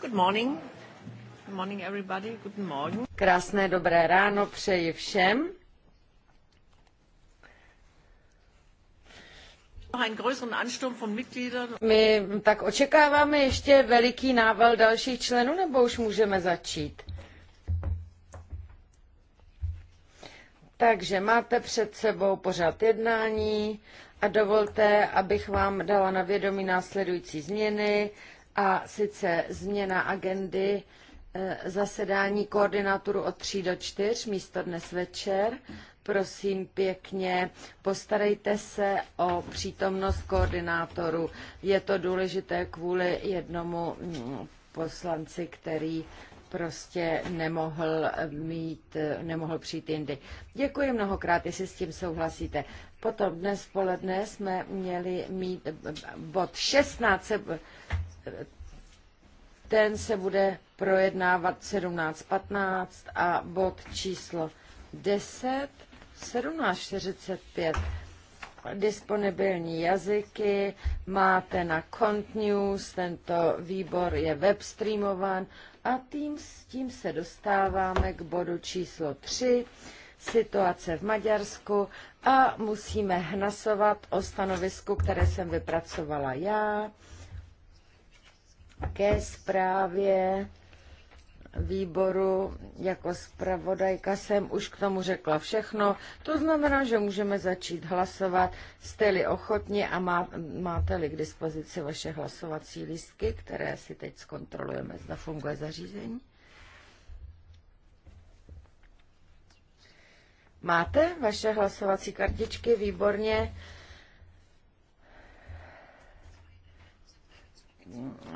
Good morning. Good morning everybody. Good morning. Krásné dobré ráno přeji všem. My tak očekáváme ještě veliký nával dalších členů, nebo už můžeme začít? Takže máte před sebou pořád jednání a dovolte, abych vám dala na vědomí následující změny a sice změna agendy eh, zasedání koordinátoru od 3 do 4 místo dnes večer. Prosím pěkně, postarejte se o přítomnost koordinátoru. Je to důležité kvůli jednomu mm, poslanci, který prostě nemohl mít, eh, nemohl přijít jindy. Děkuji mnohokrát, jestli s tím souhlasíte. Potom dnes poledne jsme měli mít eh, bod 16, ten se bude projednávat 17.15 a bod číslo 10, 17.45. Disponibilní jazyky máte na Cont News, tento výbor je webstreamován a tím, s tím se dostáváme k bodu číslo 3, situace v Maďarsku a musíme hlasovat o stanovisku, které jsem vypracovala já ke zprávě výboru jako zpravodajka jsem už k tomu řekla všechno. To znamená, že můžeme začít hlasovat. Jste-li ochotni a má, máte-li k dispozici vaše hlasovací lístky, které si teď zkontrolujeme, zda funguje zařízení. Máte vaše hlasovací kartičky? Výborně.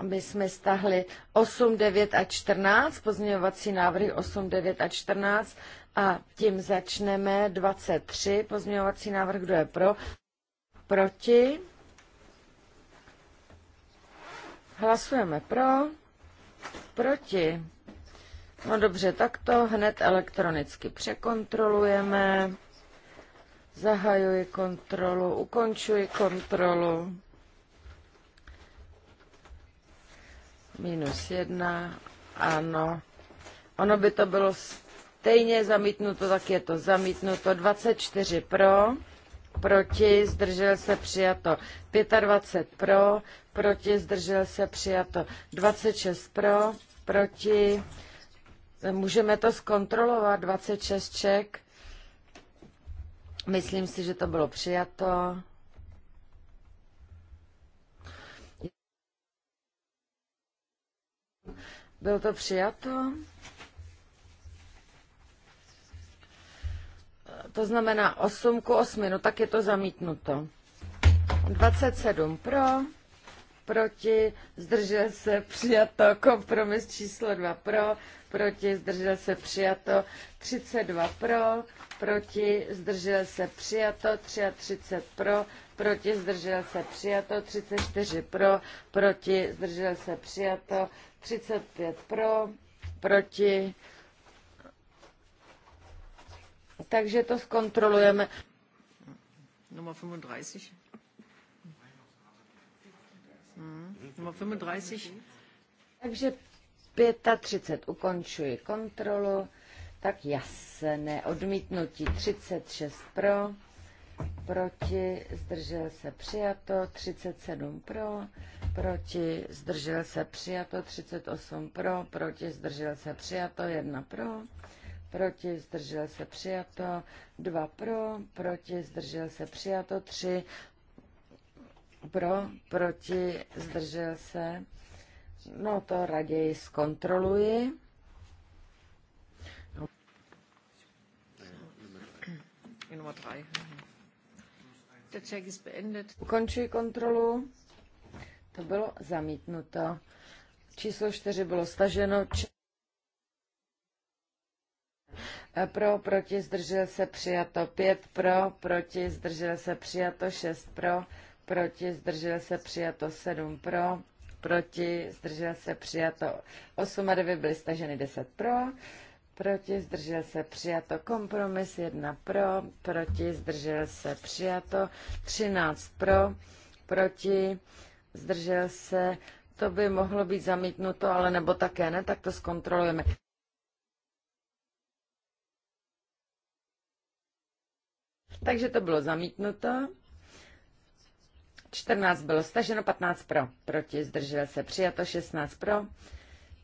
my jsme stahli 8, 9 a 14, pozměňovací návrhy 8, 9 a 14 a tím začneme 23, pozměňovací návrh, kdo je pro, proti. Hlasujeme pro, proti. No dobře, tak to hned elektronicky překontrolujeme. Zahajuji kontrolu, ukončuji kontrolu. Minus jedna, ano. Ono by to bylo stejně zamítnuto, tak je to zamítnuto. 24 pro, proti, zdržel se přijato. 25 pro, proti, zdržel se přijato. 26 pro, proti. Můžeme to zkontrolovat, 26 ček. Myslím si, že to bylo přijato. Bylo to přijato? To znamená 8 ku 8, no tak je to zamítnuto. 27 pro, proti, zdržel se přijato, kompromis číslo 2 pro, proti, zdržel se přijato, 32 pro, proti, zdržel se přijato, 33 pro, proti, zdržel se přijato, 34 pro, proti, zdržel se přijato, 35 pro, proti. Takže to zkontrolujeme. Nummer 35. Hm, Nummer 35. Takže 35 ukončuji kontrolu. Tak jasné, odmítnutí 36 pro proti, zdržel se přijato, 37 pro, proti, zdržel se přijato, 38 pro, proti, zdržel se přijato, 1 pro, proti, zdržel se přijato, 2 pro, proti, zdržel se přijato, 3 pro, proti, zdržel se, no to raději zkontroluji. Jenom 3. Ukončuji kontrolu. To bylo zamítnuto. Číslo 4 bylo staženo. Pro, proti, zdržel se přijato 5, pro, proti, zdržel se přijato 6, pro, proti, zdržel se přijato 7, pro, proti, zdržel se přijato 8 a 9 byly staženy 10 pro, proti, zdržel se přijato. Kompromis 1 pro, proti, zdržel se přijato. 13 pro, proti, zdržel se. To by mohlo být zamítnuto, ale nebo také ne, tak to zkontrolujeme. Takže to bylo zamítnuto. 14 bylo staženo, 15 pro. Proti zdržel se přijato, 16 pro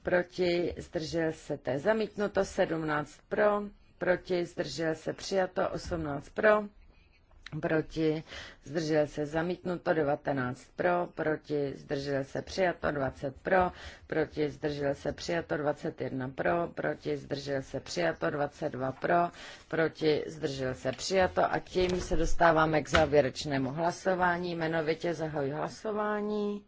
proti, zdržel se je Zamítnuto 17 pro, proti, zdržel se přijato 18 pro, proti, zdržel se zamítnuto 19 pro, proti, zdržel se přijato 20 pro, proti, zdržel se přijato 21 pro, proti, zdržel se přijato 22 pro, proti, zdržel se přijato a tím se dostáváme k závěrečnému hlasování. Jmenovitě zahajuji hlasování.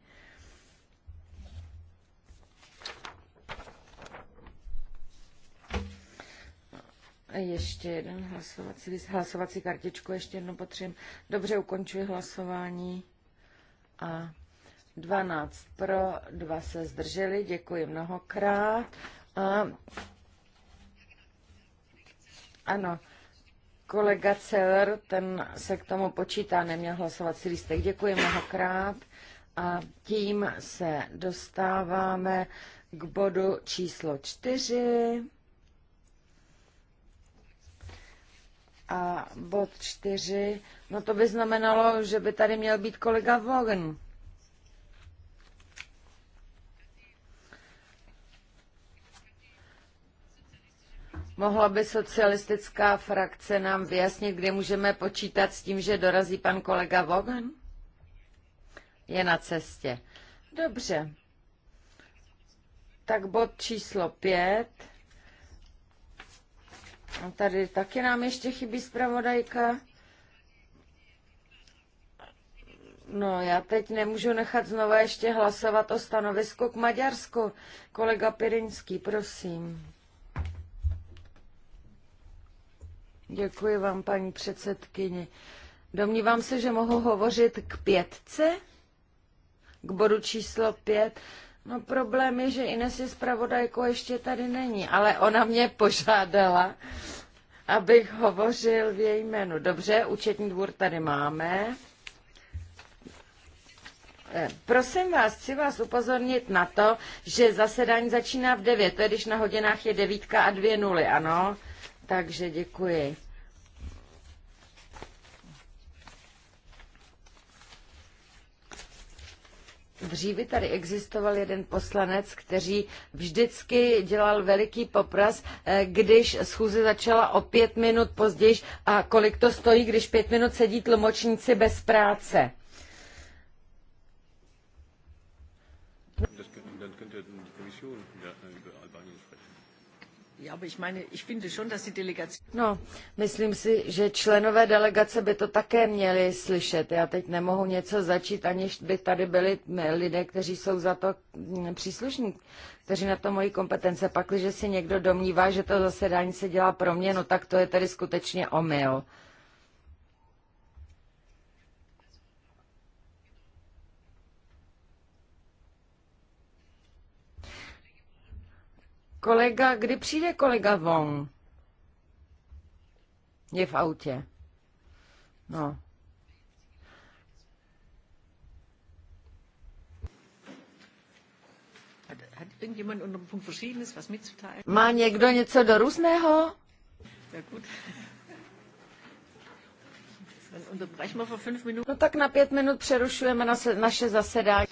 Ještě jeden hlasovací, hlasovací kartičku, ještě jednou potřebuji. Dobře, ukončuji hlasování. A 12 pro, dva se zdrželi, děkuji mnohokrát. A, ano, kolega Celer, ten se k tomu počítá, neměl hlasovací lístek. Děkuji mnohokrát. A tím se dostáváme k bodu číslo 4. A bod čtyři, no to by znamenalo, že by tady měl být kolega Vogen. Mohla by socialistická frakce nám vyjasnit, kde můžeme počítat s tím, že dorazí pan kolega Vogen? Je na cestě. Dobře. Tak bod číslo pět. Tady taky nám ještě chybí zpravodajka. No, já teď nemůžu nechat znova ještě hlasovat o stanovisku k Maďarsku. Kolega Pirinský, prosím. Děkuji vám, paní předsedkyně. Domnívám se, že mohu hovořit k pětce, k bodu číslo pět. No problém je, že Ines je zpravodajko ještě tady není, ale ona mě požádala, abych hovořil v její jménu. Dobře, účetní dvůr tady máme. Eh, prosím vás, chci vás upozornit na to, že zasedání začíná v 9, je, když na hodinách je devítka a dvě nuly, ano? Takže děkuji. Dříve tady existoval jeden poslanec, který vždycky dělal veliký popras, eh, když schůze začala o pět minut později a kolik to stojí, když pět minut sedí tlumočníci bez práce. No, myslím si, že členové delegace by to také měli slyšet. Já teď nemohu něco začít, aniž by tady byli lidé, kteří jsou za to mm, příslušní, kteří na to mají kompetence. Pak, když si někdo domnívá, že to zasedání se dělá pro mě, no tak to je tady skutečně omyl. Kolega, kdy přijde kolega von? Je v autě. No. Má někdo něco do různého? No tak na pět minut přerušujeme naše zasedání.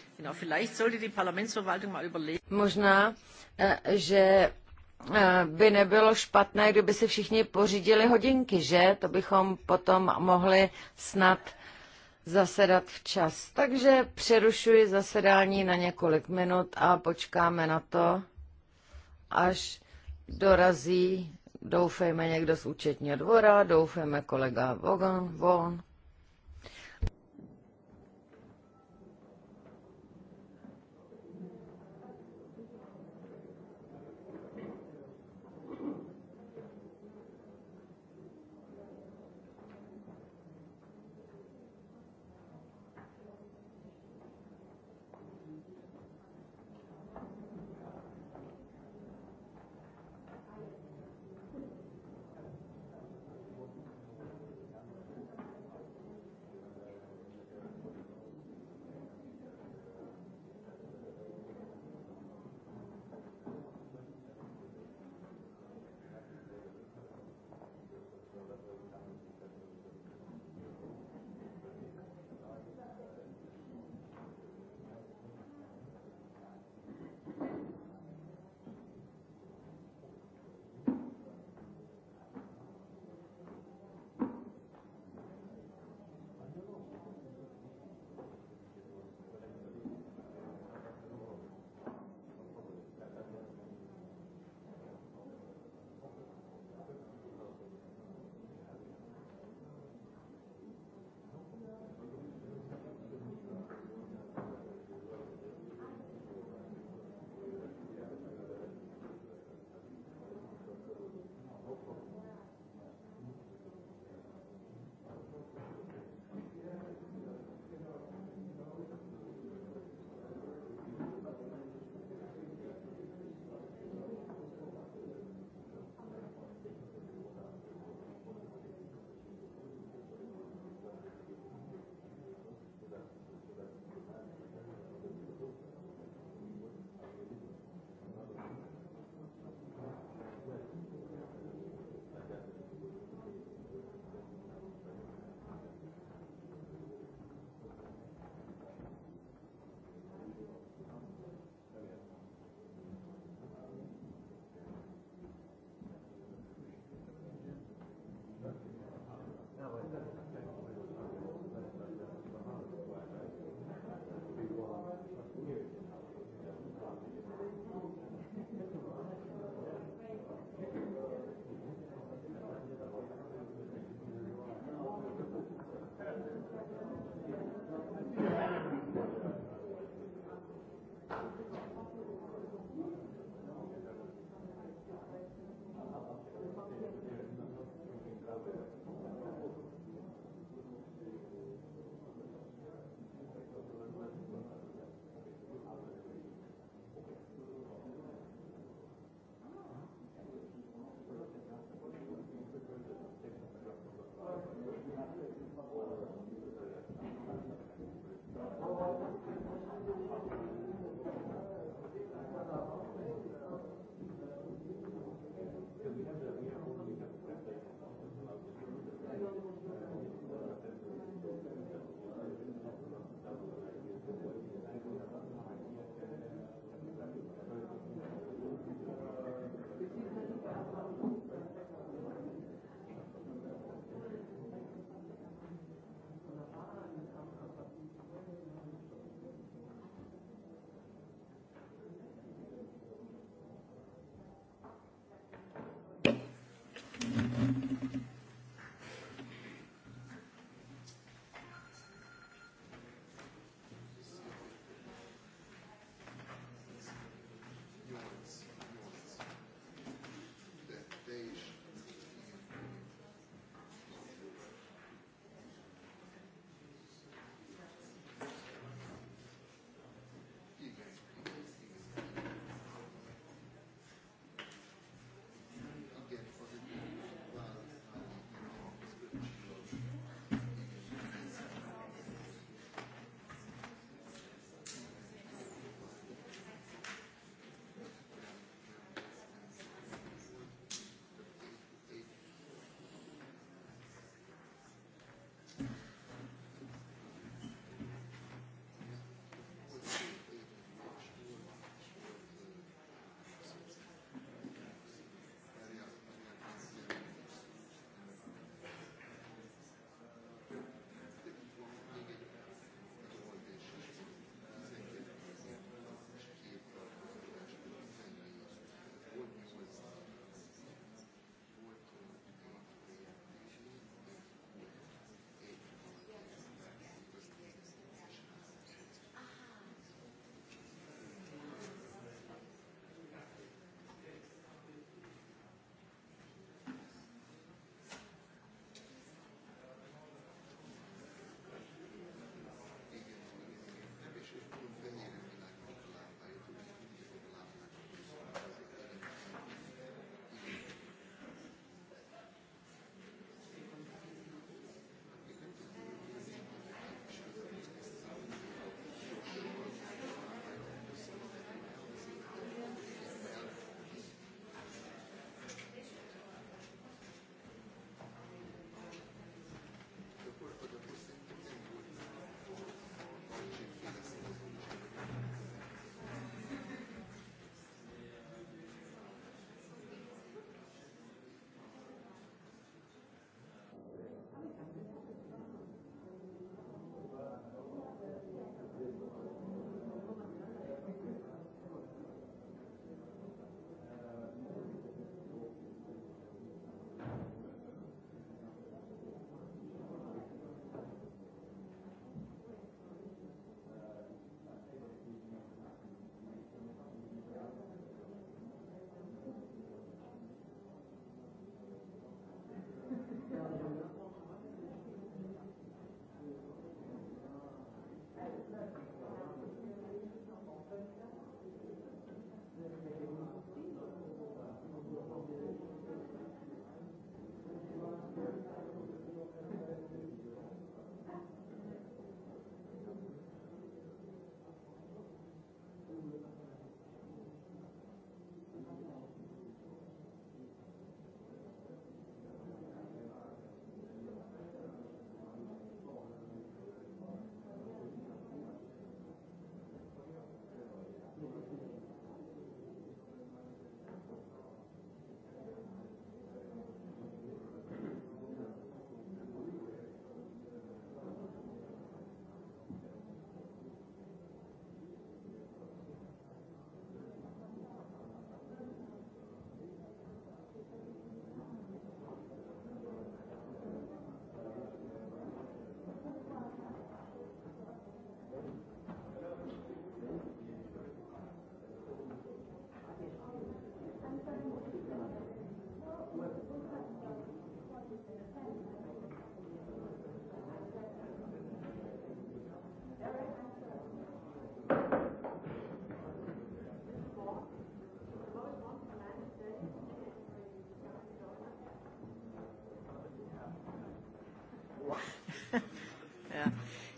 Možná Eh, že eh, by nebylo špatné, kdyby si všichni pořídili hodinky, že? To bychom potom mohli snad zasedat včas. Takže přerušuji zasedání na několik minut a počkáme na to, až dorazí, doufejme někdo z účetního dvora, doufejme kolega Vogon, Von.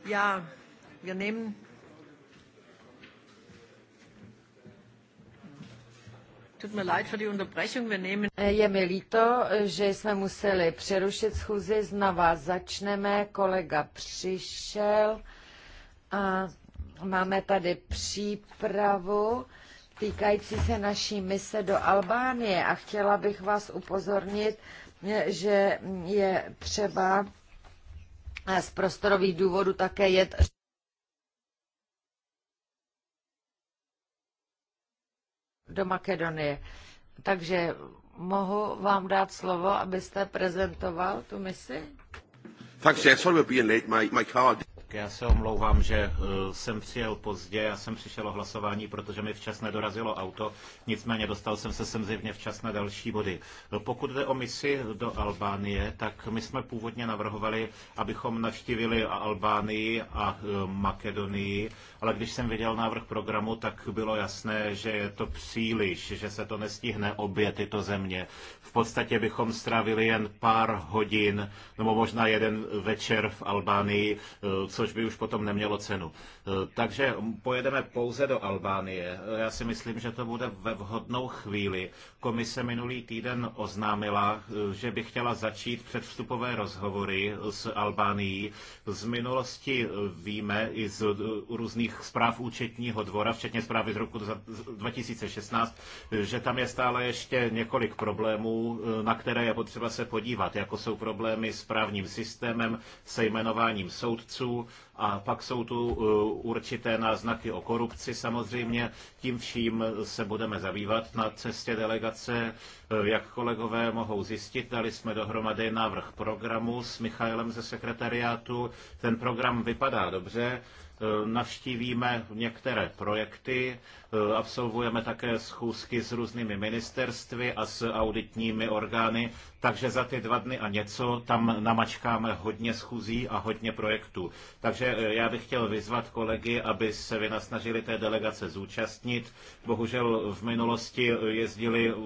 Ja, wir nehmen. Je mi líto, že jsme museli přerušit schůzi, znova začneme, kolega přišel a máme tady přípravu týkající se naší mise do Albánie a chtěla bych vás upozornit, že je třeba z prostorových důvodů také jet do Makedonie. Takže mohu vám dát slovo, abyste prezentoval tu misi? Thanks, yes, sorry we're late. My, my car já se omlouvám, že eh, jsem přijel pozdě, já jsem přišel o hlasování, protože mi včas nedorazilo auto, nicméně dostal jsem se sem zjevně včas na další body. Eh, pokud jde o misi do Albánie, tak my jsme původně navrhovali, abychom navštívili Albánii a eh, Makedonii, ale když jsem viděl návrh programu, tak bylo jasné, že je to příliš, že se to nestihne obě tyto země. V podstatě bychom strávili jen pár hodin, nebo možná jeden večer v Albánii, což což by už potom nemělo cenu. E, takže pojedeme pouze do Albánie. E, já si myslím, že to bude ve vhodnou chvíli. Komise minulý týden oznámila, e, že by chtěla začít předvstupové rozhovory s Albánií. Z minulosti víme i z různých zpráv účetního dvora, včetně zprávy z roku 2016, že tam je stále ještě několik problémů, na které je potřeba se podívat, jako jsou problémy s právním systémem, se jmenováním soudců a pak jsou tu uh, určité náznaky o korupci samozřejmě. Tím vším se budeme zabývat na cestě delegace. Uh, jak kolegové mohou zjistit, dali jsme dohromady návrh programu s Michailem ze sekretariátu. Ten program vypadá dobře uh, navštívíme některé projekty, absolvujeme také schůzky s různými ministerstvy a s auditními orgány, takže za ty dva dny a něco tam namačkáme hodně schůzí a hodně projektů. Takže eh, já bych chtěl vyzvat kolegy, aby se vynasnažili té delegace zúčastnit. Bohužel v minulosti eh, jezdili, eh,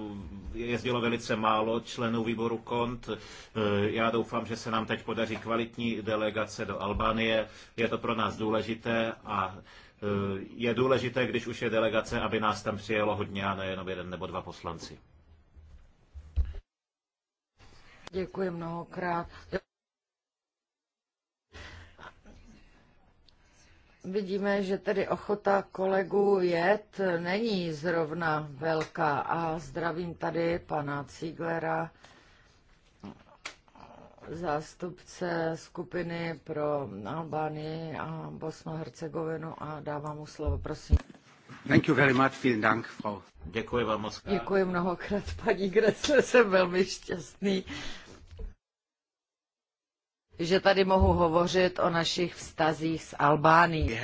jezdilo velice málo členů výboru KONT. Já doufám, že se nám teď podaří kvalitní delegace do Albánie. Je to pro nás důležité a je důležité, když už je delegace, aby nás tam přijelo hodně a nejenom jeden nebo dva poslanci. Děkuji mnohokrát. Vidíme, že tedy ochota kolegů jet není zrovna velká a zdravím tady pana Cíglera, zástupce skupiny pro Albánii a Bosnu-Hercegovinu a dávám mu slovo, prosím. Thank you very much. Vielen Dank, Frau. Děkuji vám moc. Děkuji mnohokrát, paní Gressler, jsem velmi šťastný, že tady mohu hovořit o našich vztazích s Albánií.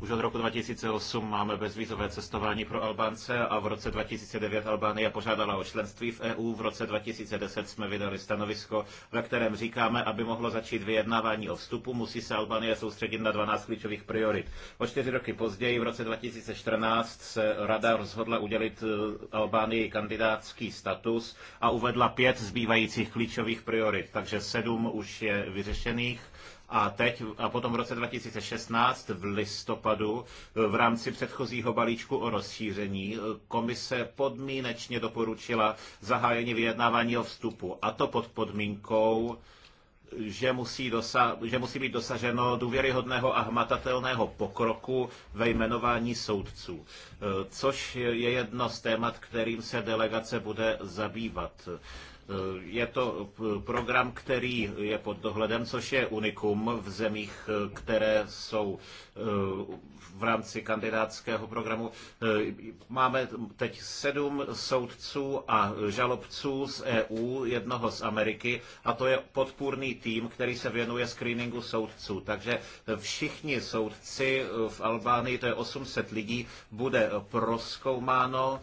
Už od roku 2008 máme bezvízové cestování pro Albánce a v roce 2009 Albánie požádala o členství v EU. V roce 2010 jsme vydali stanovisko, ve kterém říkáme, aby mohlo začít vyjednávání o vstupu, musí se Albánie soustředit na 12 klíčových priorit. O čtyři roky později, v roce 2014, se Rada rozhodla udělit eh, Albánii kandidátský status a uvedla pět zbývajících klíčových priorit takže sedm už je vyřešených. A teď, a potom v roce 2016 v listopadu v rámci předchozího balíčku o rozšíření komise podmínečně doporučila zahájení vyjednávání o vstupu. A to pod podmínkou, že musí, dosa- že musí být dosaženo důvěryhodného a hmatatelného pokroku ve jmenování soudců, což je jedno z témat, kterým se delegace bude zabývat. Eh, je to program, který je pod dohledem, což je unikum v zemích, eh, které jsou eh, v rámci kandidátského programu. Máme teď sedm soudců a žalobců z EU, jednoho z Ameriky, a to je podpůrný tým, který se věnuje screeningu soudců. Takže všichni soudci v Albánii, to je 800 lidí, bude proskoumáno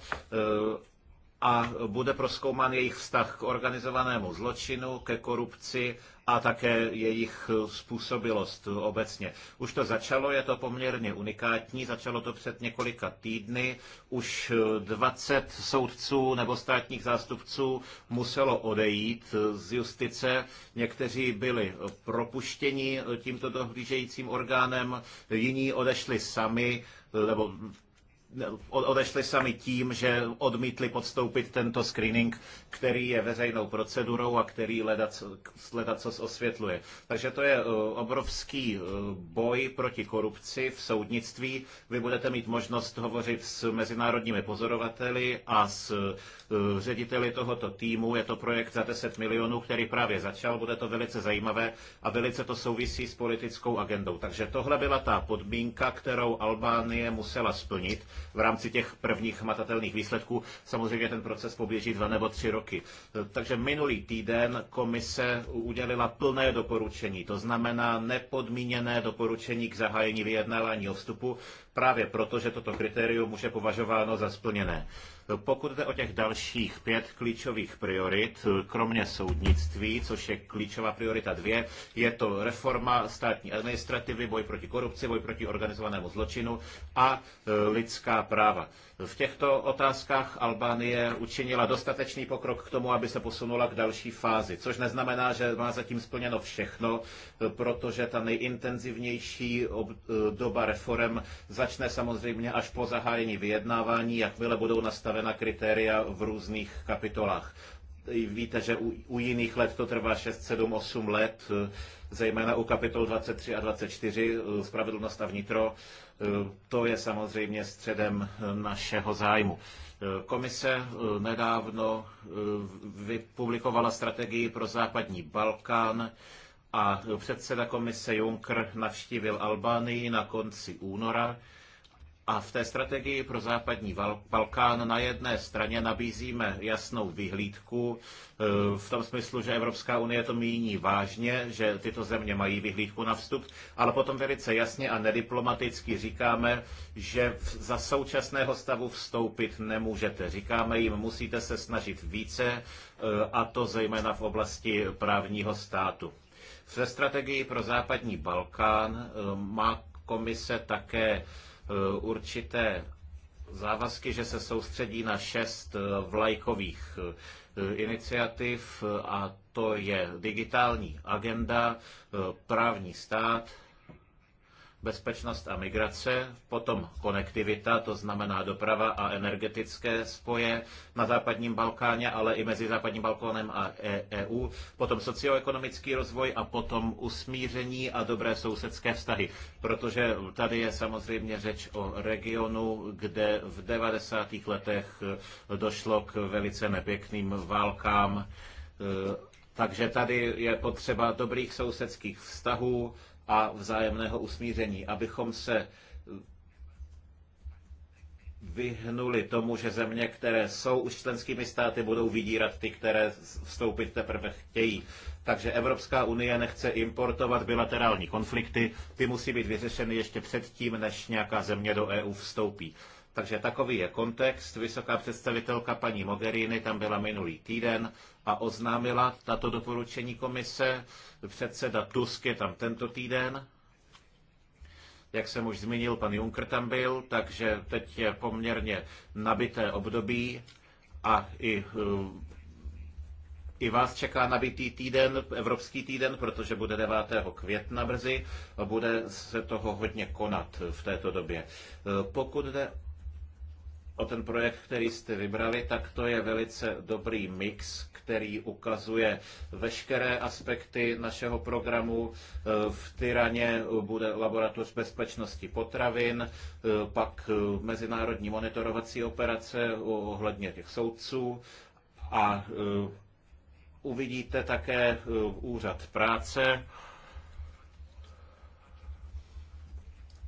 a bude proskoumán jejich vztah k organizovanému zločinu, ke korupci a také jejich způsobilost obecně. Už to začalo, je to poměrně unikátní, začalo to před několika týdny. Už 20 soudců nebo státních zástupců muselo odejít z justice. Někteří byli propuštěni tímto dohlížejícím orgánem, jiní odešli sami, nebo odešli sami tím, že odmítli podstoupit tento screening, který je veřejnou procedurou a který leda co osvětluje. Takže to je eh, obrovský eh, boj proti korupci v soudnictví. Vy budete mít možnost hovořit s mezinárodními pozorovateli a s eh, řediteli tohoto týmu. Je to projekt za 10 milionů, který právě začal. Bude to velice zajímavé a velice to souvisí s politickou agendou. Takže tohle byla ta podmínka, kterou Albánie musela splnit v rámci těch prvních matatelných výsledků. Samozřejmě ten proces poběží dva nebo tři roky. Takže minulý týden komise udělila plné doporučení, to znamená nepodmíněné doporučení k zahájení vyjednávání o vstupu, právě proto, že toto kritérium už je považováno za splněné. Pokud jde o těch dalších pět klíčových priorit, kromě soudnictví, což je klíčová priorita dvě, je to reforma státní administrativy, boj proti korupci, boj proti organizovanému zločinu a e, lidská práva. V těchto otázkách Albánie učinila dostatečný pokrok k tomu, aby se posunula k další fázi, což neznamená, že má zatím splněno všechno, e, protože ta nejintenzivnější e, doba reform začne samozřejmě až po zahájení vyjednávání, jakmile budou nastavena kritéria v různých kapitolách. Víte, že u, u jiných let to trvá 6, 7, 8 let, zejména u kapitol 23 a 24, spravedlnost eh, a vnitro. Eh, to je samozřejmě středem eh, našeho zájmu. Komise nedávno vypublikovala strategii pro západní Balkán, a předseda komise Juncker navštívil Albánii na konci února a v té strategii pro západní Balkán na jedné straně nabízíme jasnou vyhlídku e, v tom smyslu, že Evropská unie to míní vážně, že tyto země mají vyhlídku na vstup, ale potom velice jasně a nediplomaticky říkáme, že za současného stavu vstoupit nemůžete. Říkáme jim, musíte se snažit více, e, a to zejména v oblasti právního státu. Ve strategii pro západní Balkán eh, má komise také eh, určité závazky, že se soustředí na šest eh, vlajkových iniciativ a to je digitální agenda, právní stát, bezpečnost a migrace, potom konektivita, to znamená doprava a energetické spoje na západním Balkáně, ale i mezi západním Balkánem a EU, e potom socioekonomický rozvoj a potom usmíření a dobré sousedské vztahy. Protože tady je samozřejmě řeč o regionu, kde v 90. letech eh, došlo k velice nepěkným válkám, eh, takže tady je potřeba dobrých sousedských vztahů, a vzájemného usmíření, abychom se vyhnuli tomu, že země, které jsou už členskými státy, budou vydírat ty, které vstoupit teprve chtějí. Takže Evropská unie nechce importovat bilaterální konflikty, ty musí být vyřešeny ještě předtím, než nějaká země do EU vstoupí. Takže takový je kontext. Vysoká představitelka paní Mogherini tam byla minulý týden a oznámila tato doporučení komise. Předseda Tusk je tam tento týden. Jak jsem už zmínil, pan Juncker tam byl, takže teď je poměrně nabité období a i eh, i vás čeká nabitý týden, Evropský týden, protože bude 9. května brzy a bude se toho hodně konat v této době. Eh, pokud jde o ten projekt, který jste vybrali, tak to je velice dobrý mix, který ukazuje veškeré aspekty našeho programu. E, v Tyraně bude laboratoř bezpečnosti potravin, e, pak e, mezinárodní monitorovací operace ohledně těch soudců a uvidíte také úřad práce,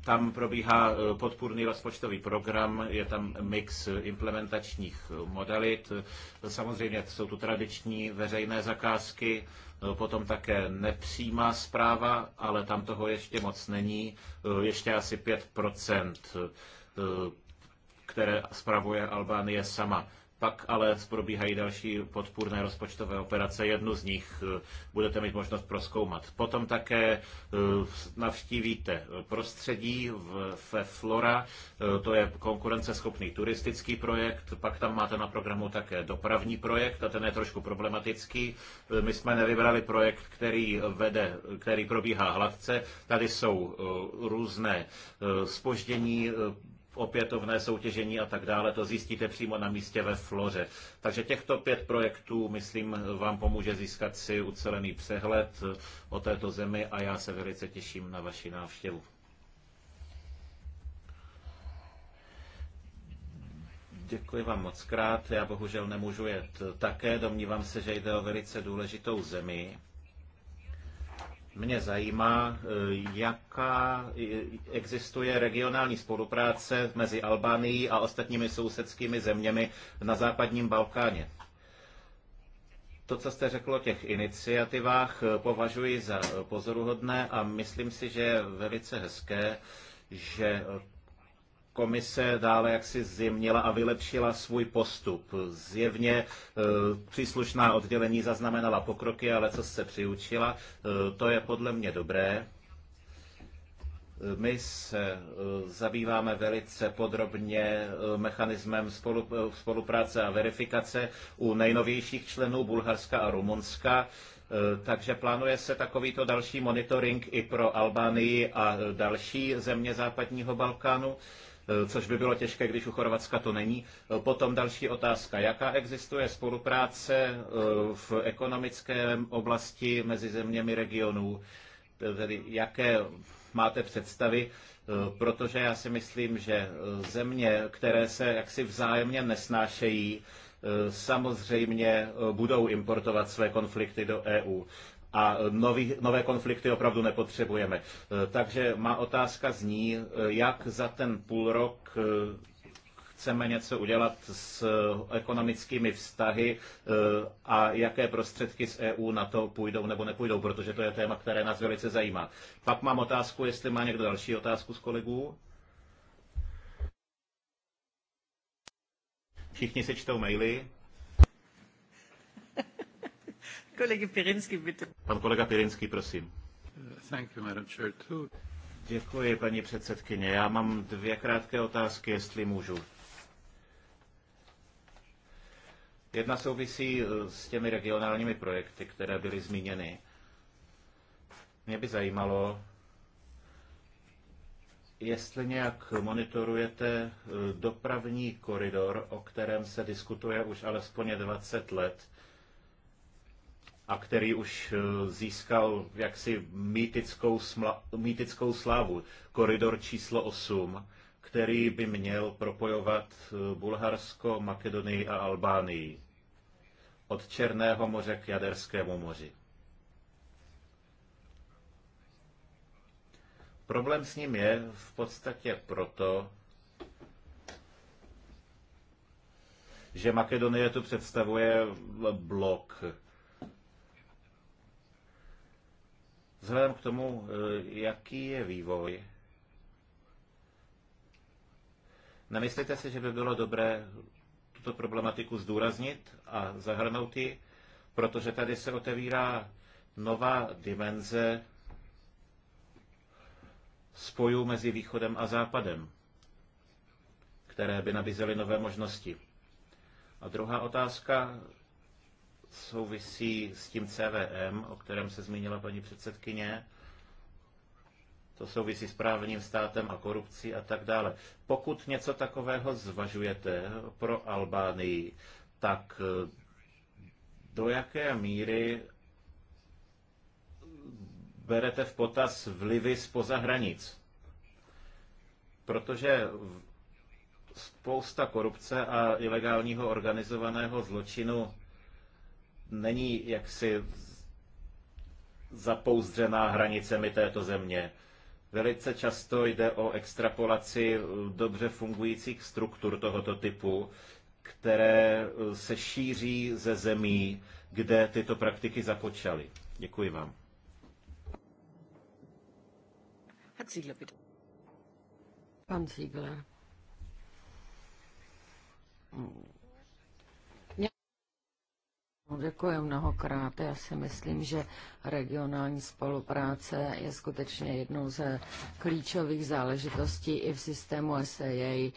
Tam probíhá eh, podpůrný rozpočtový program, je tam mix implementačních modalit. Samozřejmě jsou tu tradiční veřejné zakázky, eh, potom také nepřímá zpráva, ale tam toho ještě moc není. Eh, ještě asi 5 které spravuje Albánie sama. Pak ale probíhají další podpůrné rozpočtové operace. Jednu z nich eh, budete mít možnost proskoumat. Potom také eh, navštívíte prostředí ve Flora, eh, to je konkurenceschopný turistický projekt, pak tam máte na programu také dopravní projekt a ten je trošku problematický. My jsme nevybrali projekt, který vede, který probíhá hladce. Tady jsou různé spoždění, opětovné soutěžení a tak dále, to zjistíte přímo na místě ve Floře. Takže těchto pět projektů, myslím, vám pomůže získat si ucelený přehled o této zemi a já se velice těším na vaši návštěvu. Děkuji vám moc krát. Já bohužel nemůžu jet také. Domnívám se, že jde o velice důležitou zemi. Mě zajímá, eh, jaká eh, existuje regionální spolupráce mezi Albánií a ostatními sousedskými zeměmi na západním Balkáně. To, co jste řekl o těch iniciativách, eh, považuji za pozoruhodné a myslím si, že je velice hezké, že komise dále jaksi zjemnila a vylepšila svůj postup. Zjevně e, příslušná oddělení zaznamenala pokroky, ale co se přiučila, e, to je podle mě dobré. E, my se e, zabýváme velice podrobně e, mechanismem spolupráce a verifikace u nejnovějších členů Bulharska a Rumunska. Takže plánuje se takovýto další monitoring i pro Albánii a další země západního Balkánu. Eh, což by bylo těžké, když u Chorvatska to není. Eh, potom další otázka. Jaká existuje spolupráce eh, v ekonomické oblasti mezi zeměmi regionů? Tedy jaké máte představy? Protože já si myslím, že země, které se jaksi vzájemně nesnášejí, samozřejmě budou importovat své konflikty do EU a nový, nové konflikty opravdu nepotřebujeme. E, takže má otázka zní, e, jak za ten půl rok e, chceme něco udělat s ekonomickými vztahy a jaké prostředky z EU na to půjdou nebo nepůjdou, protože to je téma, které nás velice zajímá. Pak mám otázku, jestli má někdo další otázku z kolegů. Všichni si čtou maily. Kolega bitte. Pan kolega Pirinsky, prosím. Thank you, Madam Chair. Too. Děkuji, paní předsedkyně. Já mám dvě krátké otázky, jestli můžu. Jedna souvisí eh, s těmi regionálními projekty, které byly zmíněny. Mě by zajímalo, jestli nějak monitorujete eh, dopravní koridor, o kterém se diskutuje už alespoň 20 let a který už eh, získal jaksi mýtickou, smla, mýtickou slávu. Koridor číslo 8, který by měl propojovat eh, Bulharsko, Makedonii a Albánii od Černého moře k Jaderskému moři. Problém s ním je v podstatě proto, že Makedonie tu představuje blok Vzhledem k tomu, eh, jaký je vývoj, nemyslíte si, že by bylo dobré tuto problematiku zdůraznit a zahrnout ji, protože tady se otevírá nová dimenze spojů mezi východem a západem, které by nabízely nové možnosti. A druhá otázka souvisí s tím CVM, o kterém se zmínila paní předsedkyně. To souvisí s právním státem a korupcí a tak dále. Pokud něco takového zvažujete pro Albánii, tak eh, do jaké míry berete v potaz vlivy spoza hranic? Protože spousta korupce a ilegálního organizovaného zločinu není jaksi zapouzdřená hranicemi této země. Velice často jde o extrapolaci eh, dobře fungujících struktur tohoto typu, které eh, se šíří ze zemí, kde tyto praktiky započaly. Děkuji vám. Pan Ziegler. Děkuji mnohokrát. Já si myslím, že regionální spolupráce je skutečně jednou ze klíčových záležitostí i v systému SEA eh,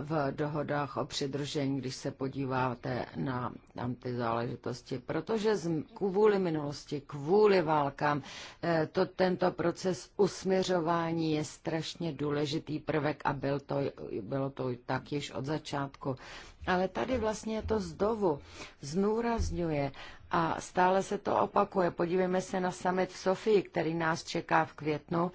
v dohodách o přidružení, když se podíváte na tam ty záležitosti. Protože z, kvůli minulosti, kvůli válkám, eh, to, tento proces usměřování je strašně důležitý prvek a byl to, bylo to tak již od začátku. Ale tady vlastně to zdovu znůrazňuje a stále se to opakuje. Podívejme se na summit v Sofii, který nás čeká v květnu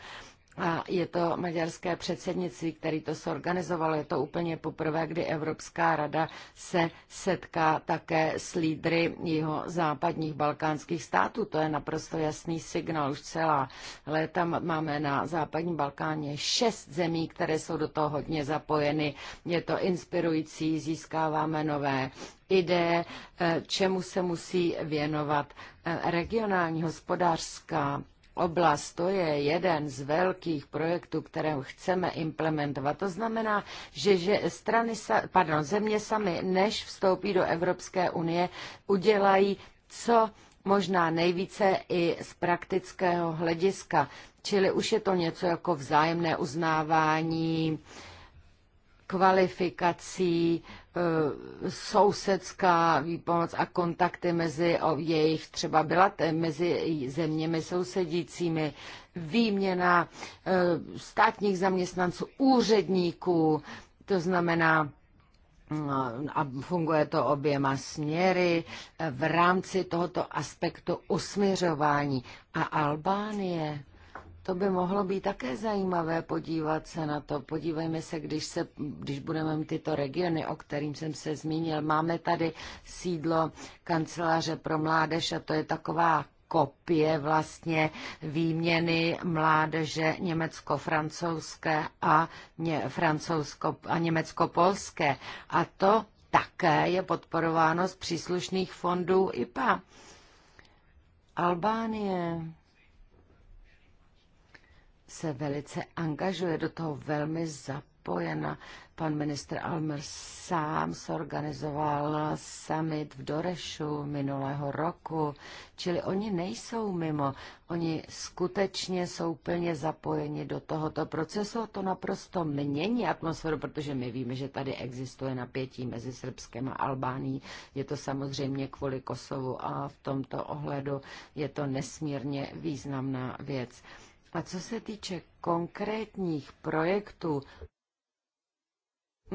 a je to maďarské předsednictví, který to sorganizovalo. Je to úplně poprvé, kdy Evropská rada se setká také s lídry jeho západních balkánských států. To je naprosto jasný signál. Už celá léta máme na západním Balkáně šest zemí, které jsou do toho hodně zapojeny. Je to inspirující, získáváme nové ideje, eh, čemu se musí věnovat eh, regionální hospodářská oblast, to je jeden z velkých projektů, které chceme implementovat. To znamená, že, že strany, pardon, země sami, než vstoupí do Evropské unie, udělají co možná nejvíce i z praktického hlediska. Čili už je to něco jako vzájemné uznávání, kvalifikací, eh, sousedská výpomoc a kontakty mezi jejich třeba byla mezi zeměmi sousedícími, výměna eh, státních zaměstnanců, úředníků, to znamená, mm, a funguje to oběma směry eh, v rámci tohoto aspektu usměřování. A Albánie to by mohlo být také zajímavé podívat se na to. Podívejme se, když, se, když budeme mít tyto regiony, o kterým jsem se zmínil. Máme tady sídlo kanceláře pro mládež a to je taková kopie vlastně výměny mládeže německo-francouzské a, ně, francouzsko, a německo-polské. A to také je podporováno z příslušných fondů IPA. Albánie se velice angažuje, do toho velmi zapojena. Pan ministr Almer sám zorganizoval summit v Dorešu minulého roku, čili oni nejsou mimo, oni skutečně jsou plně zapojeni do tohoto procesu a to naprosto mění atmosféru, protože my víme, že tady existuje napětí mezi Srbskem a Albánií. Je to samozřejmě kvůli Kosovu a v tomto ohledu je to nesmírně významná věc. A co se týče konkrétních projektů,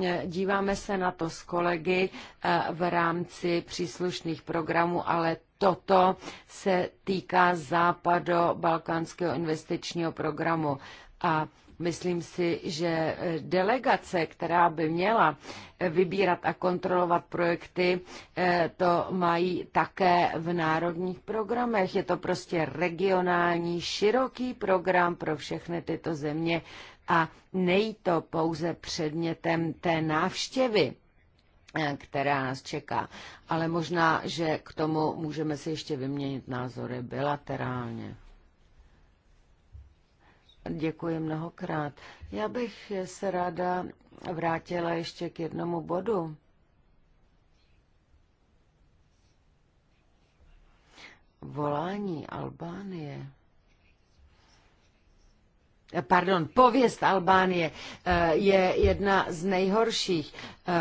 eh, díváme se na to s kolegy eh, v rámci příslušných programů, ale toto se týká západo-balkánského investičního programu. A Myslím si, že eh, delegace, která by měla eh, vybírat a kontrolovat projekty, eh, to mají také v národních programech. Je to prostě regionální, široký program pro všechny tyto země a nejí to pouze předmětem té návštěvy která nás čeká. Ale možná, že k tomu můžeme si ještě vyměnit názory bilaterálně. Děkuji mnohokrát. Já bych se ráda vrátila ještě k jednomu bodu. Volání Albánie pardon, pověst Albánie eh, je jedna z nejhorších eh,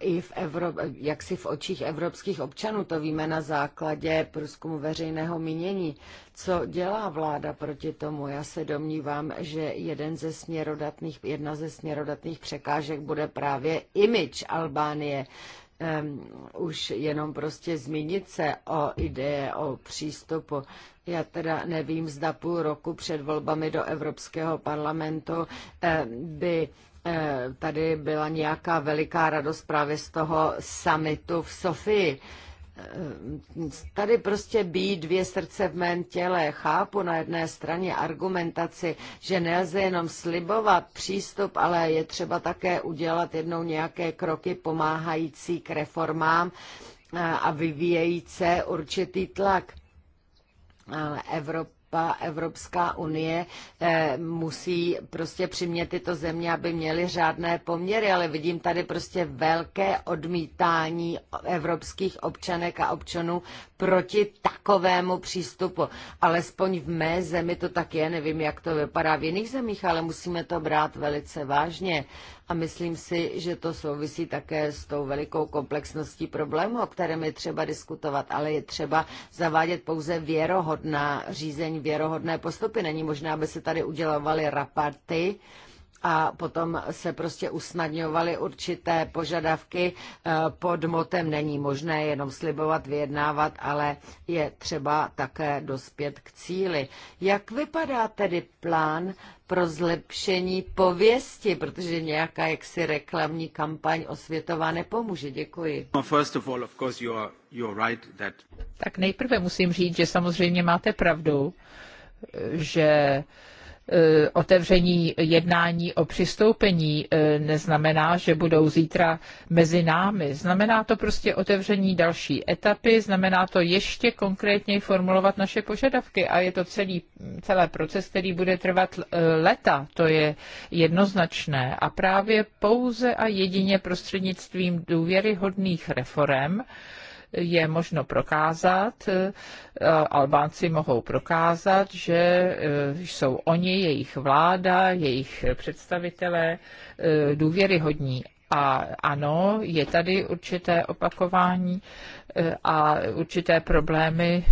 i v Evrop, jaksi v očích evropských občanů, to víme na základě průzkumu veřejného mínění. Co dělá vláda proti tomu? Já se domnívám, že jeden ze směrodatných, jedna ze směrodatných překážek bude právě image Albánie um, už jenom prostě zmínit se o ideje, o přístupu. Já teda nevím, zda půl roku před volbami do Evropského parlamentu um, by tady byla nějaká veliká radost právě z toho samitu v Sofii. Um, Eh, tady prostě být dvě srdce v mém těle. Chápu na jedné straně argumentaci, že nelze jenom slibovat přístup, ale je třeba také udělat jednou nějaké kroky pomáhající k reformám eh, a vyvíjející určitý tlak. Ale Evropa Evropa, Evropská unie eh, musí prostě přimět tyto země, aby měly řádné poměry, ale vidím tady prostě velké odmítání evropských občanek a občanů proti takovému přístupu. Alespoň v mé zemi to tak je, nevím, jak to vypadá v jiných zemích, ale musíme to brát velice vážně. A myslím si, že to souvisí také s tou velikou komplexností problému, o kterém je třeba diskutovat, ale je třeba zavádět pouze věrohodná řízení, věrohodné postupy. Není možné, aby se tady udělovaly raparty, a potom se prostě usnadňovaly určité požadavky. Eh, pod motem není možné jenom slibovat, vyjednávat, ale je třeba také dospět k cíli. Jak vypadá tedy plán pro zlepšení pověsti, protože nějaká jaksi reklamní kampaň osvětová nepomůže. Děkuji. Tak nejprve musím říct, že samozřejmě máte pravdu, že Eh, otevření jednání o přistoupení eh, neznamená, že budou zítra mezi námi. Znamená to prostě otevření další etapy, znamená to ještě konkrétněji formulovat naše požadavky a je to celý, celé proces, který bude trvat eh, leta, to je jednoznačné a právě pouze a jedině prostřednictvím důvěryhodných reform, je možno prokázat, e, Albánci mohou prokázat, že e, jsou oni, jejich vláda, jejich představitelé e, důvěryhodní. A ano, je tady určité opakování a určité problémy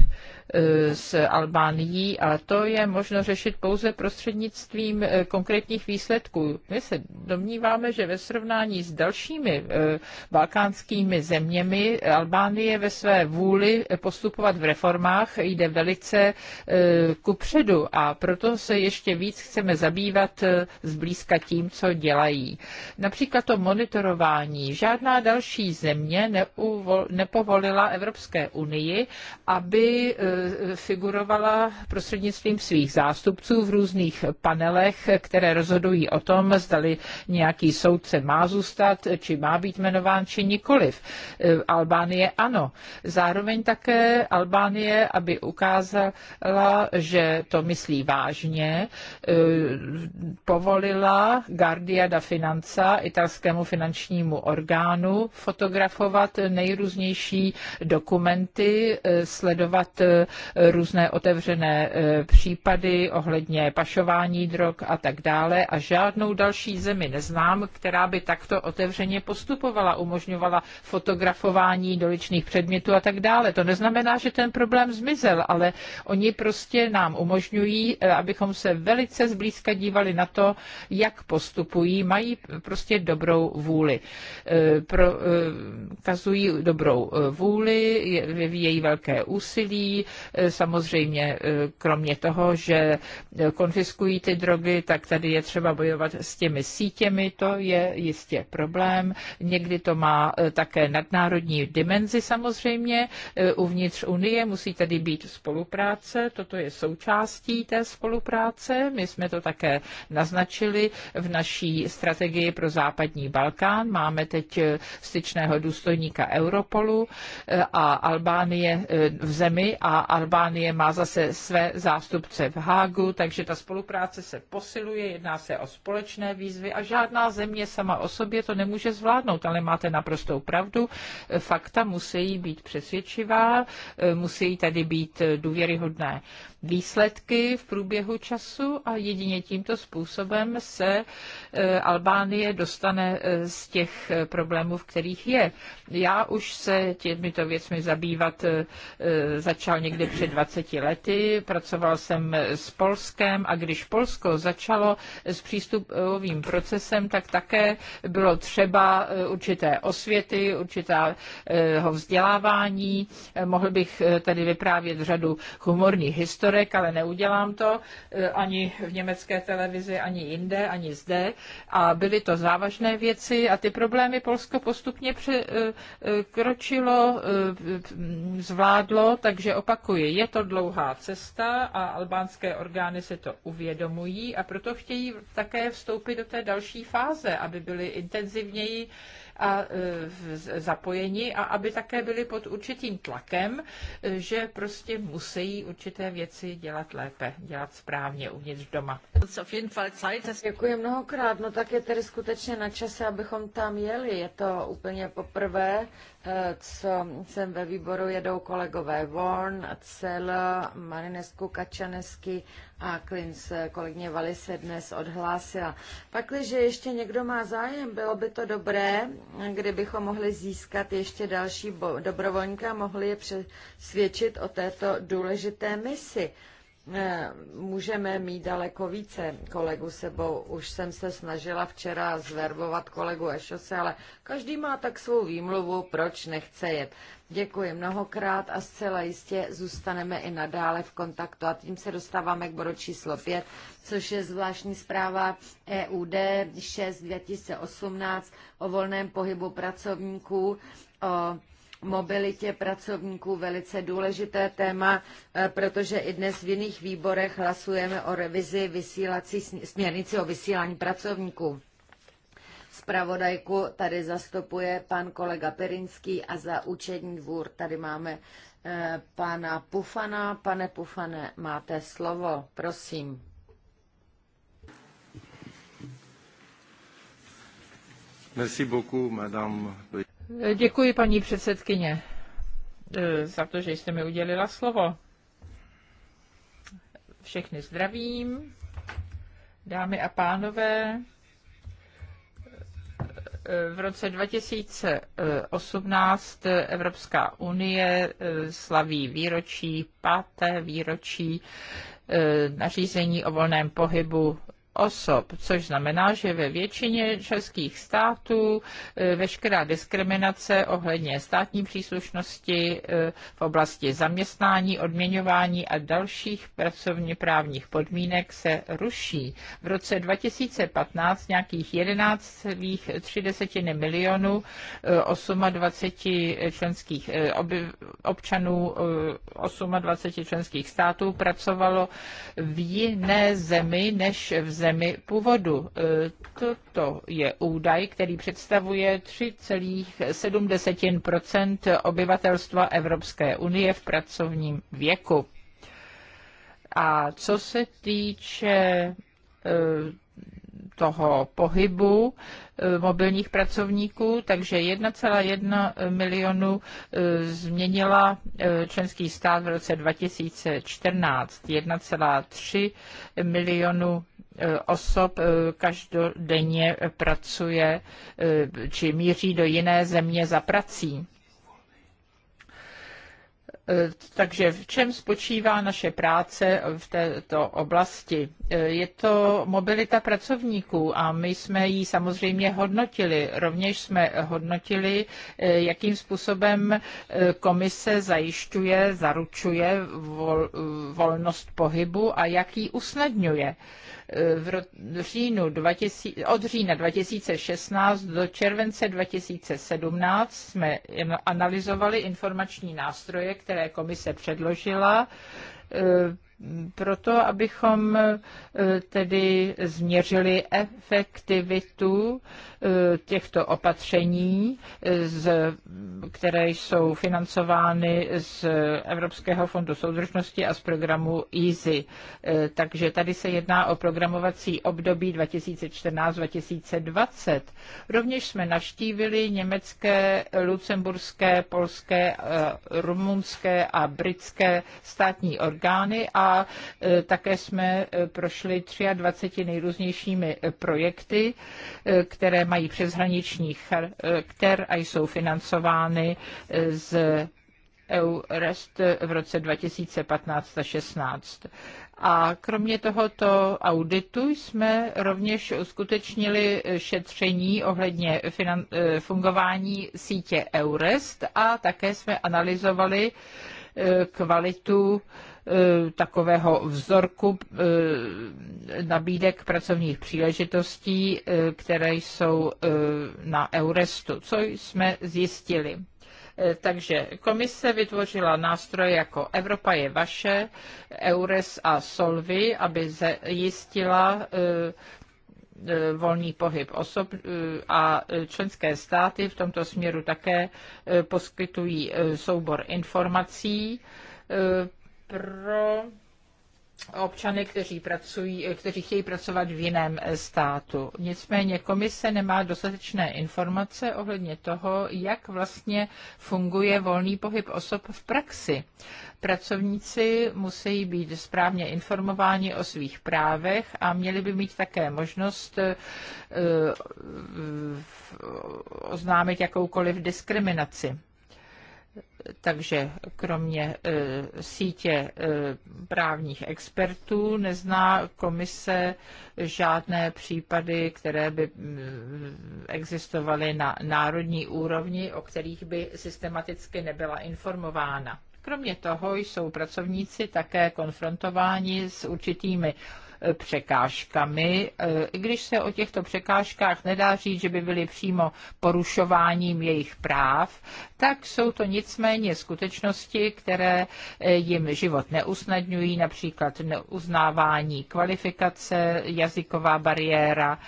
e, s Albánií a to je možno řešit pouze prostřednictvím e, konkrétních výsledků. My se domníváme, že ve srovnání s dalšími e, balkánskými zeměmi Albánie ve své vůli postupovat v reformách jde velice ku předu a proto se ještě víc chceme zabývat zblízka tím, co dělají. Například to monitorování. Žádná další země neuvol, nepovolila dovolila Evropské unii, aby eh, figurovala prostřednictvím svých zástupců v různých panelech, které rozhodují o tom, zdali nějaký soudce má zůstat, či má být jmenován, či nikoliv. Eh, Albánie ano. Zároveň také Albánie, aby ukázala, že to myslí vážně, eh, povolila Guardia da Finanza, italskému finančnímu orgánu, fotografovat nejrůznější dokumenty, eh, sledovat eh, různé otevřené eh, případy ohledně pašování drog a tak dále. A žádnou další zemi neznám, která by takto otevřeně postupovala, umožňovala fotografování doličných předmětů a tak dále. To neznamená, že ten problém zmizel, ale oni prostě nám umožňují, abychom se velice zblízka dívali na to, jak postupují, mají prostě dobrou vůli. kazují dobrou vůli vůli, její velké úsilí. E, samozřejmě e, kromě toho, že konfiskují ty drogy, tak tady je třeba bojovat s těmi sítěmi, to je jistě problém. Někdy to má e, také nadnárodní dimenzi samozřejmě. Uvnitř Unie musí tady být spolupráce, toto je součástí té spolupráce. My jsme to také naznačili v naší strategii pro západní Balkán. Máme teď styčného důstojníka Europolu a Albánie e, v zemi a Albánie má zase své zástupce v Hágu, takže ta spolupráce se posiluje, jedná se o společné výzvy a žádná země sama o sobě to nemůže zvládnout, ale máte naprostou pravdu. Fakta musí být přesvědčivá, e, musí tady být důvěryhodné výsledky v průběhu času a jedině tímto způsobem se e, Albánie dostane z těch problémů, v kterých je. Já už se tě, těmito věcmi zabývat eh, eh, začal někdy před 20 lety. Pracoval jsem s Polskem a když Polsko začalo s přístupovým procesem, tak také bylo třeba eh, určité osvěty, určitého vzdělávání. Mohl bych tady vyprávět řadu humorních historek, ale neudělám to ani v německé televizi, ani jinde, ani zde. A byly to závažné věci a ty problémy Polsko postupně překročilo Eh, zvládlo, takže opakuji, je to dlouhá cesta a albánské orgány se to uvědomují a proto chtějí také vstoupit do té další fáze, aby byly intenzivněji a eh, zapojeni a aby také byli pod určitým tlakem, eh, že prostě musí určité věci dělat lépe, dělat správně uvnitř doma. Děkuji mnohokrát, no tak je tedy skutečně na čase, abychom tam jeli. Je to úplně poprvé, co jsem ve výboru, jedou kolegové Vorn, Cel, Marinesku, Kačanesky a Klins. Kolegyně Vali se dnes odhlásila. Pakliže ještě někdo má zájem, bylo by to dobré, kdybychom mohli získat ještě další dobrovolníka a mohli je přesvědčit o této důležité misi. Eh, můžeme mít daleko více kolegu sebou. Už jsem se snažila včera zverbovat kolegu Ešose, ale každý má tak svou výmluvu, proč nechce jet. Děkuji mnohokrát a zcela jistě zůstaneme i nadále v kontaktu. A tím se dostáváme k bodu číslo 5, což je zvláštní zpráva EUD 6 2018 o volném pohybu pracovníků, o mobilitě pracovníků velice důležité téma, eh, protože i dnes v jiných výborech hlasujeme o revizi vysílací směrnici o vysílání pracovníků. Spravodajku tady zastupuje pan kolega Perinský a za účetní dvůr tady máme eh, pana Pufana. Pane Pufane, máte slovo, prosím. Merci beaucoup, madame. Děkuji, paní předsedkyně, e, za to, že jste mi udělila slovo. Všechny zdravím, dámy a pánové. E, v roce 2018 Evropská unie e, slaví výročí, páté výročí nařízení o volném pohybu osob, což znamená, že ve většině českých států e, veškerá diskriminace ohledně státní příslušnosti e, v oblasti zaměstnání, odměňování a dalších pracovně právních podmínek se ruší. V roce 2015 nějakých 11,3 milionů 28 e, členských občanů 28 členských států pracovalo v jiné zemi než v zemi, zemi původu. E, toto je údaj, který představuje 3,7 obyvatelstva Evropské unie v pracovním věku. A co se týče e, toho pohybu e, mobilních pracovníků, takže 1,1 milionu změnila členský stát v roce 2014, 1,3 milionu Eh, osob eh, každodenně pracuje eh, či míří do jiné země za prací. Takže v čem spočívá naše práce v této oblasti? Je to mobilita pracovníků a my jsme ji samozřejmě hodnotili. Rovněž jsme hodnotili, jakým způsobem komise zajišťuje, zaručuje volnost pohybu a jak ji usnadňuje. Eh, v říjnu 2000, od října 2016 do července 2017 jsme analyzovali informační nástroje, které komise předložila eh, proto, abychom eh, tedy změřili efektivitu eh, těchto opatření, eh, které jsou financovány z Evropského fondu soudržnosti a z programu EASY. Takže tady se jedná o programovací období 2014-2020. Rovněž jsme navštívili německé, lucemburské, polské, rumunské a britské státní orgány a E, také jsme e, prošli 23 nejrůznějšími e, projekty, které mají přeshraniční charakter a jsou financovány z EUREST v roce 2015 a 16. A kromě tohoto auditu jsme rovněž uskutečnili šetření ohledně finan- fungování sítě EUREST a také jsme analyzovali Eh, kvalitu eh, takového vzorku eh, nabídek pracovních příležitostí, které jsou na Eurestu, co jsme zjistili. Takže komise vytvořila nástroje jako Evropa je vaše, EURES a Solvy, aby zajistila E, volný pohyb osob e, a členské státy v tomto směru také e, poskytují soubor informací pro občany, kteří, pracují, kteří chtějí pracovat v jiném státu. Nicméně komise nemá dostatečné informace ohledně toho, jak vlastně funguje volný pohyb osob v praxi. Pracovníci musí být správně informováni o svých právech a měli by mít také možnost eh, oznámit jakoukoliv diskriminaci. Takže kromě e, sítě e, právních expertů nezná komise žádné případy, které by existovaly na národní úrovni, o kterých by systematicky nebyla informována. Kromě toho jsou pracovníci také konfrontováni s určitými překážkami, eh, i když se o těchto překážkách nedá říct, že by byly přímo porušováním jejich práv, tak jsou to nicméně skutečnosti, které eh, jim život neusnadňují, například neuznávání kvalifikace, jazyková bariéra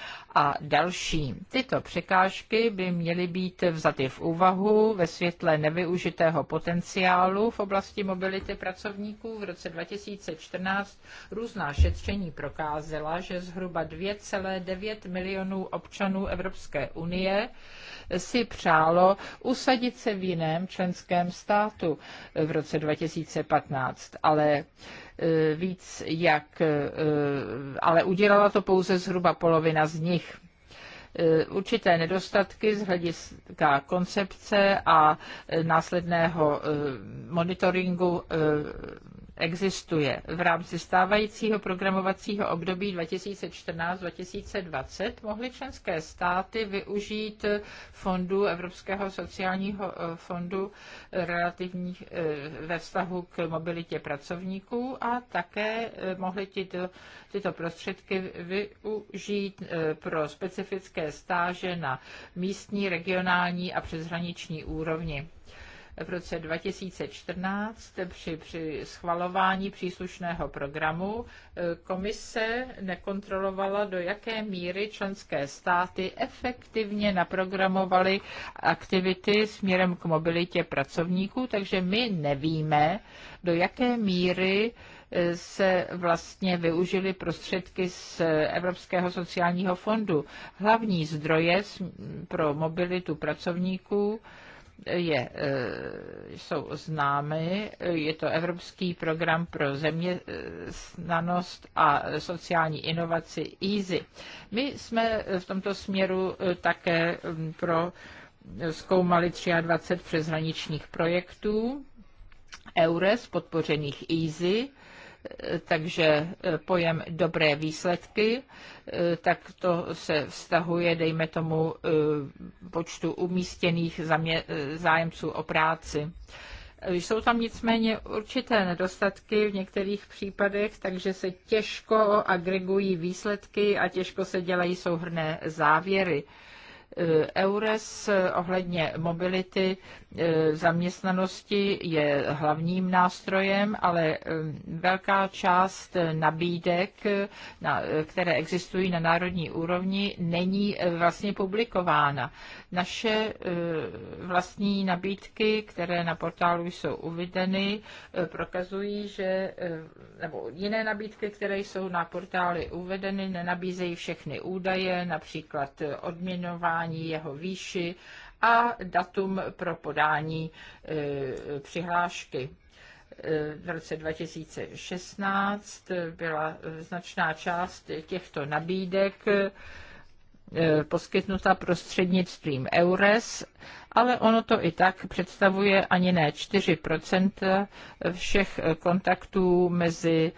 a další. Tyto překážky by měly být vzaty v úvahu ve světle nevyužitého potenciálu v oblasti mobility pracovníků. V roce 2014 různá šetření prokázala, že zhruba 2,9 milionů občanů Evropské unie si přálo usadit se v jiném členském státu v roce 2015, ale Eh, víc jak, eh, ale udělala to pouze zhruba polovina z nich eh, určité nedostatky z hlediska koncepce a následného monitoringu existuje. V rámci stávajícího programovacího období 2014-2020 mohly členské státy využít fondu Evropského sociálního eh, fondu relativní, eh, ve vztahu k mobilitě pracovníků a také eh, mohly tyto, tyto prostředky využít pro specifické stáže na místní, regionální a přeshraniční úrovni v roce 2014 při, při schvalování příslušného programu e, komise nekontrolovala, do jaké míry členské státy efektivně naprogramovaly aktivity směrem k mobilitě pracovníků, takže my nevíme, do jaké míry e, se vlastně využily prostředky z Evropského sociálního fondu. Hlavní zdroje pro mobilitu pracovníků je, eh, jsou známy. Je to Evropský program pro zaměstnanost a sociální inovaci EASY. My jsme v tomto směru eh, také mm, pro eh, zkoumali 23 přeshraničních projektů EURES podpořených EASY takže eh, pojem dobré výsledky, eh, tak to se vztahuje, dejme tomu, eh, počtu umístěných zájemců o práci. Jsou tam nicméně určité nedostatky v některých případech, takže se těžko agregují výsledky a těžko se dělají souhrné závěry. Eh, EURES eh, ohledně mobility eh, zaměstnanosti je hlavním nástrojem, ale velká část nabídek, které existují na národní úrovni, není vlastně publikována. Naše vlastní nabídky, které na portálu jsou uvedeny, prokazují, že nebo jiné nabídky, které jsou na portály uvedeny, nenabízejí všechny údaje, například odměnování ani jeho výši a datum pro podání eh, přihlášky eh, v roce 2016 byla značná část těchto nabídek eh, poskytnuta prostřednictvím EURES, ale ono to i tak představuje ani ne 4 všech kontaktů mezi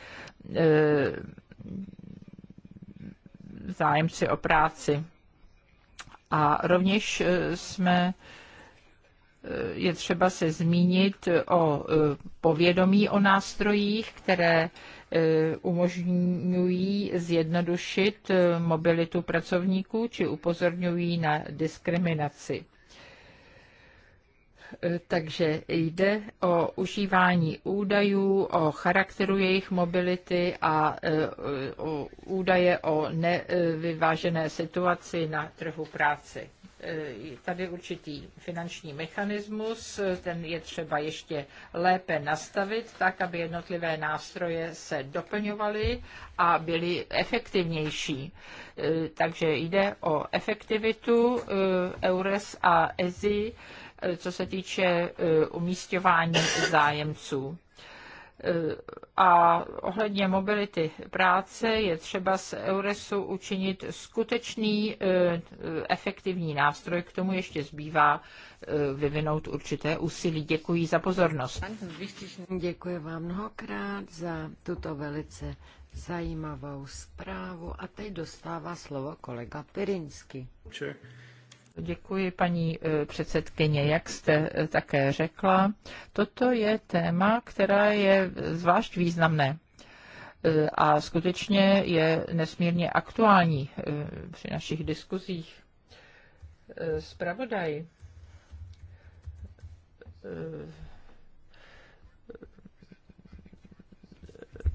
zájemci o práci. A rovněž eh, jsme eh, je třeba se zmínit o eh, povědomí o nástrojích, které umožňují zjednodušit mobilitu pracovníků či upozorňují na diskriminaci. Eh, takže jde o užívání údajů, o charakteru jejich mobility a eh, o údaje o nevyvážené situaci na trhu práce. Eh, tady určitý finanční mechanismus, ten je třeba ještě lépe nastavit, tak aby jednotlivé nástroje se doplňovaly a byly efektivnější. Takže jde o efektivitu EURES a EZI co se týče eh, umístěvání zájemců. Eh, a ohledně mobility práce je třeba z Euresu učinit skutečný eh, efektivní nástroj. K tomu ještě zbývá vyvinout určité úsilí. Děkuji za pozornost. Děkuji vám mnohokrát za tuto velice zajímavou zprávu. A teď dostává slovo kolega Pirinsky. Sure. Děkuji, paní eh, předsedkyně. Jak jste eh, také řekla, toto je téma, která je zvlášť významné eh, a skutečně je nesmírně aktuální při našich diskuzích. Spravodaj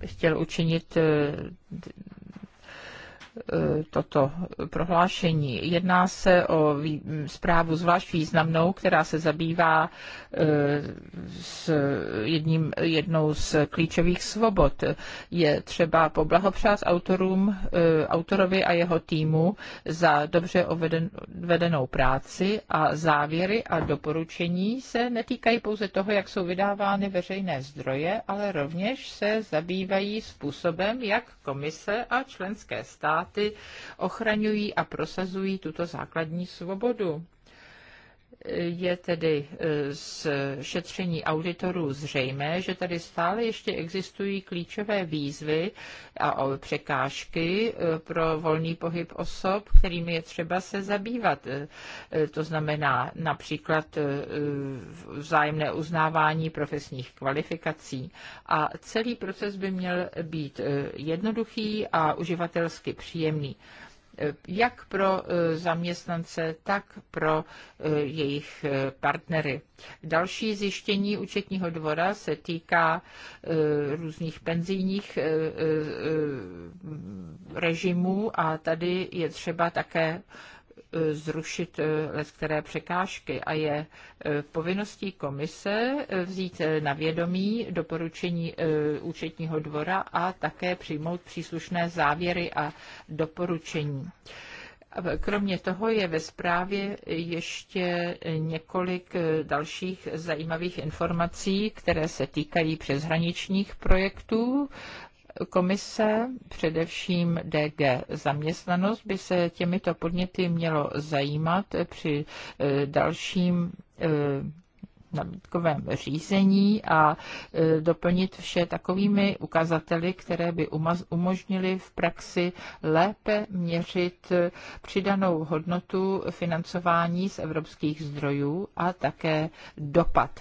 chtěl učinit E, toto prohlášení. Jedná se o zprávu zvlášť významnou, která se zabývá e, s jedním, jednou z klíčových svobod. Je třeba poblahopřát autorům, e, autorovi a jeho týmu za dobře vedenou práci a závěry a doporučení se netýkají pouze toho, jak jsou vydávány veřejné zdroje, ale rovněž se zabývají způsobem, jak komise a členské státy státy ochraňují a prosazují tuto základní svobodu je tedy e, z šetření auditorů zřejmé, že tady stále ještě existují klíčové výzvy a překážky e, pro volný pohyb osob, kterými je třeba se zabývat. E, to znamená například vzájemné uznávání profesních kvalifikací. A celý proces by měl být jednoduchý a uživatelsky příjemný. Eh, jak pro eh, zaměstnance, tak pro eh, jejich partnery. Další zjištění účetního dvora se týká různých penzijních režimů a tady je třeba také zrušit eh, které překážky a je eh, povinností komise eh, vzít na vědomí doporučení účetního dvora a také přijmout příslušné závěry a doporučení. Kromě toho je ve zprávě ještě několik dalších zajímavých informací, které se týkají přeshraničních projektů Komise, především DG zaměstnanost, by se těmito podněty mělo zajímat při eh, dalším eh, nabídkovém řízení a eh, doplnit vše takovými ukazateli, které by umožnily v praxi lépe měřit přidanou hodnotu financování z evropských zdrojů a také dopad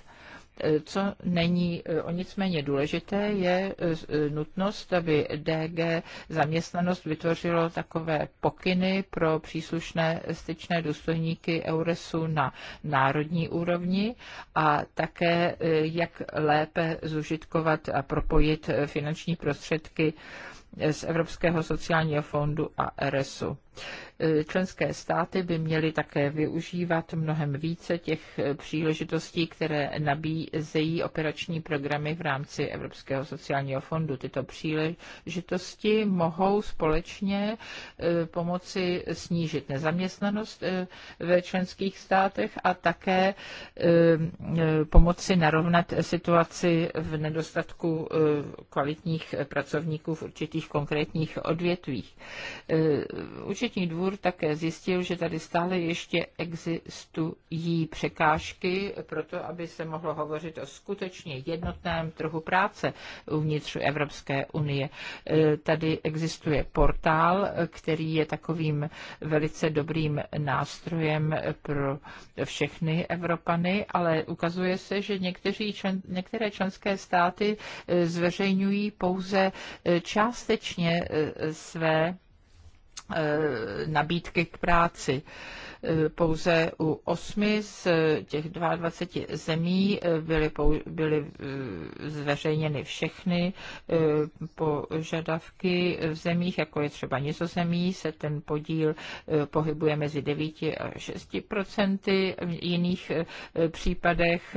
co není o nic méně důležité, je e, e, nutnost, aby DG zaměstnanost vytvořilo takové pokyny pro příslušné styčné důstojníky Euresu na národní úrovni a také, e, jak lépe zužitkovat a propojit finanční prostředky z Evropského sociálního fondu a RSu. E, členské státy by měly také využívat mnohem více těch e, příležitostí, které nabízejí operační programy v rámci Evropského sociálního fondu. Tyto příležitosti mohou společně e, pomoci snížit nezaměstnanost ve členských státech a také pomoci narovnat situaci v nedostatku kvalitních pracovníků v určitých odvětvích, konkrétních odvětvích. E, účetní dvůr také zjistil, že tady stále ještě existují překážky pro to, aby se mohlo hovořit o skutečně jednotném trhu práce uvnitř Evropské unie. E, tady existuje portál, který je takovým velice dobrým nástrojem pro všechny Evropany, ale ukazuje se, že někteří člen, některé členské státy e, zveřejňují pouze části skutečně e, své e, nabídky k práci. E, pouze u osmi z těch 22 zemí byly, byly zveřejněny všechny požadavky v zemích, jako je třeba Nizozemí, se ten podíl pohybuje mezi 9 a 6 procenty, v jiných případech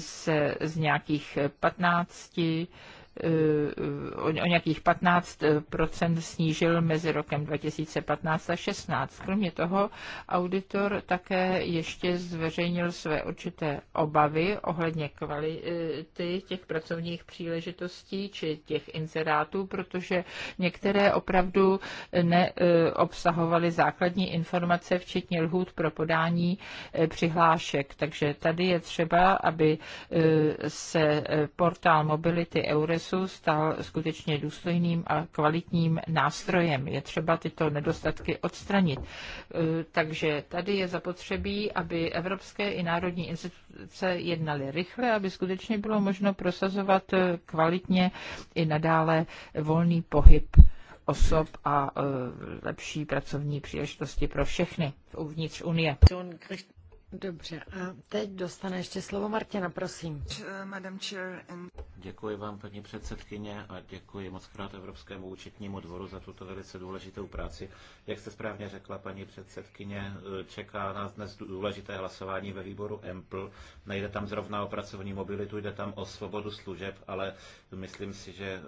se z nějakých 15 Eh, o nějakých 15 snížil mezi rokem 2015 a 16. Kromě toho auditor také ještě zveřejnil své určité obavy ohledně kvality těch pracovních příležitostí či těch inzerátů, protože některé opravdu neobsahovaly základní informace, včetně lhůt pro podání eh, přihlášek. Takže tady je třeba, aby eh, se portál mobility EURES procesu stal skutečně důstojným a kvalitním nástrojem. Je třeba tyto nedostatky odstranit. E, takže tady je zapotřebí, aby evropské i národní instituce jednaly rychle, aby skutečně bylo možno prosazovat e, kvalitně i nadále volný pohyb osob a e, lepší pracovní příležitosti pro všechny uvnitř Unie. Dobře, a teď dostane ještě slovo Martina, prosím. Děkuji vám, paní předsedkyně, a děkuji moc krát Evropskému účetnímu dvoru za tuto velice důležitou práci. Jak jste správně řekla, paní předsedkyně, čeká nás dnes důležité hlasování ve výboru EMPL. Nejde tam zrovna o pracovní mobilitu, jde tam o svobodu služeb, ale myslím si, že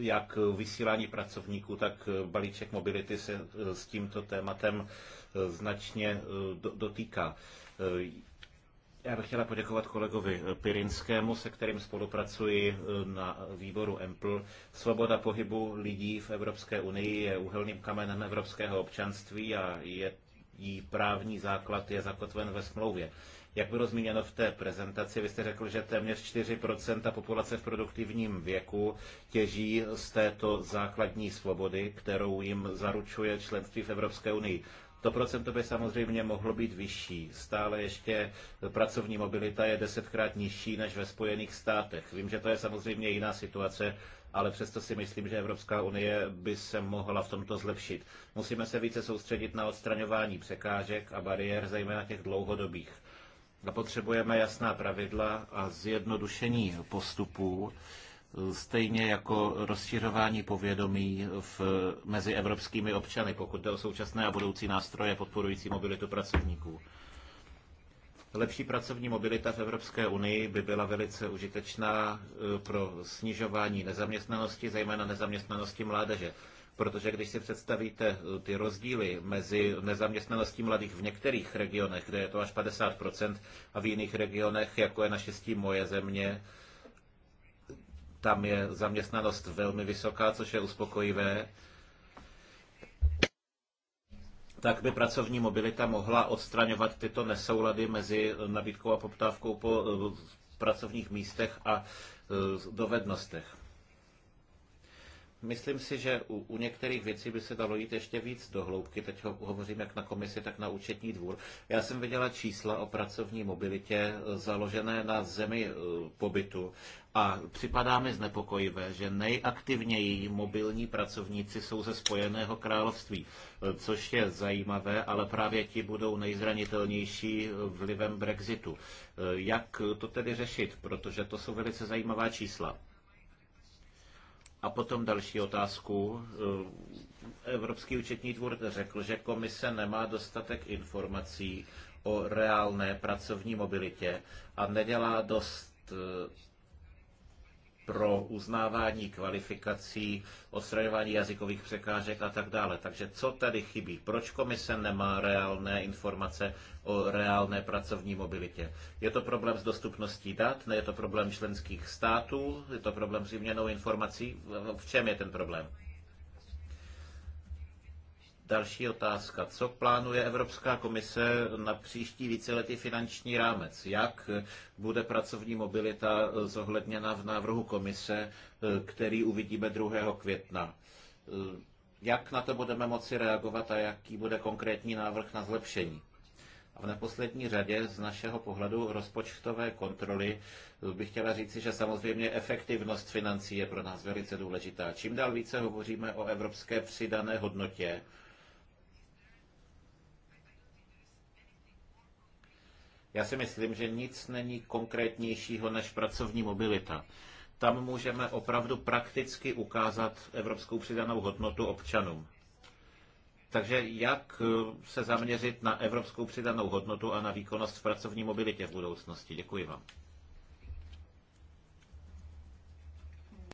jak vysílání pracovníků, tak eh, balíček mobility se eh, s tímto tématem eh, značně dotýká. Já bych chtěla poděkovat kolegovi Pirinskému, se kterým spolupracuji na výboru EMPL. Svoboda pohybu lidí v Evropské unii je úhelným kamenem evropského občanství a je, jí právní základ je zakotven ve smlouvě. Jak bylo zmíněno v té prezentaci, vy jste řekl, že téměř 4% populace v produktivním věku těží z této základní svobody, kterou jim zaručuje členství v Evropské unii. To procento by samozřejmě mohlo být vyšší. Stále ještě pracovní mobilita je desetkrát nižší než ve Spojených státech. Vím, že to je samozřejmě jiná situace, ale přesto si myslím, že Evropská unie by se mohla v tomto zlepšit. Musíme se více soustředit na odstraňování překážek a bariér, zejména těch dlouhodobých. Potřebujeme jasná pravidla a zjednodušení postupů, stejně jako rozšiřování povědomí v, mezi evropskými občany, pokud jde o současné a budoucí nástroje podporující mobilitu pracovníků. Lepší pracovní mobilita v Evropské unii by byla velice užitečná eh, pro snižování nezaměstnanosti, zejména nezaměstnanosti mládeže protože když si představíte eh, ty rozdíly mezi nezaměstnaností mladých v některých regionech, kde je to až 50%, a v jiných regionech, jako je naštěstí moje země, tam je zaměstnanost velmi vysoká, což je uspokojivé, tak by pracovní mobilita mohla odstraňovat tyto nesoulady mezi nabídkou a poptávkou po eh, pracovních místech a eh, dovednostech. Myslím si, že u, u některých věcí by se dalo jít ještě víc do hloubky. Teď ho, hovořím jak na komisi, tak na účetní dvůr. Já jsem viděla čísla o pracovní mobilitě e, založené na zemi e, pobytu a připadá mi znepokojivé, že nejaktivněji mobilní pracovníci jsou ze Spojeného království, e, což je zajímavé, ale právě ti budou nejzranitelnější vlivem Brexitu. Jak to tedy řešit? Protože to jsou velice zajímavá čísla. A potom další otázku. Evropský účetní dvůr řekl, že komise nemá dostatek informací o reálné pracovní mobilitě a nedělá dost pro uznávání kvalifikací, odstraňování jazykových překážek a tak dále. Takže co tady chybí? Proč komise nemá reálné informace o reálné pracovní mobilitě? Je to problém s dostupností dat? Ne, je to problém členských států? Je to problém s výměnou informací? V čem je ten problém? Další otázka. Co plánuje Evropská komise na příští víceletý finanční rámec? Jak bude pracovní mobilita zohledněna v návrhu komise, který uvidíme 2. května? Jak na to budeme moci reagovat a jaký bude konkrétní návrh na zlepšení? A v neposlední řadě z našeho pohledu rozpočtové kontroly bych chtěla říci, že samozřejmě efektivnost financí je pro nás velice důležitá. Čím dál více hovoříme o evropské přidané hodnotě, Já si myslím, že nic není konkrétnějšího než pracovní mobilita. Tam můžeme opravdu prakticky ukázat evropskou přidanou hodnotu občanům. Takže jak eh, se zaměřit na evropskou přidanou hodnotu a na výkonnost v pracovní mobilitě v budoucnosti? Děkuji vám.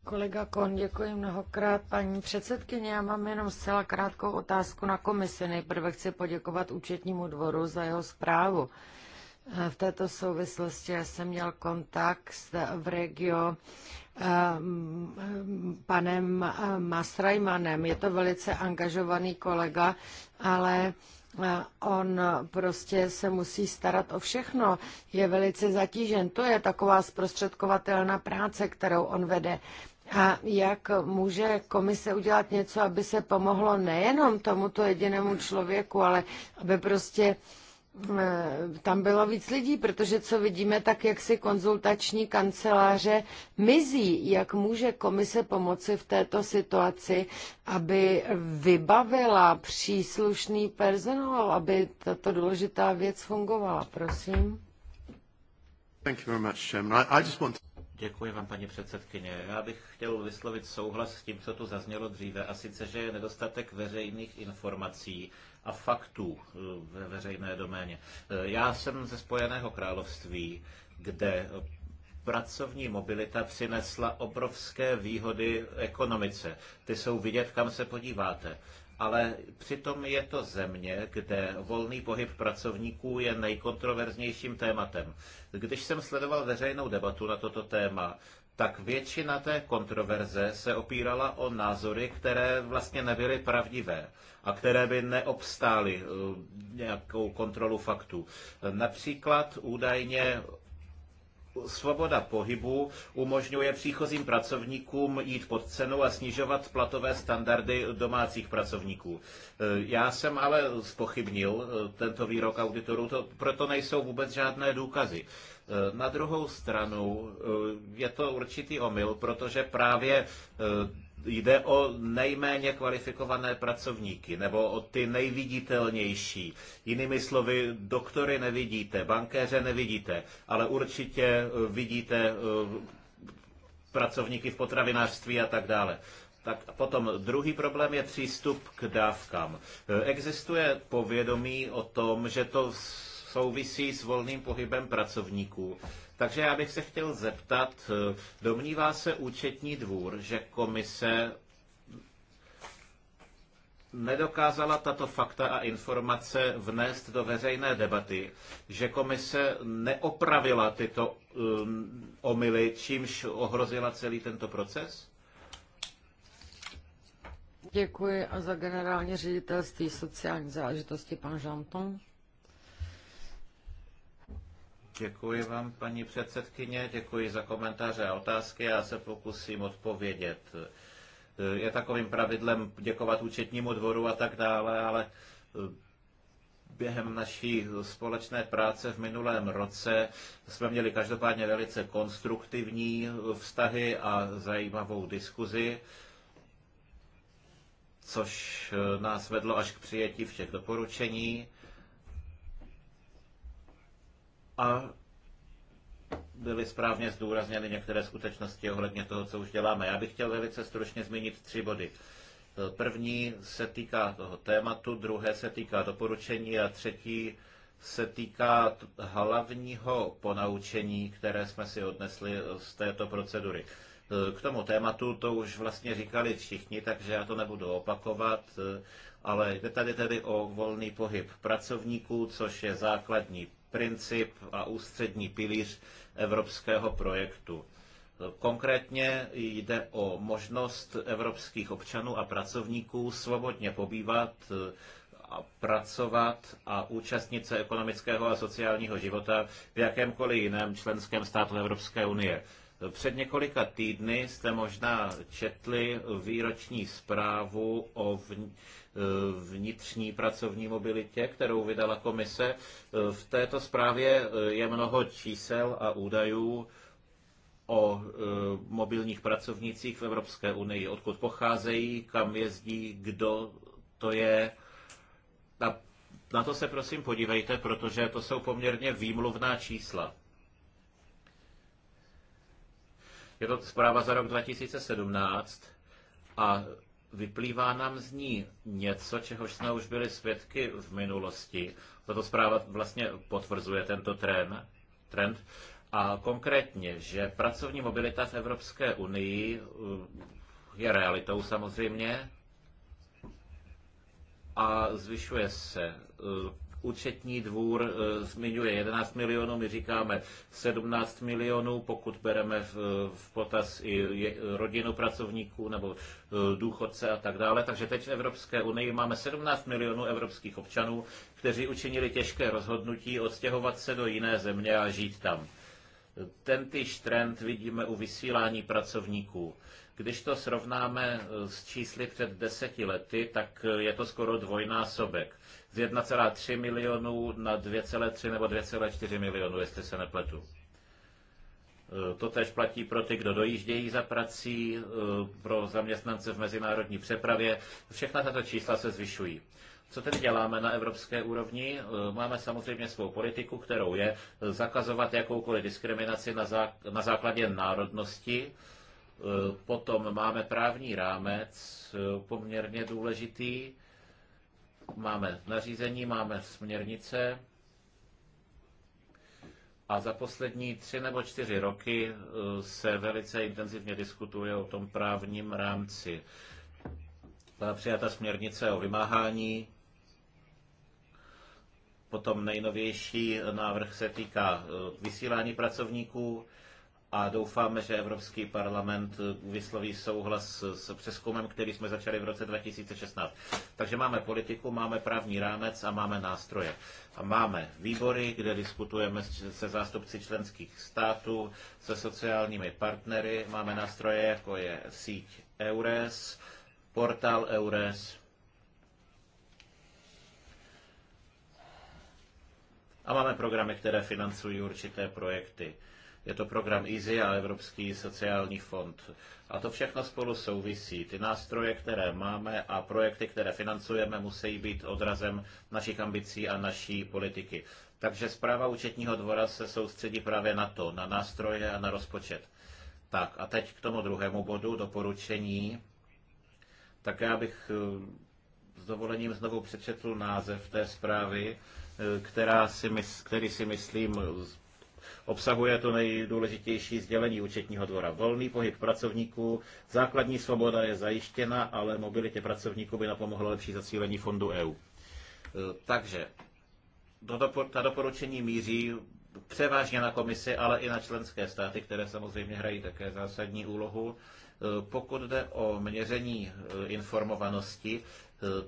Kolega Kon, děkuji mnohokrát. Paní předsedkyně, já mám jenom zcela krátkou otázku na komisi. Nejprve chci poděkovat účetnímu dvoru za jeho zprávu. V této souvislosti já jsem měl kontakt v regio ehm, panem ehm, Masrajmanem. Je to velice angažovaný kolega, ale eh, on prostě se musí starat o všechno, je velice zatížen. To je taková zprostředkovatelná práce, kterou on vede. A jak může komise udělat něco, aby se pomohlo nejenom tomuto jedinému člověku, ale aby prostě Eh, tam bylo víc lidí, protože co vidíme, tak jak si konzultační kanceláře mizí, jak může komise pomoci v této situaci, aby vybavila příslušný personál, aby tato důležitá věc fungovala. Prosím. Thank you very much, I, just want Děkuji vám, paní předsedkyně. Já bych chtěl vyslovit souhlas s tím, co tu zaznělo dříve, a sice, že je nedostatek veřejných informací a faktů eh, ve veřejné doméně. Eh, já jsem ze Spojeného království, kde pracovní mobilita přinesla obrovské výhody ekonomice. Ty jsou vidět, kam se podíváte ale přitom je to země, kde volný pohyb pracovníků je nejkontroverznějším tématem. Když jsem sledoval veřejnou debatu na toto téma, tak většina té kontroverze se opírala o názory, které vlastně nebyly pravdivé a které by neobstály eh, nějakou kontrolu faktů. Například údajně Svoboda pohybu umožňuje příchozím pracovníkům jít pod cenu a snižovat platové standardy domácích pracovníků. Eh, já jsem ale spochybnil eh, tento výrok auditorů, to, proto nejsou vůbec žádné důkazy. Eh, na druhou stranu je to určitý omyl, protože právě jde o nejméně kvalifikované pracovníky nebo o ty nejviditelnější. Jinými slovy, doktory nevidíte, bankéře nevidíte, ale určitě e, vidíte e, pracovníky v potravinářství a tak dále. Tak potom druhý problém je přístup k dávkám. E, existuje povědomí o tom, že to souvisí s volným pohybem pracovníků. Takže já bych se chtěl zeptat, eh, domnívá se účetní dvůr, že komise nedokázala tato fakta a informace vnést do veřejné debaty, že komise neopravila tyto um, eh, omily, čímž ohrozila celý tento proces? Děkuji a za generální ředitelství sociální záležitosti pan Žanton. Děkuji vám, paní předsedkyně, děkuji za komentáře a otázky. Já se pokusím odpovědět. Je takovým pravidlem děkovat účetnímu dvoru a tak dále, ale eh, během naší společné práce v minulém roce jsme měli každopádně velice konstruktivní eh, vztahy a zajímavou diskuzi, což eh, nás vedlo až k přijetí všech doporučení a byly správně zdůrazněny některé skutečnosti ohledně toho, co už děláme. Já bych chtěl velice stručně zmínit tři body. První se týká toho tématu, druhé se týká doporučení a třetí se týká hlavního ponaučení, které jsme si odnesli z této procedury. K tomu tématu to už vlastně říkali všichni, takže já to nebudu opakovat, ale jde tady tedy o volný pohyb pracovníků, což je základní princip a ústřední pilíř evropského projektu. Konkrétně jde o možnost evropských občanů a pracovníků svobodně pobývat a pracovat a účastnit se ekonomického a sociálního života v jakémkoliv jiném členském státu Evropské unie. Před několika týdny jste možná četli výroční zprávu o Eh, vnitřní pracovní mobilitě, kterou vydala komise. Eh, v této zprávě eh, je mnoho čísel a údajů o mobilních pracovnících v Evropské unii, odkud pocházejí, kam jezdí, kdo to je. Na, na to se prosím podívejte, protože to jsou poměrně výmluvná čísla. Je to zpráva za rok 2017 a Vyplývá nám z ní něco, čehož jsme už byli svědky v minulosti. Tato zpráva vlastně potvrzuje tento trend. trend. A konkrétně, že pracovní mobilita v Evropské unii eh, je realitou samozřejmě a zvyšuje se eh, účetní dvůr eh, zmiňuje 11 milionů, my říkáme 17 milionů, pokud bereme v, v potaz i rodinu pracovníků nebo eh, důchodce a tak dále. Takže teď v Evropské unii máme 17 milionů evropských občanů, kteří učinili těžké rozhodnutí odstěhovat se do jiné země a žít tam. týž trend vidíme u vysílání pracovníků. Když to srovnáme eh, s čísly před deseti lety, tak je to skoro dvojnásobek z 1,3 milionů na 2,3 nebo 2,4 milionů, jestli se nepletu. E, to tež platí pro ty, kdo dojíždějí za prací, e, pro zaměstnance v mezinárodní přepravě. Všechna tato čísla se zvyšují. Co tedy děláme na evropské úrovni? E, máme samozřejmě svou politiku, kterou je zakazovat jakoukoliv diskriminaci na, základě národnosti. Potom máme právní rámec, poměrně důležitý, Máme nařízení, máme směrnice a za poslední tři nebo čtyři roky e, se velice intenzivně diskutuje o tom právním rámci. Byla přijata směrnice o vymáhání, potom nejnovější návrh se týká e, vysílání pracovníků, a doufáme, že Evropský parlament eh, vysloví souhlas s přeskumem, který jsme začali v roce 2016. Takže máme politiku, máme právní rámec a máme nástroje. A máme výbory, kde diskutujeme se zástupci členských států, se sociálními partnery, máme nástroje, jako je síť EURES, portál EURES, a máme programy, které financují určité projekty. Je to program EASY a Evropský sociální fond. A to všechno spolu souvisí. Ty nástroje, které máme a projekty, které financujeme, musí být odrazem našich ambicí a naší politiky. Takže zpráva účetního dvora se soustředí právě na to, na nástroje a na rozpočet. Tak a teď k tomu druhému bodu, doporučení. Tak já bych eh, s dovolením znovu přečetl název té zprávy, eh, která si mys- který si myslím Obsahuje to nejdůležitější sdělení účetního dvora. Volný pohyb pracovníků, základní svoboda je zajištěna, ale mobilitě pracovníků by napomohlo lepší zacílení fondu EU. E, takže ta doporučení míří převážně na komisi, ale i na členské státy, které samozřejmě hrají také zásadní úlohu. E, pokud jde o měření e, informovanosti,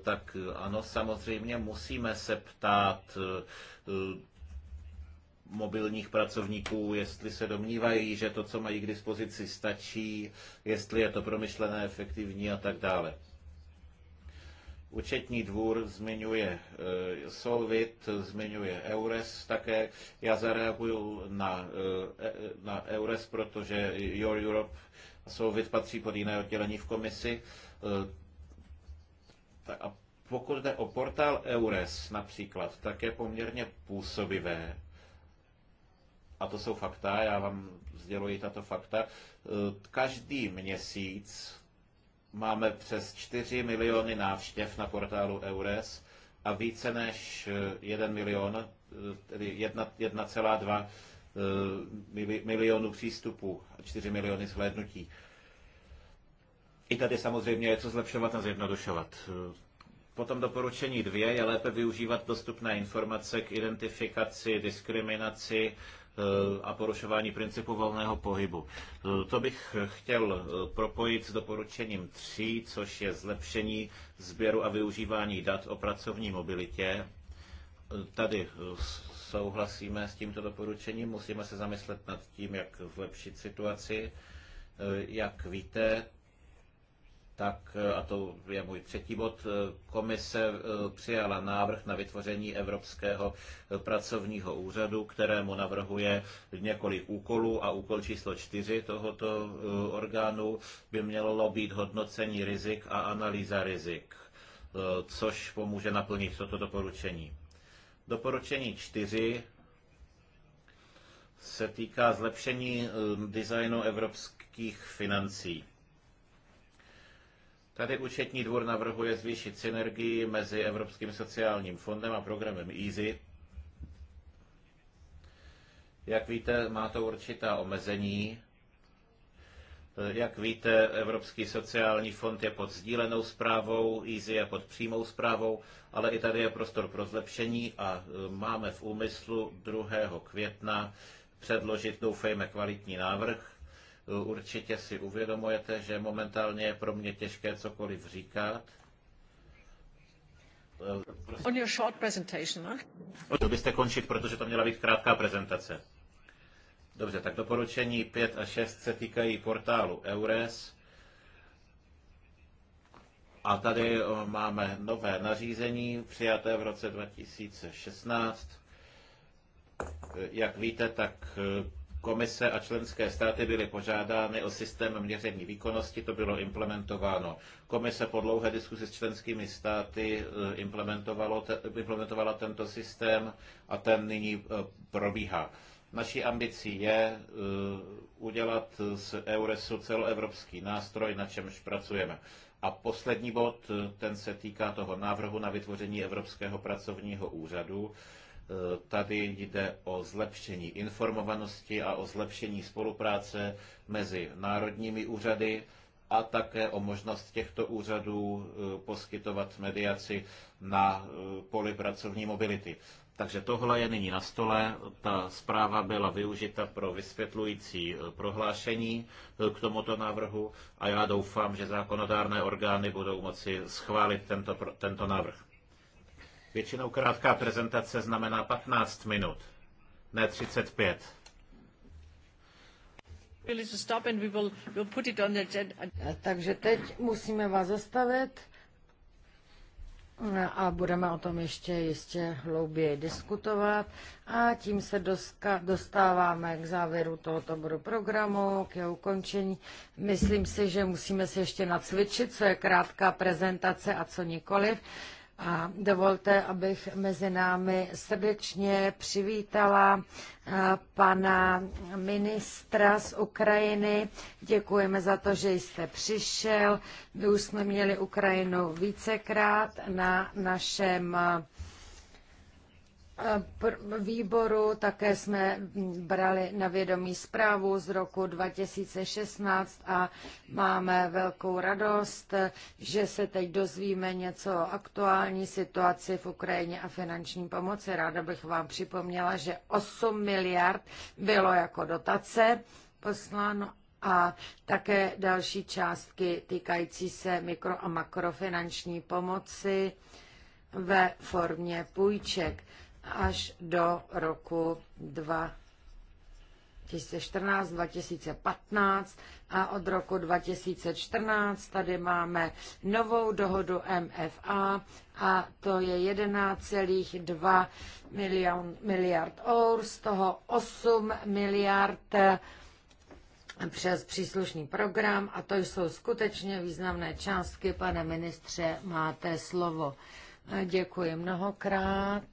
tak ano, samozřejmě musíme se ptát mobilních pracovníků, jestli se domnívají, že to, co mají k dispozici, stačí, jestli je to promyšlené, efektivní a tak dále. Účetní dvůr zmiňuje eh, Solvit, zmiňuje Eures také. Já zareaguju na, eh, eh, na Eures, protože Your Europe a Solvit patří pod jiné oddělení v komisi. A pokud jde o portál Eures například, tak je poměrně působivé, a to jsou fakta, já vám sděluji tato fakta, e, každý měsíc máme přes 4 miliony návštěv na portálu EURES a více než 1 e, milion, e, tedy 1,2 milionu přístupů a 4 miliony zhlédnutí. I tady samozřejmě je co zlepšovat a zjednodušovat. Potom doporučení dvě je lépe využívat dostupné informace k identifikaci, diskriminaci Eh, a porušování principu volného pohybu. Eh, to bych chtěl eh, propojit s doporučením 3, což je zlepšení sběru a využívání dat o pracovní mobilitě. Tady souhlasíme s tímto doporučením, musíme se zamyslet nad tím, jak zlepšit situaci. Jak víte, tak, e, a to je můj třetí bod, e, komise e, přijala návrh na vytvoření Evropského pracovního úřadu, kterému navrhuje několik úkolů a úkol číslo čtyři tohoto orgánu by mělo být hodnocení rizik a analýza rizik, což pomůže naplnit toto doporučení. Doporučení čtyři se týká zlepšení designu evropských financí. Tady účetní dvůr navrhuje zvýšit synergii mezi Evropským sociálním fondem a programem EASY. Jak víte, má to určitá omezení. Jak víte, Evropský sociální fond je pod sdílenou zprávou, EASY je pod přímou zprávou, ale i tady je prostor pro zlepšení a e, máme v úmyslu 2. května předložit, doufejme, kvalitní návrh Určitě si uvědomujete, že momentálně je pro mě těžké cokoliv říkat. Prosím. On your short presentation, no? To byste končit, protože to měla být krátká prezentace. Dobře, tak doporučení 5 a 6 se týkají portálu EURES. A tady eh, máme nové nařízení přijaté v roce 2016. Eh, jak víte, tak eh, Komise a členské státy byly požádány o systém měření výkonnosti, to bylo implementováno. Komise po dlouhé diskusi s členskými státy eh, implementovala tento systém a ten nyní eh, probíhá. Naší ambicí je eh, udělat z EURESu celoevropský nástroj, na čemž pracujeme. A poslední bod, ten se týká toho návrhu na vytvoření Evropského pracovního úřadu. Tady jde o zlepšení informovanosti a o zlepšení spolupráce mezi národními úřady a také o možnost těchto úřadů eh, poskytovat mediaci na eh, poli pracovní mobility. Takže tohle je nyní na stole. Ta zpráva byla využita pro vysvětlující eh, prohlášení k tomuto návrhu a já doufám, že zákonodárné orgány budou moci schválit tento, tento návrh. Většinou krátká prezentace znamená 15 minut, ne 35. Eh, takže teď musíme vás zastavit eh, a budeme o tom ještě jistě hlouběji diskutovat. A tím se dostáváme k závěru tohoto bodu programu, k jeho ukončení. Myslím si, že musíme si ještě nacvičit, co je krátká prezentace a co nikoliv. A dovolte, abych mezi námi srdečně přivítala eh, pana ministra z Ukrajiny. Děkujeme za to, že jste přišel. My už jsme měli Ukrajinu vícekrát na našem eh, Eh, výboru také jsme brali na vědomí zprávu z roku 2016 a máme velkou radost, že se teď dozvíme něco o aktuální situaci v Ukrajině a finanční pomoci. Ráda bych vám připomněla, že 8 miliard bylo jako dotace posláno a také další částky týkající se mikro a makrofinanční pomoci ve formě půjček až do roku 2014-2015 a od roku 2014 tady máme novou dohodu MFA a to je 11,2 milion, miliard eur, z toho 8 miliard přes příslušný program a to jsou skutečně významné částky. Pane ministře, máte slovo. Děkuji mnohokrát.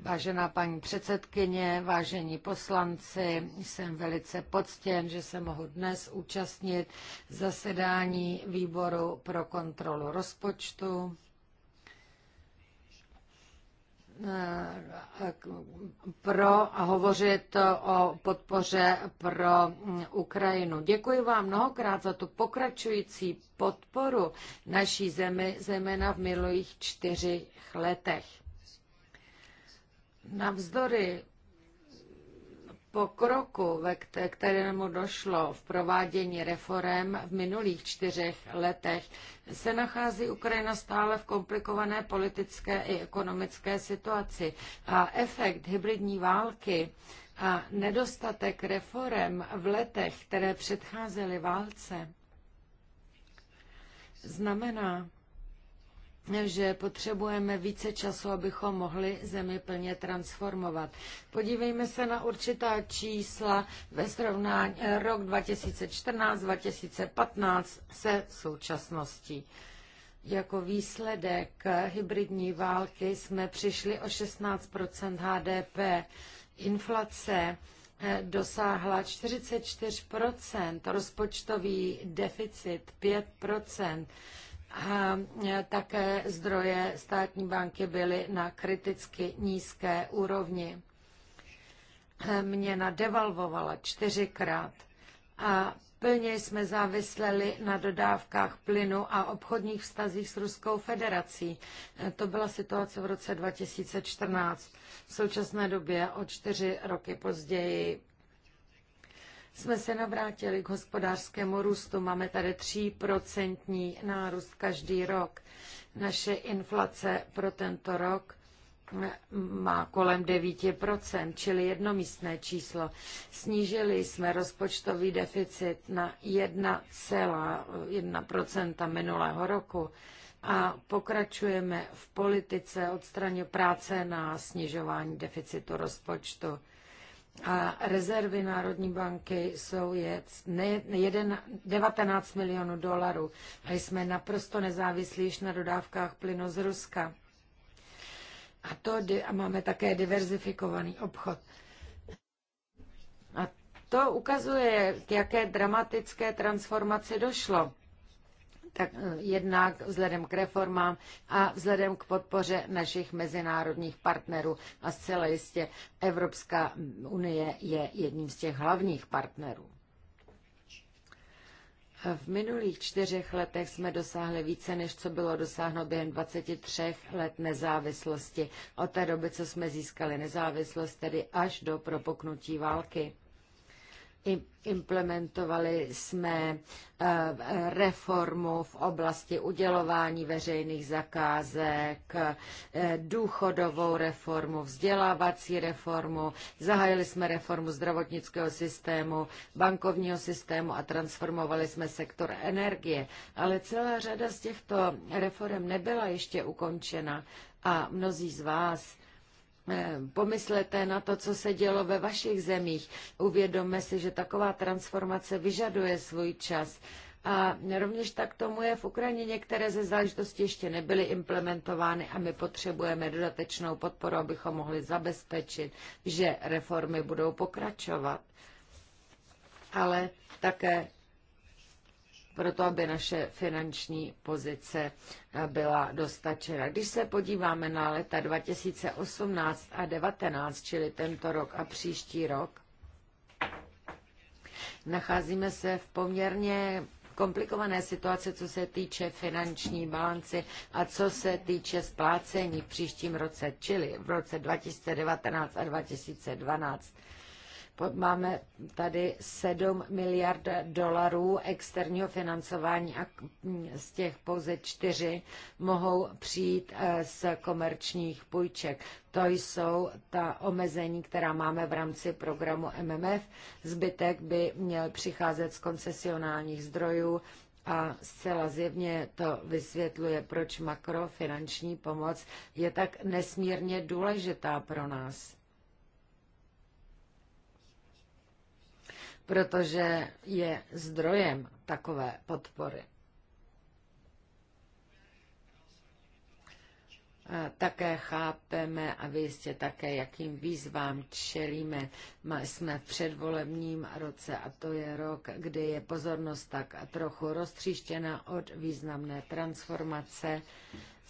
Vážená paní předsedkyně, vážení poslanci, jsem velice poctěn, že se mohu dnes účastnit zasedání výboru pro kontrolu rozpočtu. pro a hovořit o podpoře pro Ukrajinu. Děkuji vám mnohokrát za tu pokračující podporu naší zemi, zejména v minulých čtyřech letech. Navzdory pokroku, ve kterému došlo v provádění reform v minulých čtyřech letech, se nachází Ukrajina stále v komplikované politické i ekonomické situaci a efekt hybridní války a nedostatek reform v letech, které předcházely válce, znamená, že potřebujeme více času, abychom mohli zemi plně transformovat. Podívejme se na určitá čísla ve srovnání eh, rok 2014-2015 se současností. Jako výsledek hybridní války jsme přišli o 16 HDP. Inflace eh, dosáhla 44 rozpočtový deficit 5 a e, také zdroje státní banky byly na kriticky nízké úrovni. E, Měna devalvovala čtyřikrát a plně jsme závisleli na dodávkách plynu a obchodních vztazích s Ruskou federací. E, to byla situace v roce 2014. V současné době o čtyři roky později jsme se navrátili k hospodářskému růstu. Máme tady 3% nárůst každý rok. Naše inflace pro tento rok má kolem 9%, čili jednomístné číslo. Snížili jsme rozpočtový deficit na 1,1% minulého roku a pokračujeme v politice odstraně práce na snižování deficitu rozpočtu. A rezervy Národní banky jsou je, ne, jeden, 19 milionů dolarů. A jsme naprosto nezávislí již na dodávkách plynu z Ruska. A, to, a máme také diverzifikovaný obchod. A to ukazuje, k jaké dramatické transformaci došlo tak eh, jednak vzhledem k reformám a vzhledem k podpoře našich mezinárodních partnerů. A zcela jistě Evropská unie je jedním z těch hlavních partnerů. V minulých čtyřech letech jsme dosáhli více, než co bylo dosáhno během 23 let nezávislosti. Od té doby, co jsme získali nezávislost, tedy až do propuknutí války. Implementovali jsme eh, reformu v oblasti udělování veřejných zakázek, eh, důchodovou reformu, vzdělávací reformu, zahájili jsme reformu zdravotnického systému, bankovního systému a transformovali jsme sektor energie. Ale celá řada z těchto reform nebyla ještě ukončena a mnozí z vás Eh, pomyslete na to, co se dělo ve vašich zemích. Uvědomme si, že taková transformace vyžaduje svůj čas. A rovněž tak tomu je v Ukrajině. Některé ze záležitostí ještě nebyly implementovány a my potřebujeme dodatečnou podporu, abychom mohli zabezpečit, že reformy budou pokračovat. Ale také proto aby naše finanční pozice eh, byla dostačena. Když se podíváme na leta 2018 a 2019, čili tento rok a příští rok, nacházíme se v poměrně komplikované situace, co se týče finanční balanci a co se týče splácení v příštím roce, čili v roce 2019 a 2012 Máme tady 7 miliard dolarů externího financování a z těch pouze čtyři mohou přijít eh, z komerčních půjček. To jsou ta omezení, která máme v rámci programu MMF. Zbytek by měl přicházet z koncesionálních zdrojů a zcela zjevně to vysvětluje, proč makrofinanční pomoc je tak nesmírně důležitá pro nás protože je zdrojem takové podpory. Také chápeme a vy jistě také, jakým výzvám čelíme. Jsme v předvolebním roce a to je rok, kdy je pozornost tak trochu roztříštěna od významné transformace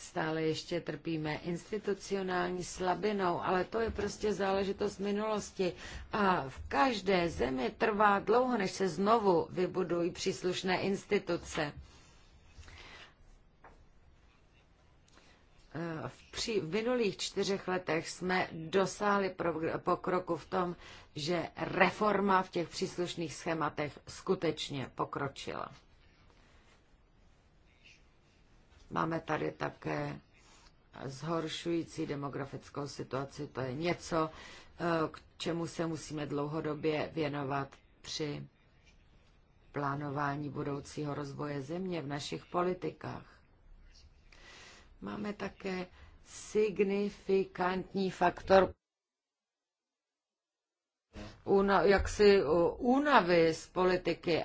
Stále ještě trpíme institucionální slabinou, ale to je prostě záležitost minulosti. A v každé zemi trvá dlouho, než se znovu vybudují příslušné instituce. Eh, v, při, v minulých čtyřech letech jsme dosáhli pokroku v tom, že reforma v těch příslušných schématech skutečně pokročila. Máme tady také zhoršující demografickou situaci. To je něco, eh, k čemu se musíme dlouhodobě věnovat při plánování budoucího rozvoje země v našich politikách. Máme také signifikantní faktor una, jaksi únavy z politiky,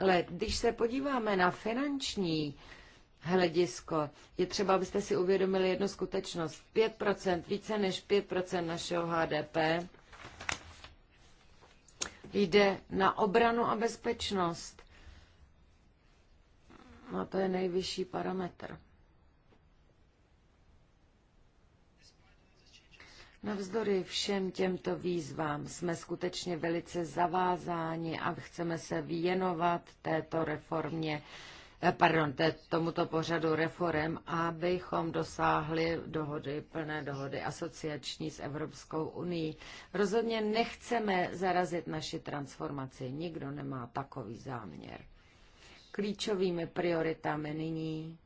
ale když se podíváme na finanční hledisko. Je třeba, abyste si uvědomili jednu skutečnost. 5%, více než 5% našeho HDP jde na obranu a bezpečnost. No to je nejvyšší parametr. Navzdory všem těmto výzvám jsme skutečně velice zavázáni a chceme se věnovat této reformě Eh, pardon, te, tomuto pořadu reform, abychom dosáhli dohody, plné dohody asociační s Evropskou unii. Rozhodně nechceme zarazit naši transformaci. Nikdo nemá takový záměr. Klíčovými prioritami nyní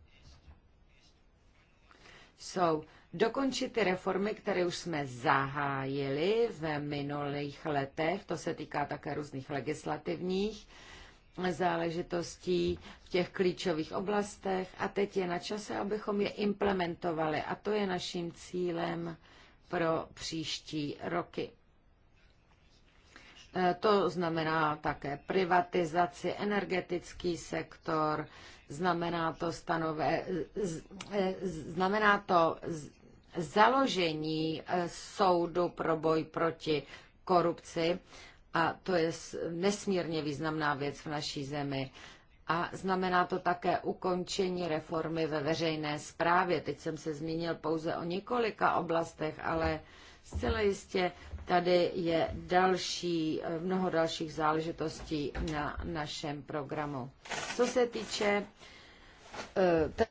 jsou dokončit ty reformy, které už jsme zahájili v minulých letech, to se týká také různých legislativních záležitostí v těch klíčových oblastech a teď je na čase, abychom je implementovali a to je naším cílem pro příští roky. E, to znamená také privatizaci, energetický sektor, znamená to, stanové, e, znamená to založení e, soudu pro boj proti korupci a to je nesmírně významná věc v naší zemi. A znamená to také ukončení reformy ve veřejné správě. Teď jsem se zmínil pouze o několika oblastech, ale zcela jistě tady je další, mnoho dalších záležitostí na našem programu. Co se týče eh,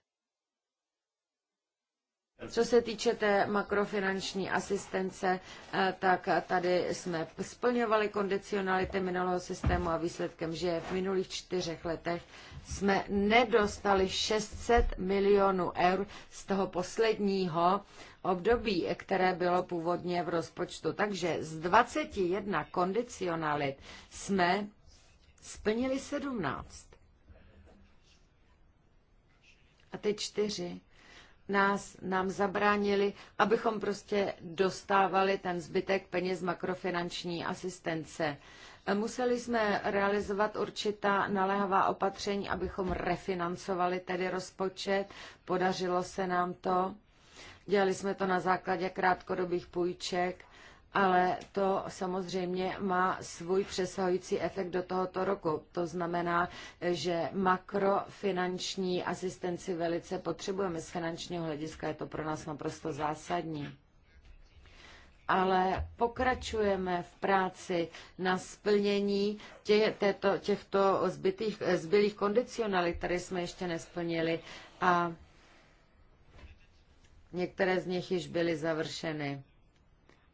co se týče té makrofinanční asistence, eh, tak tady jsme splňovali kondicionality minulého systému a výsledkem, že v minulých čtyřech letech jsme nedostali 600 milionů eur z toho posledního období, které bylo původně v rozpočtu. Takže z 21 kondicionalit jsme splnili 17. A ty čtyři nás, nám zabránili, abychom prostě dostávali ten zbytek peněz makrofinanční asistence. Museli jsme realizovat určitá naléhavá opatření, abychom refinancovali tedy rozpočet. Podařilo se nám to. Dělali jsme to na základě krátkodobých půjček ale to samozřejmě má svůj přesahující efekt do tohoto roku. To znamená, že makrofinanční asistenci velice potřebujeme. Z finančního hlediska je to pro nás naprosto zásadní ale pokračujeme v práci na splnění tě, této, těchto zbytých, zbylých kondicionalit, které jsme ještě nesplnili a některé z nich již byly završeny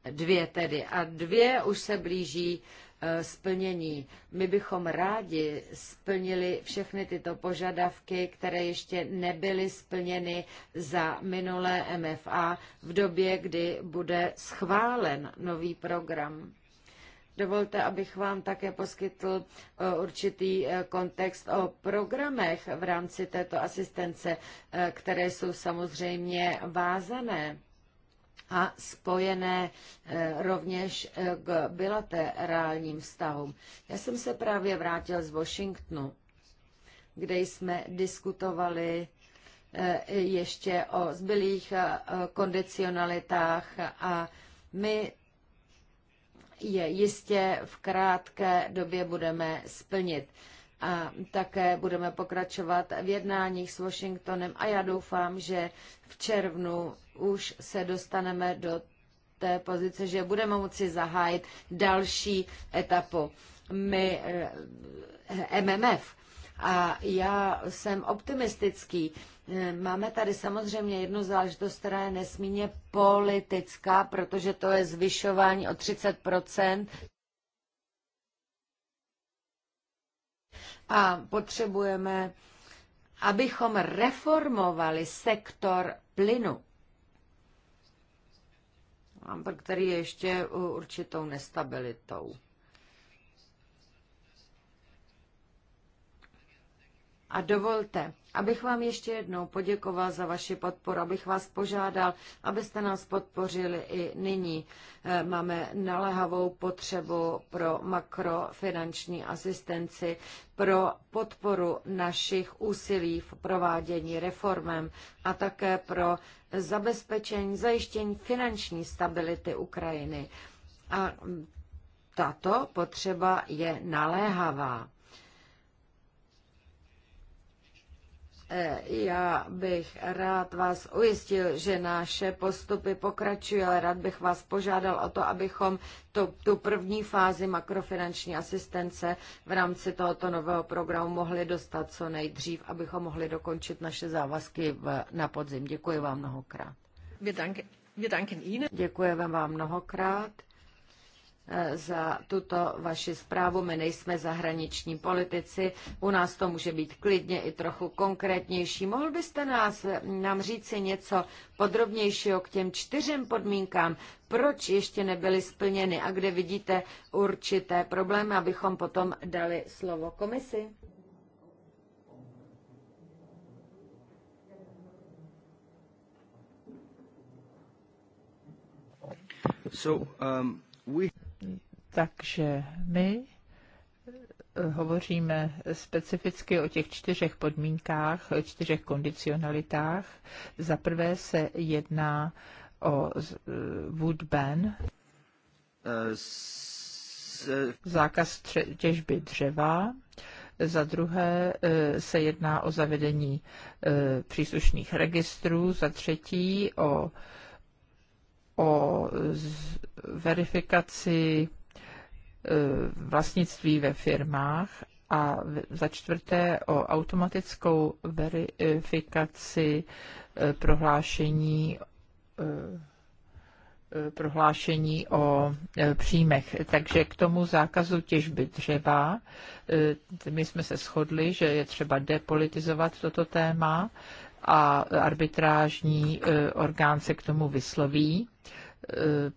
dvě tedy, a dvě už se blíží eh, splnění. My bychom rádi splnili všechny tyto požadavky, které ještě nebyly splněny za minulé MFA v době, kdy bude schválen nový program. Dovolte, abych vám také poskytl eh, určitý eh, kontext o programech v rámci této asistence, které jsou samozřejmě vázané a spojené eh, rovněž eh, k bilaterálním vztahům. Já jsem se právě vrátil z Washingtonu, kde jsme diskutovali eh, ještě o zbylých kondicionalitách a my je jistě v krátké době budeme splnit a také budeme pokračovat v jednáních s Washingtonem a já doufám, že v červnu už se dostaneme do té pozice, že budeme moci zahájit další etapu. My, eh, MMF, a já jsem optimistický. Eh, máme tady samozřejmě jednu záležitost, která je nesmíně politická, protože to je zvyšování o 30 a potřebujeme, abychom reformovali sektor plynu, který je ještě uh, určitou nestabilitou. A dovolte, abych vám ještě jednou poděkoval za vaši podporu, abych vás požádal, abyste nás podpořili i nyní. Eh, máme naléhavou potřebu pro makrofinanční asistenci, pro podporu našich úsilí v provádění reformem a také pro zabezpečení, zajištění finanční stability Ukrajiny. A tato potřeba je naléhavá. E, já bych rád vás ujistil, že naše postupy pokračují, ale rád bych vás požádal o to, abychom to, tu první fázi makrofinanční asistence v rámci tohoto nového programu mohli dostat co nejdřív, abychom mohli dokončit naše závazky v, na podzim. Děkuji vám mnohokrát. Děkujeme vám mnohokrát. Eh, za tuto vaši zprávu. My nejsme zahraniční politici, u nás to může být klidně i trochu konkrétnější. Mohl byste nás, eh, nám říci něco podrobnějšího k těm čtyřem podmínkám, proč ještě nebyly splněny a kde vidíte určité problémy, abychom potom dali slovo komisi? So, um, we... Takže my eh, hovoříme specificky o těch čtyřech podmínkách, čtyřech kondicionalitách. Za prvé se jedná o eh, wood ban, eh, zákaz těžby dřeva, za druhé se jedná o zavedení příslušných registrů, za třetí o, o verifikaci Eh, vlastnictví ve firmách a za čtvrté o automatickou verifikaci eh, prohlášení eh, prohlášení o příjmech. Takže k tomu zákazu těžby dřeva, my jsme se shodli, že je třeba depolitizovat toto téma a arbitrážní orgán se k tomu vysloví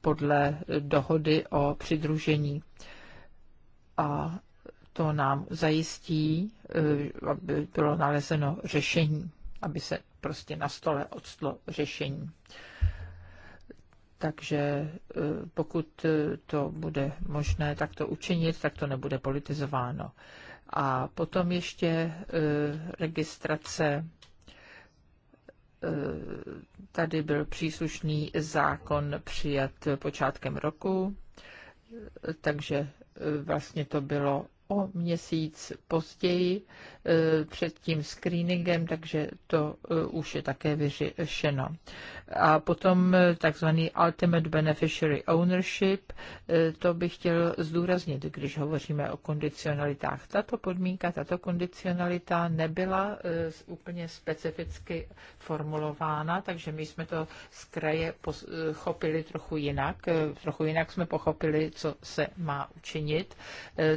podle dohody o přidružení a to nám zajistí, eh, aby bylo nalezeno řešení, aby se prostě na stole odstlo řešení. Takže eh, pokud eh, to bude možné takto učinit, tak to nebude politizováno. A potom ještě registrace tady byl příslušný zákon přijat počátkem roku, takže vlastně to bylo o měsíc později, Eh, před tím screeningem, takže to eh, už je také vyřešeno. A potom eh, takzvaný Ultimate Beneficiary Ownership, to bych chtěl zdůraznit, když hovoříme o kondicionalitách. Tato podmínka, tato kondicionalita nebyla úplně specificky formulována, takže my jsme to z kraje pochopili trochu jinak. Trochu jinak jsme pochopili, co se má učinit.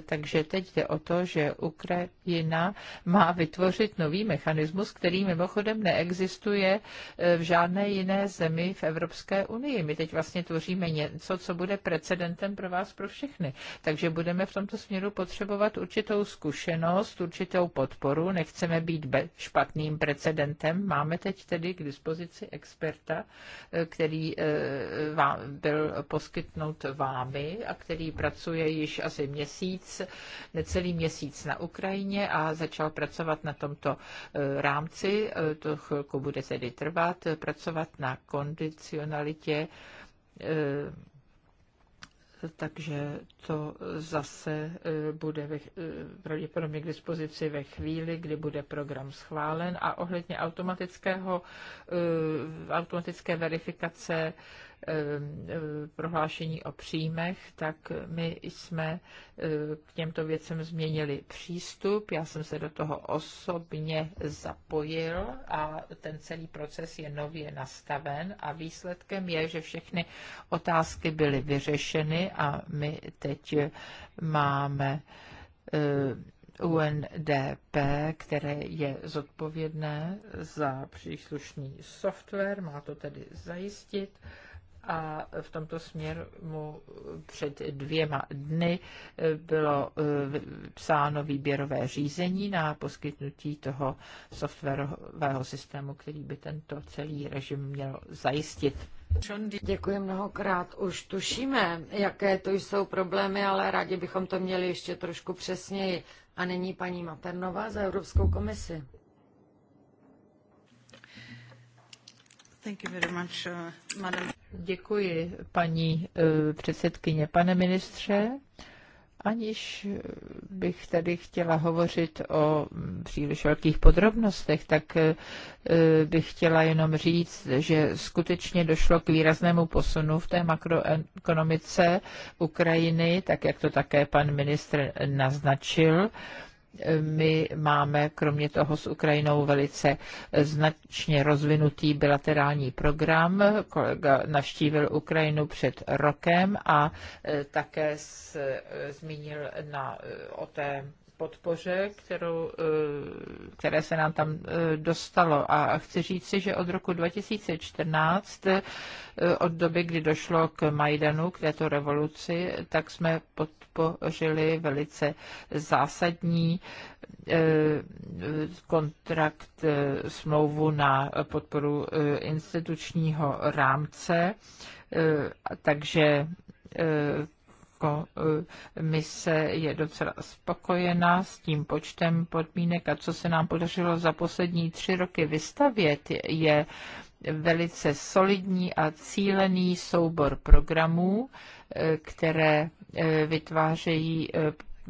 Takže teď jde o to, že Ukrajina má vytvořit nový mechanismus, který mimochodem neexistuje e, v žádné jiné zemi v Evropské unii. My teď vlastně tvoříme něco, co bude precedentem pro vás, pro všechny. Takže budeme v tomto směru potřebovat určitou zkušenost, určitou podporu. Nechceme být špatným precedentem. Máme teď tedy k dispozici experta, e, který e, vám byl poskytnout vámi a který pracuje již asi měsíc, necelý měsíc na Ukrajině a začal začal pracovat na tomto eh, rámci. Eh, to chvilku bude tedy trvat, eh, pracovat na kondicionalitě takže to zase bude ve, pravděpodobně k dispozici ve chvíli, kdy bude program schválen a ohledně automatického, automatické verifikace Eh, prohlášení o příjmech, tak my jsme eh, k těmto věcem změnili přístup. Já jsem se do toho osobně zapojil a ten celý proces je nově nastaven a výsledkem je, že všechny otázky byly vyřešeny a my teď máme eh, UNDP, které je zodpovědné za příslušný software, má to tedy zajistit a v tomto směru před dvěma dny eh, bylo eh, psáno výběrové řízení na poskytnutí toho softwarového systému, který by tento celý režim měl zajistit. Děkuji mnohokrát. Už tušíme, jaké to jsou problémy, ale rádi bychom to měli ještě trošku přesněji. A nyní paní Maternová za Evropskou komisi. Uh, Děkuji, paní eh, předsedkyně. Pane ministře, Aniž bych tady chtěla hovořit o příliš velkých podrobnostech, tak eh, bych chtěla jenom říct, že skutečně došlo k výraznému posunu v té makroekonomice Ukrajiny, tak jak to také pan ministr naznačil my máme kromě toho s Ukrajinou velice značně rozvinutý bilaterální program. Kolega navštívil Ukrajinu před rokem a e, také e, zmínil na, e, o té podpoře, kterou, které se nám tam dostalo. A chci říct si, že od roku 2014, od doby, kdy došlo k Majdanu, k této revoluci, tak jsme podpořili velice zásadní Eh, kontrakt, eh, smlouvu na podporu eh, institučního rámce, takže se je docela spokojená s tím počtem podmínek a co se nám podařilo za poslední tři roky vystavět, je velice solidní a cílený soubor programů, které vytvářejí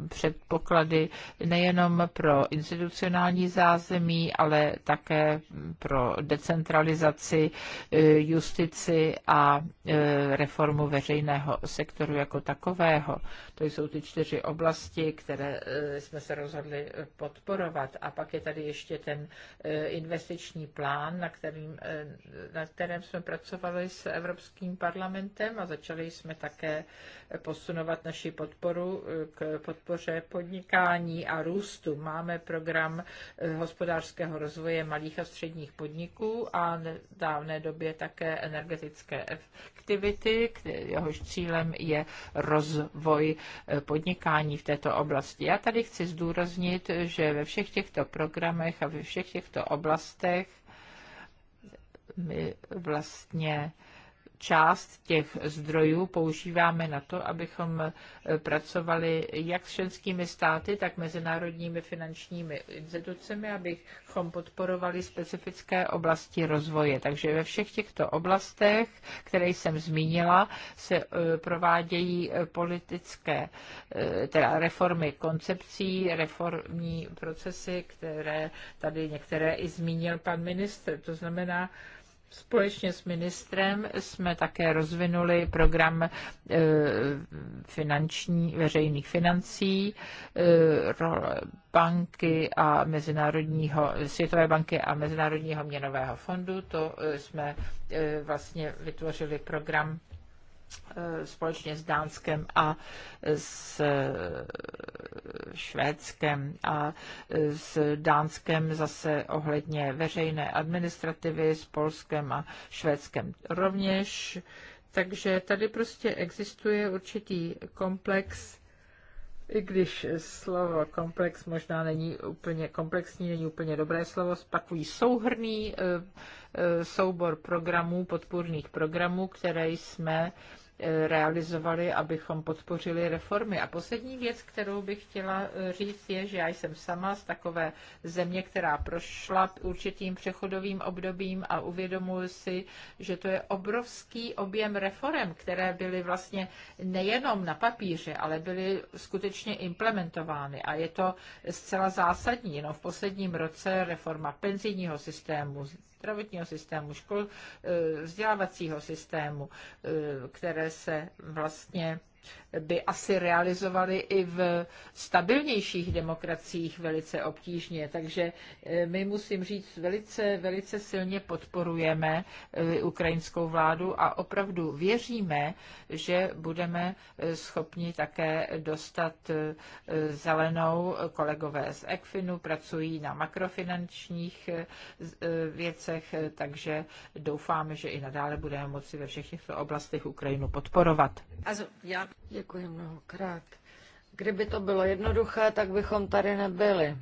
předpoklady nejenom pro institucionální zázemí, ale také pro decentralizaci, e, justici a e, reformu veřejného sektoru jako takového. To jsou ty čtyři oblasti, které e, jsme se rozhodli podporovat. A pak je tady ještě ten investiční plán, na, kterým, na kterém jsme pracovali s Evropským parlamentem a začali jsme také posunovat naši podporu k podporu podpoře podnikání a růstu. Máme program eh, hospodářského rozvoje malých a středních podniků a v dávné době také energetické aktivity, jehož cílem je rozvoj eh, podnikání v této oblasti. Já tady chci zdůraznit, že ve všech těchto programech a ve všech těchto oblastech my vlastně část těch zdrojů používáme na to, abychom eh, pracovali jak s členskými státy, tak mezinárodními finančními institucemi, abychom podporovali specifické oblasti rozvoje. Takže ve všech těchto oblastech, které jsem zmínila, se eh, provádějí eh, politické, teda reformy koncepcí, reformní procesy, které tady některé i zmínil pan ministr. To znamená, Společně s ministrem jsme také rozvinuli program eh, finanční, veřejných financí, eh, banky a Mezinárodního, Světové banky a Mezinárodního měnového fondu. To eh, jsme vlastně vytvořili program Eh, společně s Dánskem a s eh, Švédskem a eh, s Dánskem zase ohledně veřejné administrativy, s Polskem a Švédskem rovněž. Takže tady prostě existuje určitý komplex, i když slovo komplex možná není úplně komplexní, není úplně dobré slovo, takový souhrný Eh, soubor programů, podpůrných programů, které jsme eh, realizovali, abychom podpořili reformy. A poslední věc, kterou bych chtěla eh, říct, je, že já jsem sama z takové země, která prošla určitým přechodovým obdobím a uvědomuji si, že to je obrovský objem reform, které byly vlastně nejenom na papíře, ale byly skutečně implementovány. A je to zcela zásadní. No, v posledním roce reforma penzijního systému, zdravotního systému, škol, eh, vzdělávacího systému, eh, které se vlastně by asi realizovali i v stabilnějších demokraciích velice obtížně. Takže eh, my, musím říct, velice, velice silně podporujeme eh, ukrajinskou vládu a opravdu věříme, že budeme eh, schopni také dostat zelenou. Kolegové z ECFINu pracují na makrofinančních věcech, takže doufáme, že i nadále budeme moci ve všech těchto oblastech Ukrajinu podporovat. Also, ja. Děkuji mnohokrát. Kdyby to bylo jednoduché, tak bychom tady nebyli.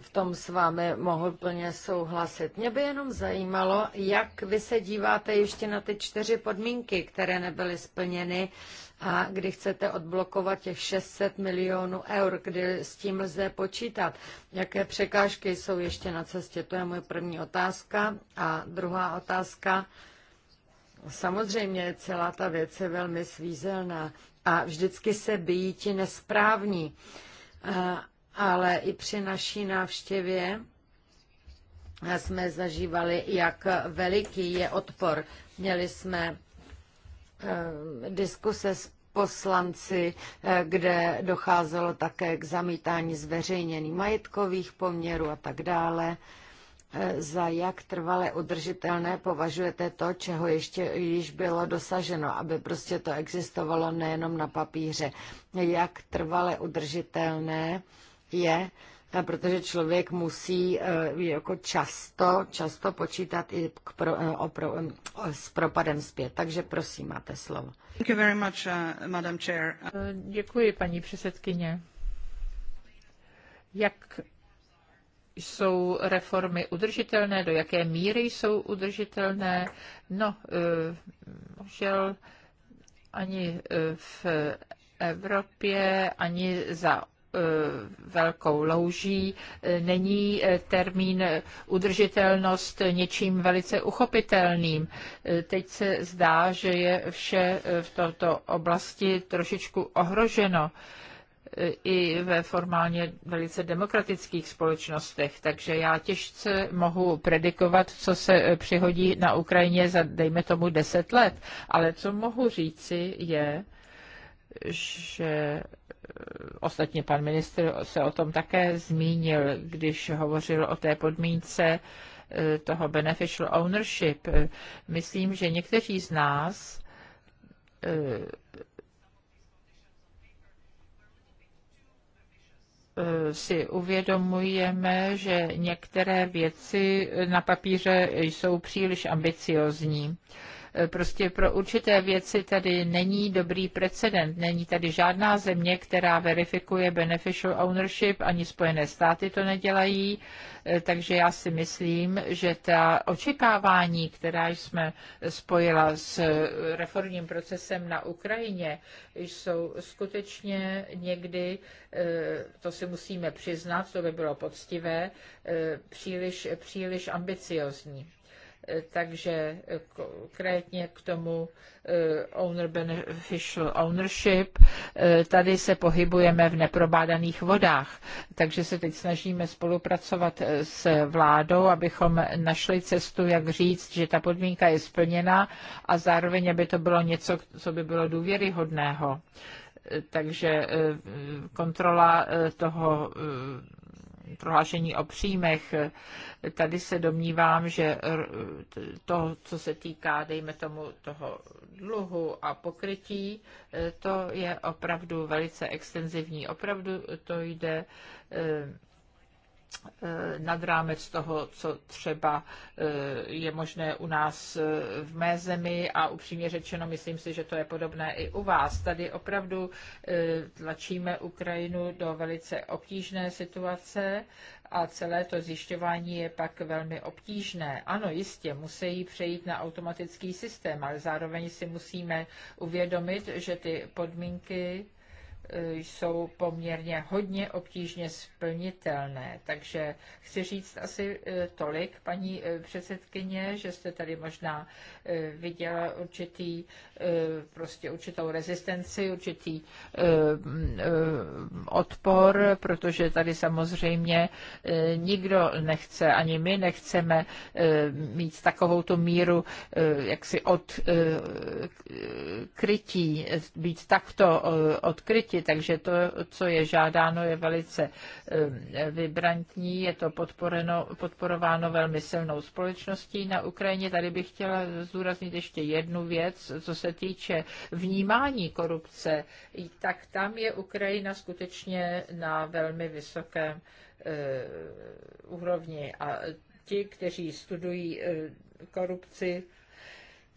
V tom s vámi mohl plně souhlasit. Mě by jenom zajímalo, jak vy se díváte ještě na ty čtyři podmínky, které nebyly splněny a kdy chcete odblokovat těch 600 milionů eur, kdy s tím lze počítat. Jaké překážky jsou ještě na cestě? To je moje první otázka. A druhá otázka Samozřejmě celá ta věc je velmi svízelná a vždycky se bijí ti nesprávní. Ale i při naší návštěvě jsme zažívali, jak veliký je odpor. Měli jsme eh, diskuse s poslanci, eh, kde docházelo také k zamítání zveřejněných majetkových poměrů a tak dále. E, za jak trvale udržitelné považujete to, čeho ještě již bylo dosaženo, aby prostě to existovalo nejenom na papíře. Jak trvale udržitelné je, e, protože člověk musí e, jako často, často počítat i k pro, o pro, s propadem zpět. Takže prosím, máte slovo. Thank you very much, uh, Madam Chair. Děkuji, paní předsedkyně. Jak jsou reformy udržitelné, do jaké míry jsou udržitelné. No, možel eh, ani eh, v Evropě, ani za eh, velkou louží. Není termín udržitelnost něčím velice uchopitelným. Teď se zdá, že je vše v této oblasti trošičku ohroženo i ve formálně velice demokratických společnostech, takže já těžce mohu predikovat, co se eh, přihodí na Ukrajině za, dejme tomu, deset let. Ale co mohu říci je, že eh, ostatně pan ministr se o tom také zmínil, když hovořil o té podmínce eh, toho beneficial ownership. Myslím, že někteří z nás si uvědomujeme, že některé věci na papíře jsou příliš ambiciozní. Prostě pro určité věci tady není dobrý precedent. Není tady žádná země, která verifikuje beneficial ownership, ani Spojené státy to nedělají. Eh, takže já si myslím, že ta očekávání, která jsme spojila s eh, reformním procesem na Ukrajině, jsou skutečně někdy, eh, to si musíme přiznat, to by bylo poctivé, příliš, příliš ambiciozní takže konkrétně k tomu eh, owner beneficial ownership, eh, tady se pohybujeme v neprobádaných vodách, takže se teď snažíme spolupracovat eh, s vládou, abychom našli cestu, jak říct, že ta podmínka je splněna a zároveň, aby to bylo něco, co by bylo důvěryhodného takže kontrola toho prohlášení o příjmech. Tady se domnívám, že to, co se týká, dejme tomu, toho dluhu a pokrytí, eh, to je opravdu velice extenzivní. Opravdu to jde eh, Eh, nad rámec toho, co třeba eh, je možné u nás eh, v mé zemi a upřímně řečeno, myslím si, že to je podobné i u vás. Tady opravdu tlačíme Ukrajinu do velice obtížné situace a celé to zjišťování je pak velmi obtížné. Ano, jistě, musí přejít na automatický systém, ale zároveň si musíme uvědomit, že ty podmínky Eh, jsou poměrně hodně obtížně splnitelné. Takže chci říct asi eh, tolik, paní eh, předsedkyně, že jste tady možná viděla určitý, prostě určitou rezistenci, určitý mm, odpor, protože tady samozřejmě nikdo nechce, ani my nechceme mít takovou tu míru jaksi od krytí, být takto odkrytí oblasti, takže to, co je žádáno, je velice eh, vybrantní, je to podporováno velmi silnou společností na Ukrajině. Tady bych chtěla zúraznit ještě jednu věc, co se týče vnímání korupce, tak tam je Ukrajina skutečně na velmi vysokém eh, úrovni a ti, kteří studují eh, korupci,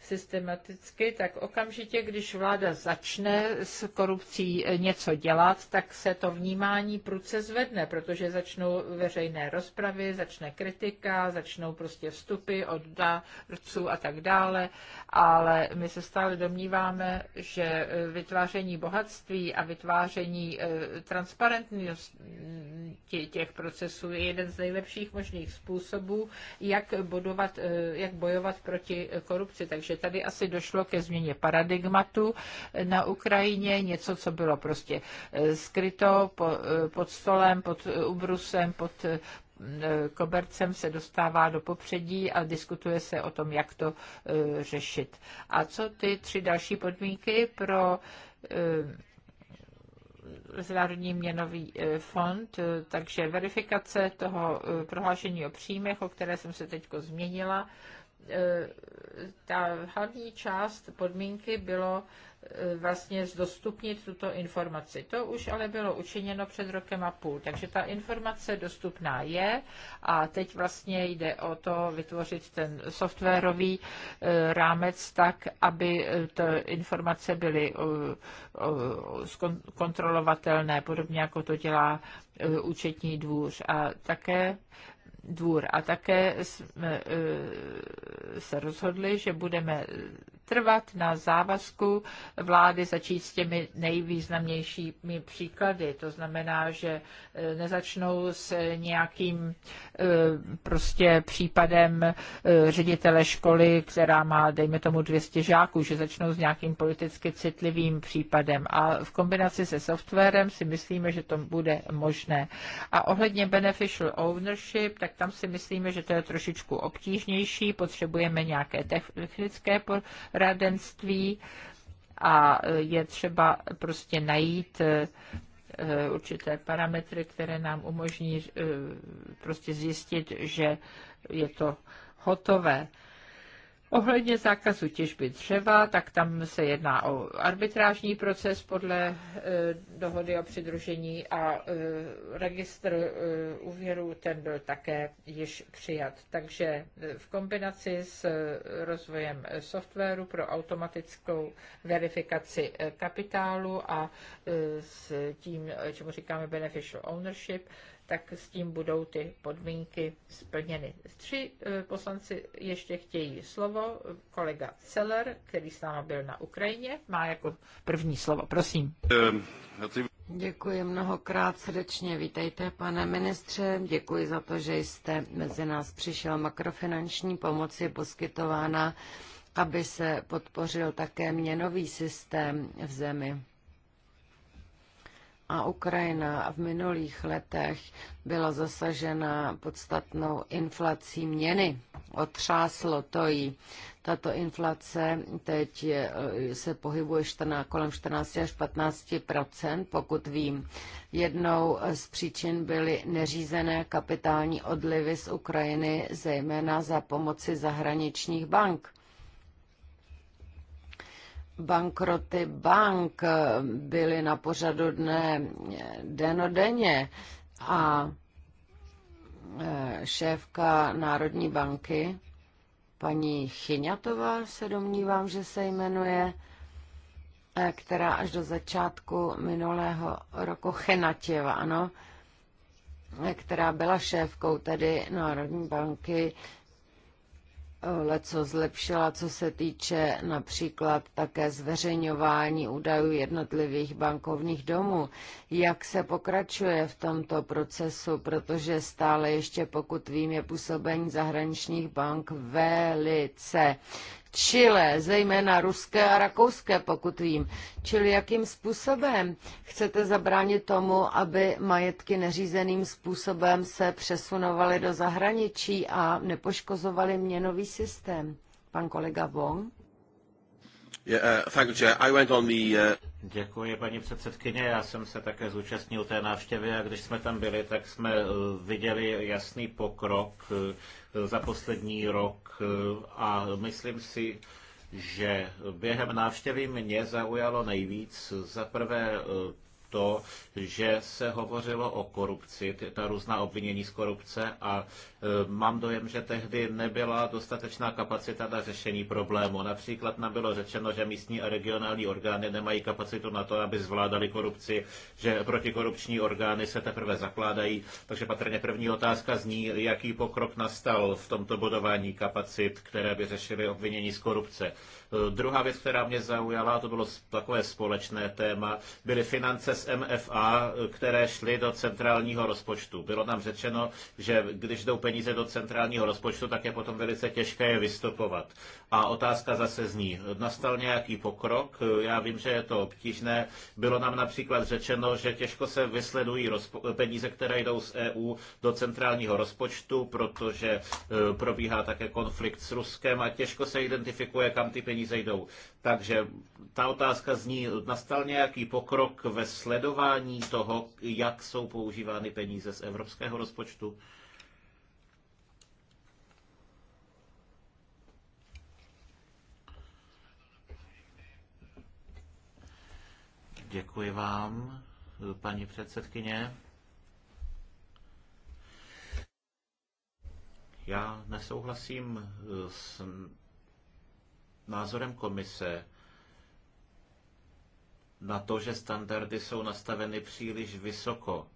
systematicky, tak okamžitě, když vláda začne s korupcí eh, něco dělat, tak se to vnímání prudce zvedne, protože začnou veřejné rozpravy, začne kritika, začnou prostě vstupy od dárců a tak dále, ale my se stále domníváme, že eh, vytváření bohatství a vytváření eh, transparentnosti těch procesů je jeden z nejlepších možných způsobů, jak, budovat, jak bojovat proti korupci. Takže že tady asi došlo ke změně paradigmatu na Ukrajině, něco, co bylo prostě eh, skryto eh, pod stolem, pod eh, ubrusem, pod kobercem se dostává do popředí a diskutuje se o tom, jak to řešit. A co ty tři další podmínky pro Mezinárodní měnový fond, takže verifikace toho prohlášení o příjmech, o které jsem se teď změnila, Eh, ta hlavní část podmínky bylo eh, vlastně zdostupnit tuto informaci. To už ale bylo učiněno před rokem a půl, takže ta informace dostupná je a teď vlastně jde o to vytvořit ten softwarový eh, rámec tak, aby ty informace byly kontrolovatelné, podobně jako to dělá účetní dvůř. A také dvůr. A také jsme eh, se rozhodli, že budeme trvat na závazku vlády začít s těmi nejvýznamnějšími příklady. To znamená, že eh, nezačnou s nějakým eh, prostě případem ředitele školy, která má, dejme tomu, 200 žáků, že začnou s nějakým politicky citlivým případem. A v kombinaci se softwarem si myslíme, že to bude možné. A ohledně beneficial ownership, tak tak tam si myslíme, že to je trošičku obtížnější, potřebujeme nějaké technické poradenství a je třeba prostě najít eh, určité parametry, které nám umožní eh, prostě zjistit, že je to hotové. Ohledně zákazu těžby dřeva, tak tam se jedná o arbitrážní proces podle eh, dohody o přidružení a eh, registr eh, úvěru, ten byl také již přijat. Takže v kombinaci s rozvojem softwaru pro automatickou verifikaci kapitálu a s tím, čemu říkáme beneficial ownership, tak s tím budou ty podmínky splněny. Tři eh, poslanci ještě chtějí slovo. Kolega Celer, který s náma byl na Ukrajině, má jako první slovo. Prosím. Děkuji mnohokrát srdečně. Vítejte, pane ministře. Děkuji za to, že jste mezi nás přišel. Makrofinanční pomoc je poskytována, aby se podpořil také měnový systém v zemi a Ukrajina v minulých letech byla zasažena podstatnou inflací měny. Otřáslo to jí. Tato inflace teď je, se pohybuje 14, kolem 14 až 15 pokud vím. Jednou z příčin byly neřízené kapitální odlivy z Ukrajiny, zejména za pomoci zahraničních bank Bankroty bank byly na pořadu dne denodenně a eh, šéfka Národní banky, paní Chyňatová se domnívám, že se jmenuje, eh, která až do začátku minulého roku Chenatěva, ano, eh, která byla šéfkou tedy Národní banky, leco zlepšila, co se týče například také zveřejňování údajů jednotlivých bankovních domů. Jak se pokračuje v tomto procesu, protože stále ještě, pokud vím, je působení zahraničních bank velice Chile, zejména ruské a rakouské, pokud vím. Čili jakým způsobem chcete zabránit tomu, aby majetky neřízeným způsobem se přesunovaly do zahraničí a nepoškozovaly měnový systém? Pan kolega Wong? Děkuji, paní předsedkyně. Já jsem se také zúčastnil té návštěvy a když jsme tam byli, tak jsme uh, viděli jasný pokrok uh, za poslední rok uh, a myslím si, že během návštěvy mě zaujalo nejvíc za prvé to, že se hovořilo o korupci, ta různá obvinění z korupce a e, mám dojem, že tehdy nebyla dostatečná kapacita na řešení problému. Například nám bylo řečeno, že místní a regionální orgány nemají kapacitu na to, aby zvládali korupci, že protikorupční orgány se teprve zakládají. Takže patrně první otázka zní, jaký pokrok nastal v tomto budování kapacit, které by řešily obvinění z korupce. Eh, druhá věc, která mě zaujala, to bylo takové společné téma, byly finance z MFA, eh, které šly do centrálního rozpočtu. Bylo nám řečeno, že když jdou peníze do centrálního rozpočtu, tak je potom velice těžké je vystupovat. A otázka zase zní, eh, nastal nějaký pokrok, já vím, že je to obtížné. Bylo nám například řečeno, že těžko se vysledují peníze, které jdou z EU do centrálního rozpočtu, protože probíhá také konflikt s Ruskem a těžko se identifikuje, kam ty peníze peníze jdou. Takže ta otázka zní, nastal nějaký pokrok ve sledování toho, jak jsou používány peníze z evropského rozpočtu? Děkuji vám, paní předsedkyně. Já nesouhlasím s názorem komise na to, že standardy jsou nastaveny příliš vysoko,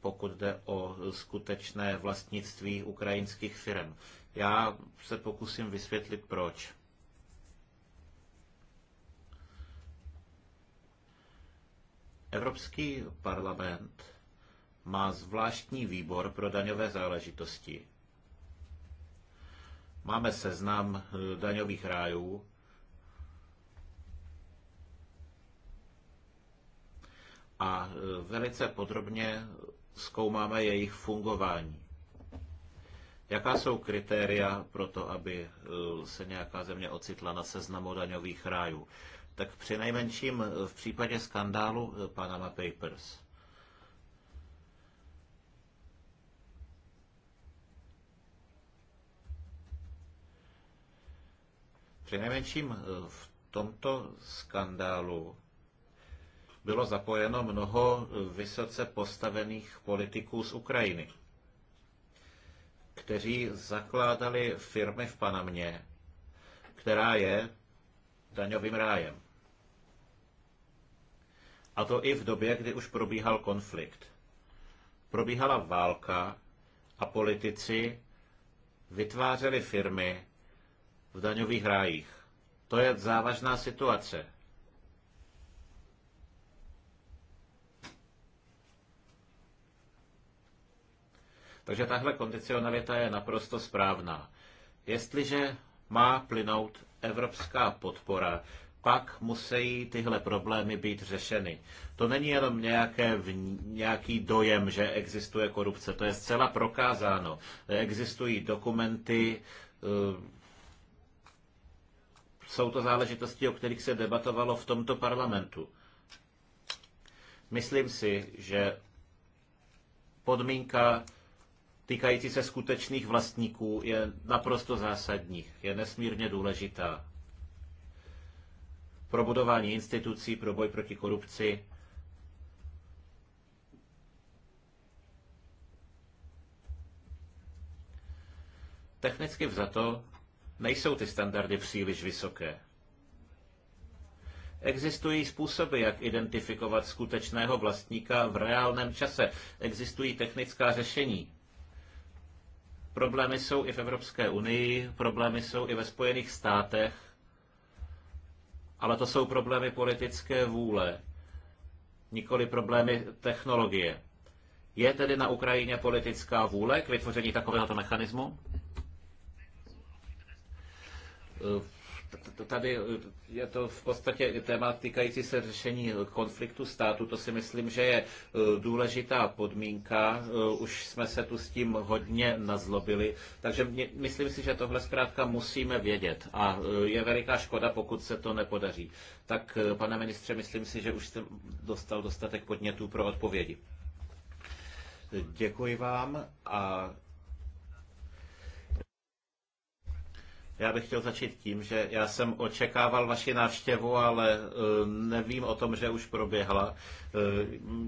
pokud jde o skutečné vlastnictví ukrajinských firm. Já se pokusím vysvětlit, proč. Evropský parlament má zvláštní výbor pro daňové záležitosti, Máme seznam eh, daňových rájů. A eh, velice podrobně zkoumáme jejich fungování. Jaká jsou kritéria pro to, aby eh, se nějaká země ocitla na seznamu daňových rájů? Tak při nejmenším v případě skandálu Panama Papers – Přinejmenším eh, v tomto skandálu bylo zapojeno mnoho eh, vysoce postavených politiků z Ukrajiny, kteří zakládali firmy v Panamě, která je daňovým rájem. A to i v době, kdy už probíhal konflikt. Probíhala válka a politici vytvářeli firmy, v daňových rájích. To je závažná situace. Takže tahle kondicionalita je naprosto správná. Jestliže má plynout evropská podpora, pak musí tyhle problémy být řešeny. To není jenom nějaké, nějaký dojem, že existuje korupce, to je zcela prokázáno. Existují dokumenty, eh, jsou to záležitosti, o kterých se debatovalo v tomto parlamentu. Myslím si, že podmínka týkající se skutečných vlastníků je naprosto zásadní, je nesmírně důležitá pro budování institucí, pro boj proti korupci. Technicky vzato nejsou ty standardy příliš vysoké. Existují způsoby, jak identifikovat skutečného vlastníka v reálném čase. Existují technická řešení. Problémy jsou i v Evropské unii, problémy jsou i ve Spojených státech, ale to jsou problémy politické vůle, nikoli problémy technologie. Je tedy na Ukrajině politická vůle k vytvoření takovéhoto mechanismu? Eh, tady eh, je to v podstatě téma týkající se řešení konfliktu státu. To si myslím, že je eh, důležitá podmínka. Už jsme se tu s tím hodně nazlobili. Takže myslím si, že tohle zkrátka musíme vědět. A je veliká škoda, pokud se to nepodaří. Tak, pane ministře, myslím si, že už jste dostal dostatek podnětů pro odpovědi. Děkuji vám a Já bych chtěl začít tím, že já jsem očekával vaši návštěvu, ale e, nevím o tom, že už proběhla. E,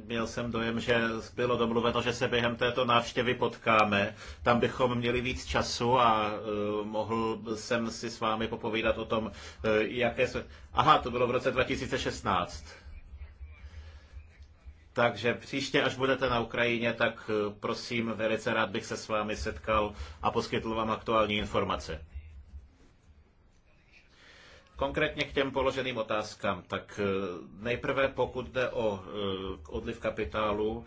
měl jsem dojem, že bylo domluveno, že se během této návštěvy potkáme. Tam bychom měli víc času a e, mohl jsem si s vámi popovídat o tom, jaké se... Aha, to bylo v roce 2016. Takže příště, až budete na Ukrajině, tak prosím, velice rád bych se s vámi setkal a poskytl vám aktuální informace. Konkrétně k těm položeným otázkám, tak eh, nejprve pokud jde o eh, odliv kapitálu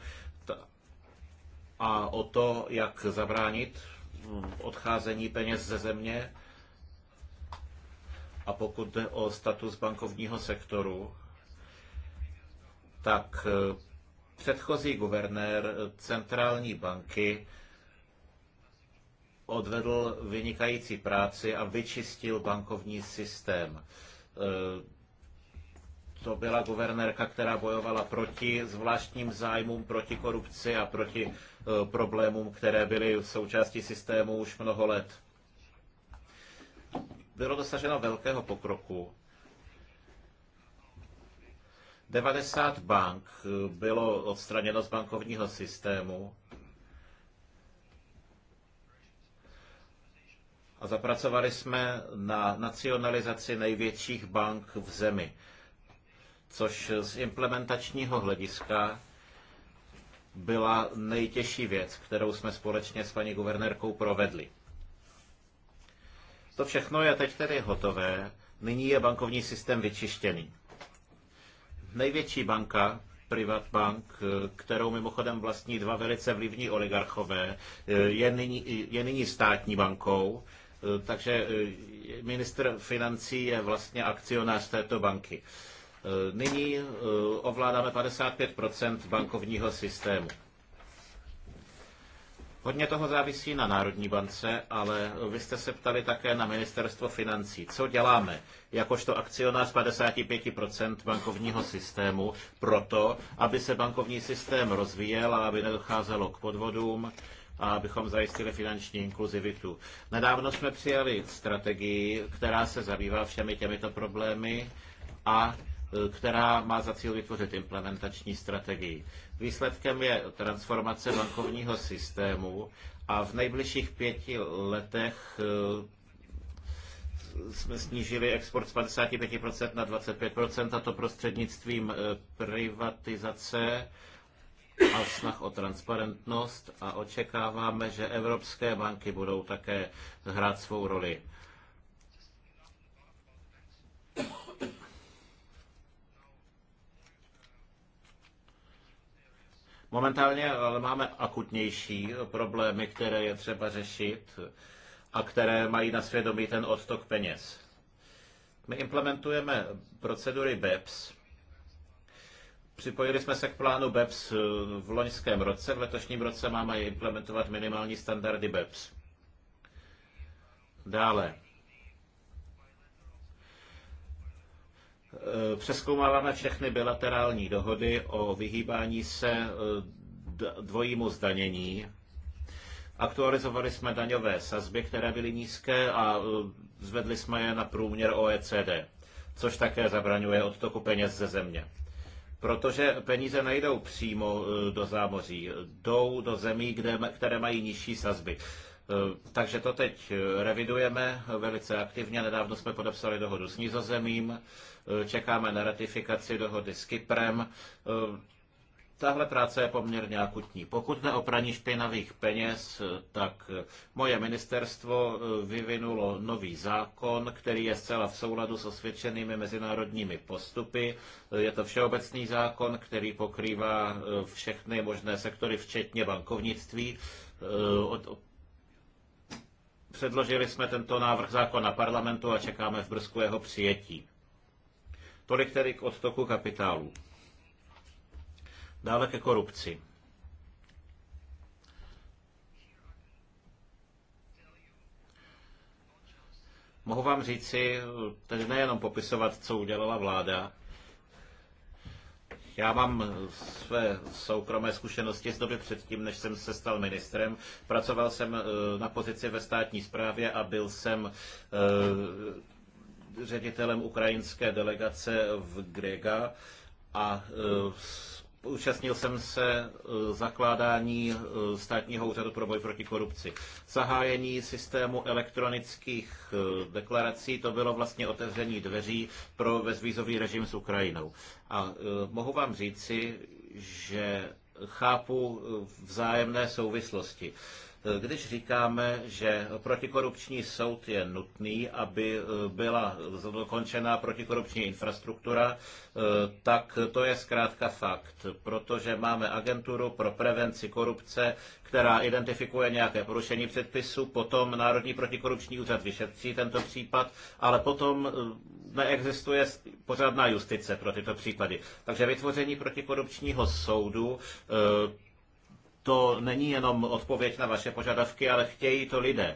a o to, jak zabránit hm, odcházení peněz ze země, a pokud jde o status bankovního sektoru, tak eh, předchozí guvernér centrální banky odvedl vynikající práci a vyčistil bankovní systém. E, to byla guvernérka, která bojovala proti zvláštním zájmům, proti korupci a proti e, problémům, které byly v součástí systému už mnoho let. Bylo dosaženo velkého pokroku. 90 bank e, bylo odstraněno z bankovního systému a zapracovali jsme na nacionalizaci největších bank v zemi, což z implementačního hlediska byla nejtěžší věc, kterou jsme společně s paní guvernérkou provedli. To všechno je teď tedy hotové, nyní je bankovní systém vyčištěný. Největší banka, bank, kterou mimochodem vlastní dva velice vlivní oligarchové, je nyní, je nyní státní bankou Eh, takže eh, minister financí je vlastně akcionář této banky. Eh, nyní ovládáme 55 bankovního systému. Hodně toho závisí na Národní bance, ale vy jste se ptali také na ministerstvo financí. Co děláme jakožto akcionář 55% bankovního systému proto, aby se bankovní systém rozvíjel a aby nedocházelo k podvodům, a abychom zajistili finanční inkluzivitu. Nedávno jsme přijali strategii, která se zabývá všemi těmito problémy a e, která má za cíl vytvořit implementační strategii. Výsledkem je transformace bankovního systému a v nejbližších pěti letech e, jsme snížili export z 55% na 25% a to prostřednictvím e, privatizace a snah o transparentnost a očekáváme, že evropské banky budou také hrát svou roli. Momentálně ale máme akutnější problémy, které je třeba řešit a které mají na svědomí ten odtok peněz. My implementujeme procedury BEPS, Připojili jsme se k plánu BEPS eh, v loňském roce. V letošním roce máme implementovat minimální standardy BEPS. Dále. Eh, přeskoumáváme všechny bilaterální dohody o vyhýbání se eh, dvojímu zdanění. Aktualizovali jsme daňové sazby, které byly nízké a zvedli jsme je na průměr OECD, což také zabraňuje odtoku peněz ze země protože peníze nejdou přímo eh, do zámoří, jdou do zemí, kde, které mají nižší sazby. Eh, takže to teď eh, revidujeme velice aktivně. Nedávno jsme podepsali dohodu s Nizozemím, čekáme na ratifikaci dohody s Kyprem. Tahle práce je poměrně akutní. Pokud jde o praní špinavých peněz, tak moje ministerstvo eh, vyvinulo nový zákon, který je zcela v souladu s osvědčenými mezinárodními postupy. Eh, je to všeobecný zákon, který pokrývá eh, všechny možné sektory, včetně bankovnictví. Předložili jsme tento návrh zákona parlamentu a čekáme v Brzku jeho přijetí. Tolik tedy k odtoku kapitálu. Dále ke korupci. Mohu vám říci, takže nejenom popisovat, co udělala vláda, já mám své soukromé zkušenosti z doby předtím, než jsem se stal ministrem. Pracoval jsem eh, na pozici ve státní správě a byl jsem eh, ředitelem ukrajinské delegace v Grega a eh, Účastnil jsem se eh, zakládání eh, státního úřadu pro boj proti korupci. Zahájení systému elektronických eh, deklarací, to bylo vlastně otevření dveří pro bezvýzový režim s Ukrajinou. A mohu vám říci, že chápu vzájemné souvislosti. Když říkáme, že protikorupční soud je nutný, aby e, byla dokončena protikorupční infrastruktura, e, tak to je zkrátka fakt, protože máme agenturu pro prevenci korupce, která identifikuje nějaké porušení předpisu, potom Národní protikorupční úřad vyšetří tento případ, ale potom e, neexistuje pořádná justice pro tyto případy. Takže vytvoření protikorupčního soudu to není jenom odpověď na vaše požadavky, ale chtějí to lidé. E,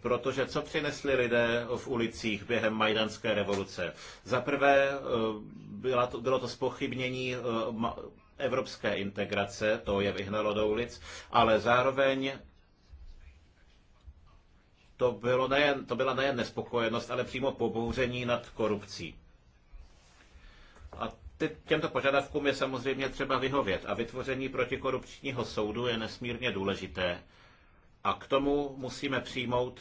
protože co přinesli lidé v ulicích během Majdanské revoluce? Za prvé e, to, bylo to spochybnění e, evropské integrace, to je vyhnalo do ulic, ale zároveň to, bylo nejen, to byla nejen nespokojenost, ale přímo pobouření nad korupcí těmto požadavkům je samozřejmě třeba vyhovět a vytvoření protikorupčního soudu je nesmírně důležité. A k tomu musíme přijmout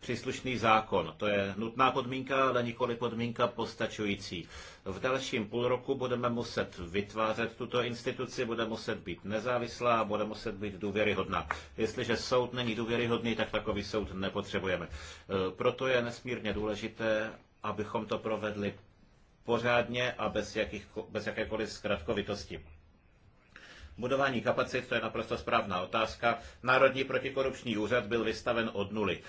příslušný zákon. To je nutná podmínka, ale nikoli podmínka postačující. V dalším půl roku budeme muset vytvářet tuto instituci, bude muset být nezávislá, bude muset být důvěryhodná. Jestliže soud není důvěryhodný, tak takový soud nepotřebujeme. E, proto je nesmírně důležité, abychom to provedli pořádně a bez, jakých, bez jakékoliv zkratkovitosti. Budování kapacit, to je naprosto správná otázka. Národní protikorupční úřad byl vystaven od nuly.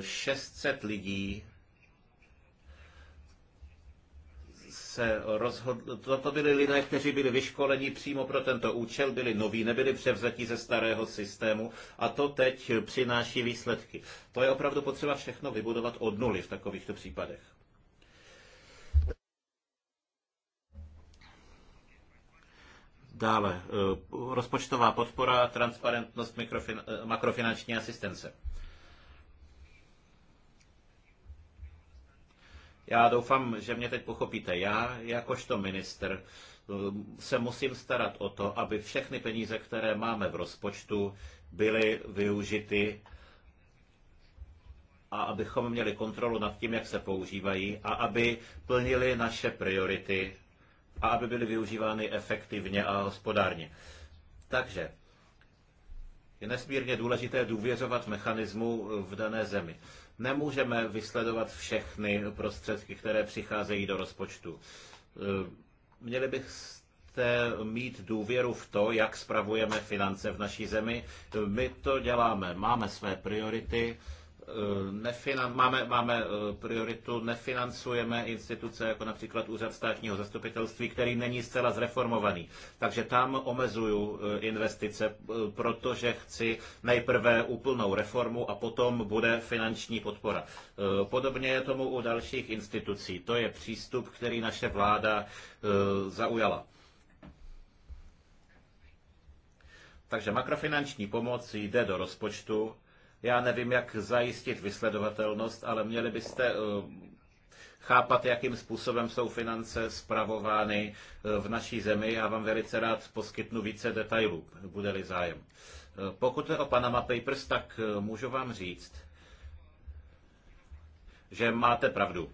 600 lidí se rozhodl, Toto byli lidé, kteří byli vyškoleni přímo pro tento účel, byli noví, nebyli převzatí ze starého systému a to teď přináší výsledky. To je opravdu potřeba všechno vybudovat od nuly v takovýchto případech. Dále, eh, rozpočtová podpora, transparentnost eh, makrofinanční asistence. Já doufám, že mě teď pochopíte. Já, jakožto minister, eh, se musím starat o to, aby všechny peníze, které máme v rozpočtu, byly využity a abychom měli kontrolu nad tím, jak se používají a aby plnili naše priority a aby byly využívány efektivně a hospodárně. Takže je nesmírně důležité důvěřovat mechanismu v dané zemi. Nemůžeme vysledovat všechny prostředky, které přicházejí do rozpočtu. Eh, měli byste mít důvěru v to, jak spravujeme finance v naší zemi. Eh, my to děláme, máme své priority, Eh, nefinan, máme, máme eh, prioritu, nefinancujeme instituce jako například Úřad státního zastupitelství, který není zcela zreformovaný. Takže tam omezuju eh, investice, protože chci nejprve úplnou reformu a potom bude finanční podpora. Podobně je tomu u dalších institucí. To je přístup, který naše vláda zaujala. Takže makrofinanční pomoc jde do rozpočtu já nevím, jak zajistit vysledovatelnost, ale měli byste eh, chápat, jakým způsobem jsou finance spravovány eh, v naší zemi. Já vám velice rád poskytnu více detailů, bude-li zájem. Eh, pokud je o Panama Papers, tak můžu vám říct, že máte pravdu.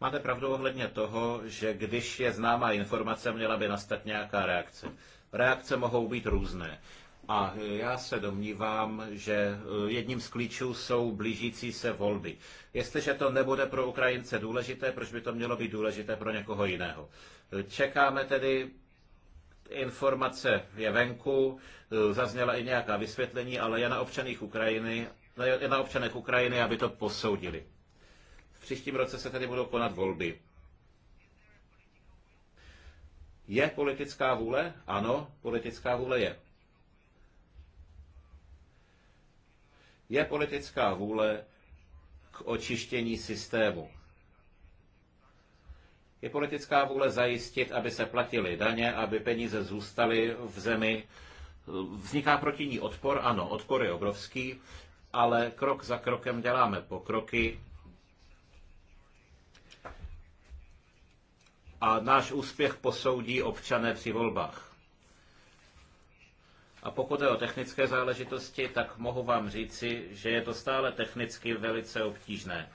Máte pravdu ohledně toho, že když je známá informace, měla by nastat nějaká reakce. Reakce mohou být různé. A e, já se domnívám, že e, jedním z klíčů jsou blížící se volby. Jestliže to nebude pro Ukrajince důležité, proč by to mělo být důležité pro někoho jiného? E, čekáme tedy informace je venku, zazněla i nějaká vysvětlení, ale je na občaných Ukrajiny, je na občanech Ukrajiny, aby to posoudili. V příštím roce se tedy budou konat volby. Je politická vůle? Ano, politická vůle je. Je politická vůle k očištění systému. Je politická vůle zajistit, aby se platily daně, aby peníze zůstaly v zemi. Vzniká proti ní odpor, ano, odpor je obrovský, ale krok za krokem děláme pokroky a náš úspěch posoudí občané při volbách. A pokud je o technické záležitosti, tak mohu vám říci, že je to stále technicky velice obtížné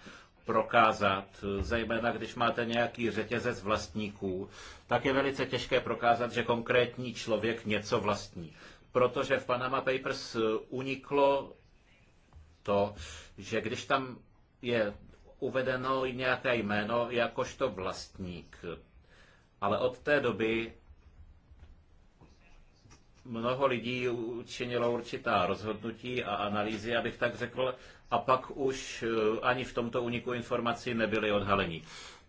prokázat, zejména když máte nějaký řetězec vlastníků, tak je velice těžké prokázat, že konkrétní člověk něco vlastní. Protože v Panama Papers eh, uniklo to, že když tam je uvedeno nějaké jméno jakožto vlastník ale od té doby mnoho lidí učinilo určitá rozhodnutí a analýzy, abych tak řekl, a pak už eh, ani v tomto uniku informací nebyly odhaleni.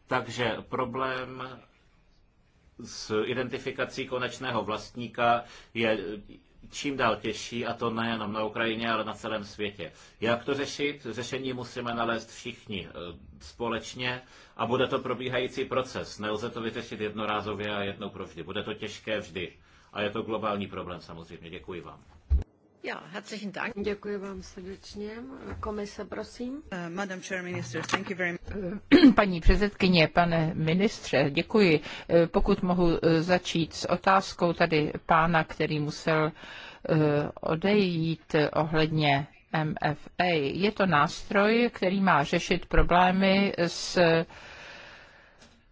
Takže problém s identifikací konečného vlastníka je čím dál těžší, a to nejenom na Ukrajině, ale na celém světě. Jak to řešit? Řešení musíme nalézt všichni eh, společně a bude to probíhající proces. Nelze to vyřešit jednorázově a jednou vždy. Bude to těžké vždy. A je to globální problém samozřejmě. Děkuji vám. Ja, herzlichen Dank. Děkuji vám srdečně. Komise, prosím. Uh, Madam Chair Minister, thank you very much. Eh, paní předsedkyně, pane ministře, děkuji. Eh, pokud mohu eh, začít s otázkou tady pána, který musel odejít ohledně MFA. Je to nástroj, který má řešit problémy s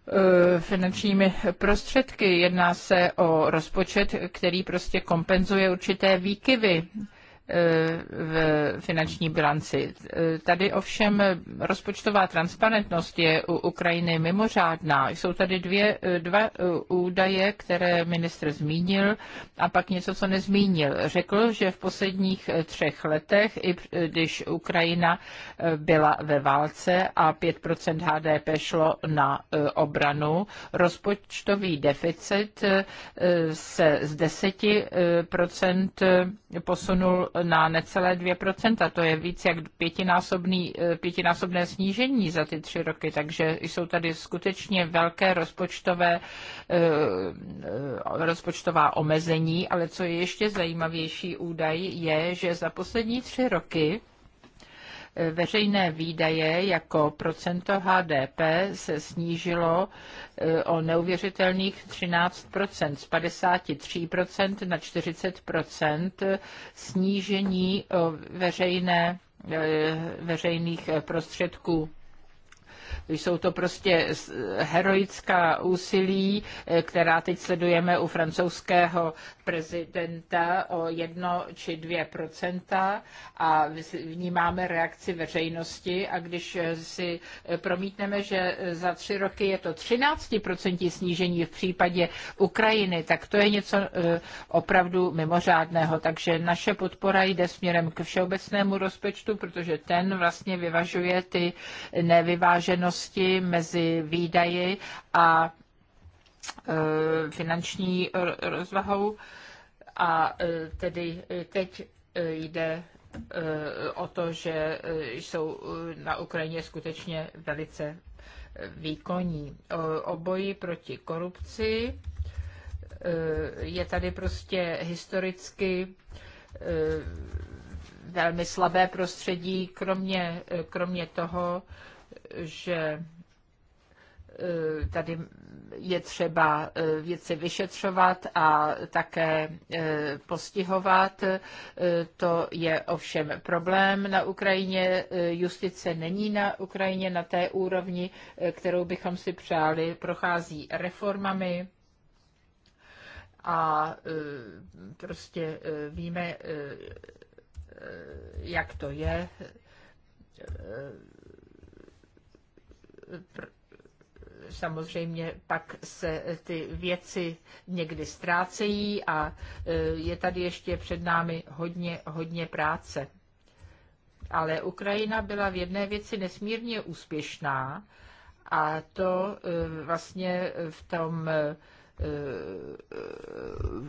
Eh, finančními prostředky. Jedná se o rozpočet, který prostě kompenzuje určité výkyvy Eh, v finanční bilanci. Eh, tady ovšem rozpočtová transparentnost je u Ukrajiny mimořádná. Jsou tady dvě, eh, dva údaje, které ministr zmínil a pak něco, co nezmínil. Řekl, že v posledních třech letech, i když Ukrajina byla ve válce a 5% HDP šlo na obranu, rozpočtový deficit se z 10% posunul na necelé 2%. To je víc jak pětinásobný, eh, pětinásobné snížení za ty tři roky, takže jsou tady skutečně velké rozpočtové, eh, eh, rozpočtová omezení, ale co je ještě zajímavější údaj, je, že za poslední tři roky Veřejné výdaje jako procento HDP se snížilo eh, o neuvěřitelných 13 z 53 na 40 snížení veřejné eh, veřejných prostředků jsou to prostě heroická úsilí, eh, která teď sledujeme u francouzského prezidenta o jedno či dvě procenta a vnímáme reakci veřejnosti a když eh, si eh, promítneme, že za tři roky je to 13% snížení v případě Ukrajiny, tak to je něco opravdu mimořádného. Takže naše podpora jde směrem k všeobecnému rozpočtu, protože ten vlastně vyvažuje ty nevyvážené rovnosti mezi výdaji a e, finanční rozvahou. A e, tedy teď e, jde o to, že jsou na Ukrajině skutečně velice výkonní. Obojí proti korupci je tady prostě historicky velmi slabé prostředí, kromě, kromě toho, že eh, tady je třeba eh, věci vyšetřovat a také eh, postihovat. To je ovšem problém na Ukrajině. Justice není na Ukrajině na té úrovni, kterou bychom si přáli. Prochází reformami a prostě víme, jak to je samozřejmě pak se ty věci někdy ztrácejí a e, je tady ještě před námi hodně, hodně práce. Ale Ukrajina byla v jedné věci nesmírně úspěšná a to e, vlastně v tom e,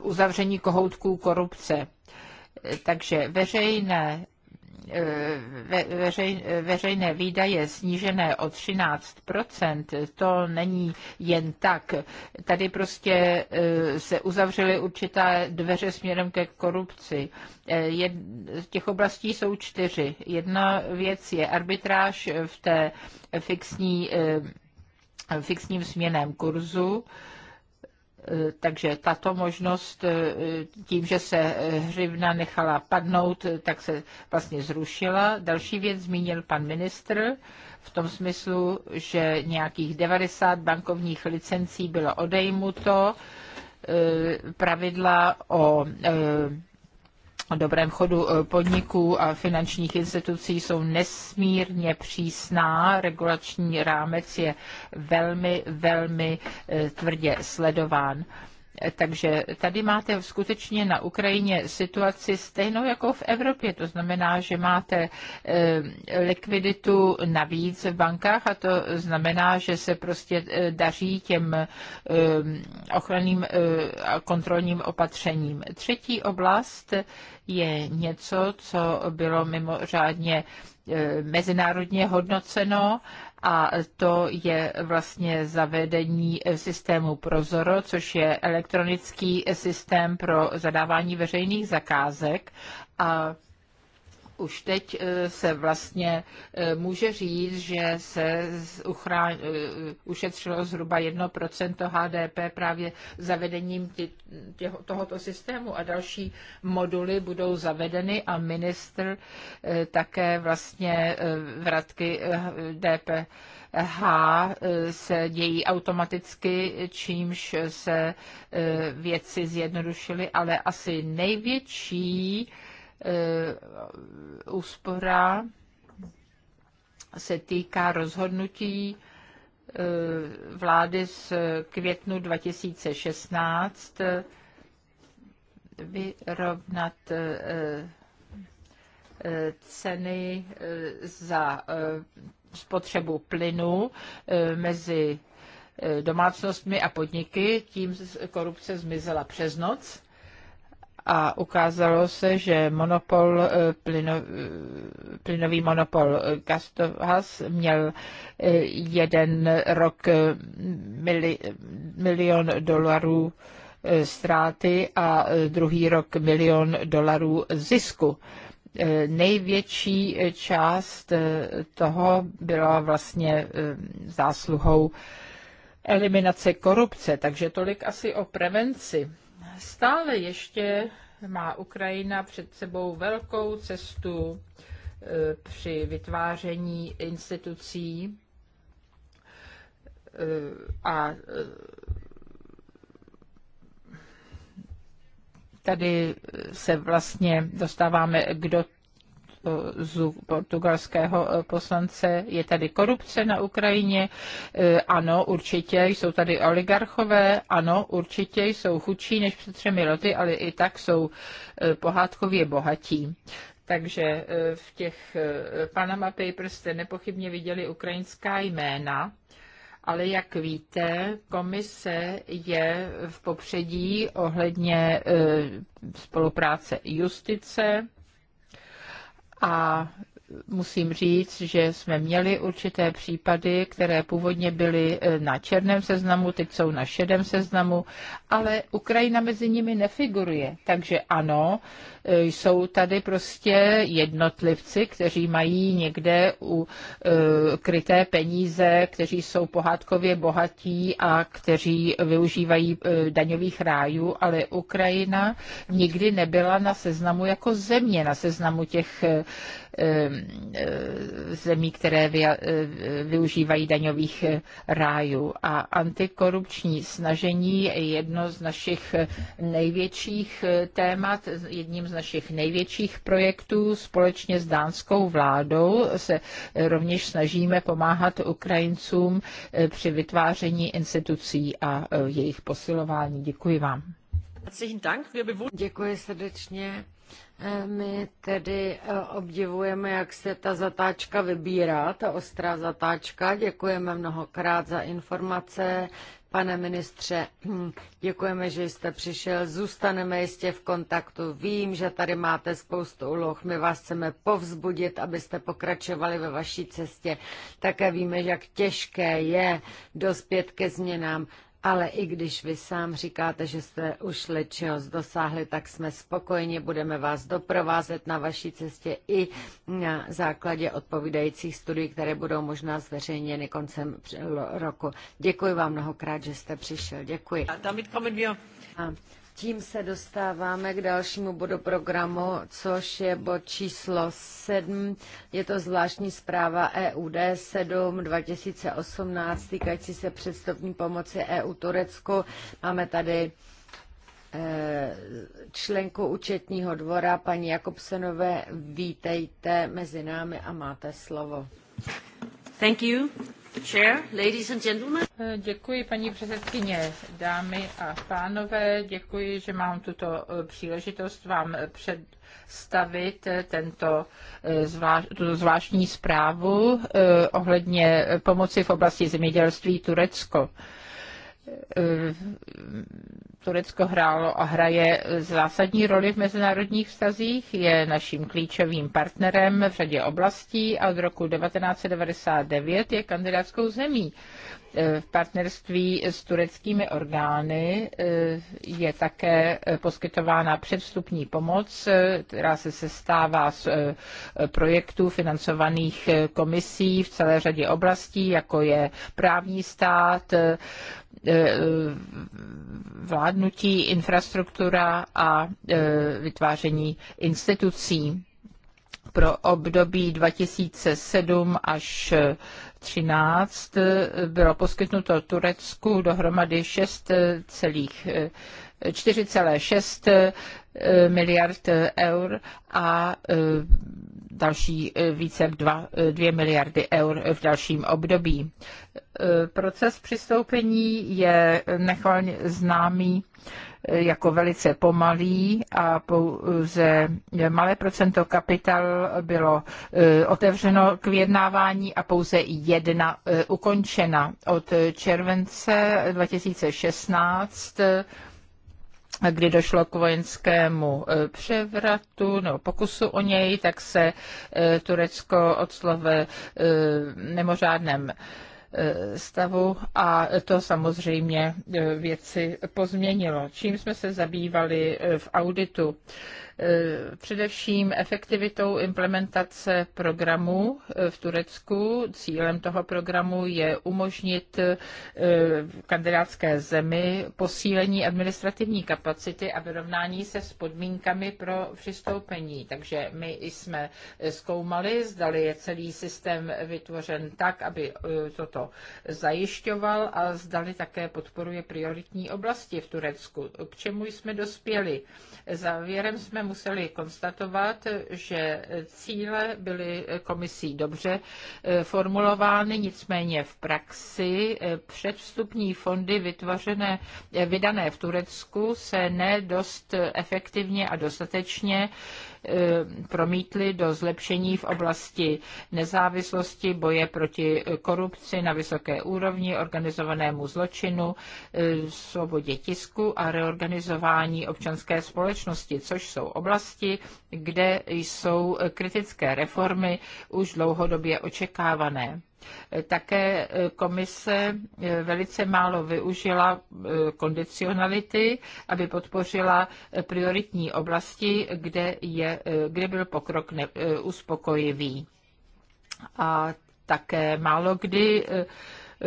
uzavření kohoutků korupce. Takže veřejné veřej, veřejné výdaje snížené o 13 to není jen tak. Tady prostě e, se uzavřely určité dveře směrem ke korupci. E, jed, těch oblastí jsou čtyři. Jedna věc je arbitráž v té fixní, e, fixním směném kurzu Eh, takže tato možnost, eh, tím, že se eh, hřivna nechala padnout, tak se vlastně zrušila. Další věc zmínil pan ministr v tom smyslu, že nějakých 90 bankovních licencí bylo odejmuto, pravidla o o dobrém chodu e, podniků a finančních institucí jsou nesmírně přísná. Regulační rámec je velmi, velmi e, tvrdě sledován. Takže tady máte skutečně na Ukrajině situaci stejnou jako v Evropě. To znamená, že máte eh, likviditu navíc v bankách a to znamená, že se prostě eh, daří těm eh, ochranným a kontrolním opatřením. Třetí oblast je něco, co bylo mimořádně mezinárodně hodnoceno a to je vlastně zavedení systému Prozoro, což je elektronický systém pro zadávání veřejných zakázek a už teď eh, se vlastně eh, může říct, že se uchrán, eh, ušetřilo zhruba 1% HDP právě zavedením tohoto systému a další moduly budou zavedeny a ministr také vlastně vratky DP. H se dějí automaticky, čímž se věci zjednodušily, ale asi největší Eh, úspora se týká rozhodnutí eh, vlády z květnu 2016 eh, vyrovnat ceny za spotřebu plynu mezi domácnostmi a podniky. Tím korupce zmizela přes noc a ukázalo se, že monopol, eh, plyno, eh, plynový monopol eh, Gastohas měl jeden rok mili, milion dolarů ztráty a druhý rok milion dolarů zisku největší část toho byla vlastně zásluhou eliminace korupce. Takže tolik asi o prevenci. Stále ještě má Ukrajina před sebou velkou cestu e, při vytváření institucí e, a e, tady se vlastně dostáváme k do portugalského eh, poslance. Je tady korupce na Ukrajině? Eh, ano, určitě. Jsou tady oligarchové? Ano, určitě. Jsou chudší než před třemi lety, ale i tak jsou eh, pohádkově bohatí. Takže v těch Panama Papers jste nepochybně viděli ukrajinská jména, ale jak víte, komise je v popředí ohledně spolupráce justice a musím říct, že jsme měli určité případy, které původně byly eh, na černém seznamu, teď jsou na šedém seznamu, ale Ukrajina mezi nimi nefiguruje. Takže ano, eh, jsou tady prostě jednotlivci, kteří mají někde u eh, kryté peníze, kteří jsou pohádkově bohatí a kteří využívají daňových rájů, ale Ukrajina nikdy nebyla na seznamu jako země, na seznamu těch Eh, zemí, které eh, využívají daňových eh, rájů. A antikorupční snažení je jedno z našich největších témat, jedním z našich největších projektů. Společně s dánskou vládou se rovněž snažíme pomáhat Ukrajincům při vytváření institucí a jejich posilování. Děkuji vám. Děkuji srdečně. Eh, my tedy eh, obdivujeme, jak se ta zatáčka vybírá, ta ostrá zatáčka. Děkujeme mnohokrát za informace. Pane ministře, hm, děkujeme, že jste přišel. Zůstaneme jistě v kontaktu. Vím, že tady máte spoustu úloh. My vás chceme povzbudit, abyste pokračovali ve vaší cestě. Také víme, jak těžké je dospět ke změnám. Ale i když vy sám říkáte, že jste už čeho dosáhli, tak jsme spokojeni, budeme vás doprovázet na vaší cestě i na základě odpovídajících studií, které budou možná zveřejněny koncem roku. Děkuji vám mnohokrát, že jste přišel. Děkuji. A tím se dostáváme k dalšímu bodu programu, což je bod číslo 7. Je to zvláštní zpráva EUD 7 2018 týkající se předstupní pomoci EU Turecku. Máme tady eh, členku účetního dvora, paní Jakobsenové. Vítejte mezi námi a máte slovo. Thank you. Eh, děkuji, paní předsedkyně, dámy a pánové. Děkuji, že mám tuto eh, příležitost vám eh, představit tento tuto zvláštní zprávu ohledně pomoci v oblasti zemědělství Turecko. Eh, Turecko hrálo a hraje zásadní roli v mezinárodních vztazích, je naším klíčovým partnerem v řadě oblastí a od roku 1999 je kandidátskou zemí. Eh, v partnerství s tureckými orgány eh, je také eh, poskytována předvstupní pomoc, která se sestává z projektů financovaných komisí v celé řadě oblastí, jako je právní stát, vládnutí, infrastruktura a vytváření institucí pro období 2007 až 2013 eh, bylo poskytnuto Turecku dohromady 6 eh, celých 4,6 eh, miliard eur a další e, více jak 2, 2 e, miliardy eur v dalším období. E, proces přistoupení je nechvalně známý jako velice pomalý a pouze malé procento kapital bylo otevřeno k vyjednávání a pouze jedna ukončena. Od července 2016 kdy došlo k vojenskému e, převratu nebo pokusu o něj, tak se e, Turecko odstlo ve nemořádném e, stavu a to samozřejmě věci pozměnilo. Čím jsme se zabývali v auditu? Eh, především efektivitou implementace programu eh, v Turecku. Cílem toho programu je umožnit eh, kandidátské zemi posílení administrativní kapacity a vyrovnání se s podmínkami pro přistoupení. Takže my jsme zkoumali, zdali je celý systém vytvořen tak, aby toto zajišťoval a zdali také podporuje prioritní oblasti v Turecku. K čemu jsme dospěli? Závěrem jsme museli konstatovat, že cíle byly komisí dobře eh, formulovány, nicméně v praxi eh, předvstupní fondy vytvořené, eh, vydané v Turecku se nedost efektivně a dostatečně E, promítli do zlepšení v oblasti nezávislosti, boje proti korupci na vysoké úrovni, organizovanému zločinu, e, svobodě tisku a reorganizování občanské společnosti, což jsou oblasti, kde jsou kritické reformy už dlouhodobě očekávané. Také e, komise e, velice málo využila e, kondicionality, aby podpořila prioritní oblasti, kde, je, kde byl pokrok ne, uspokojivý. A také málo kdy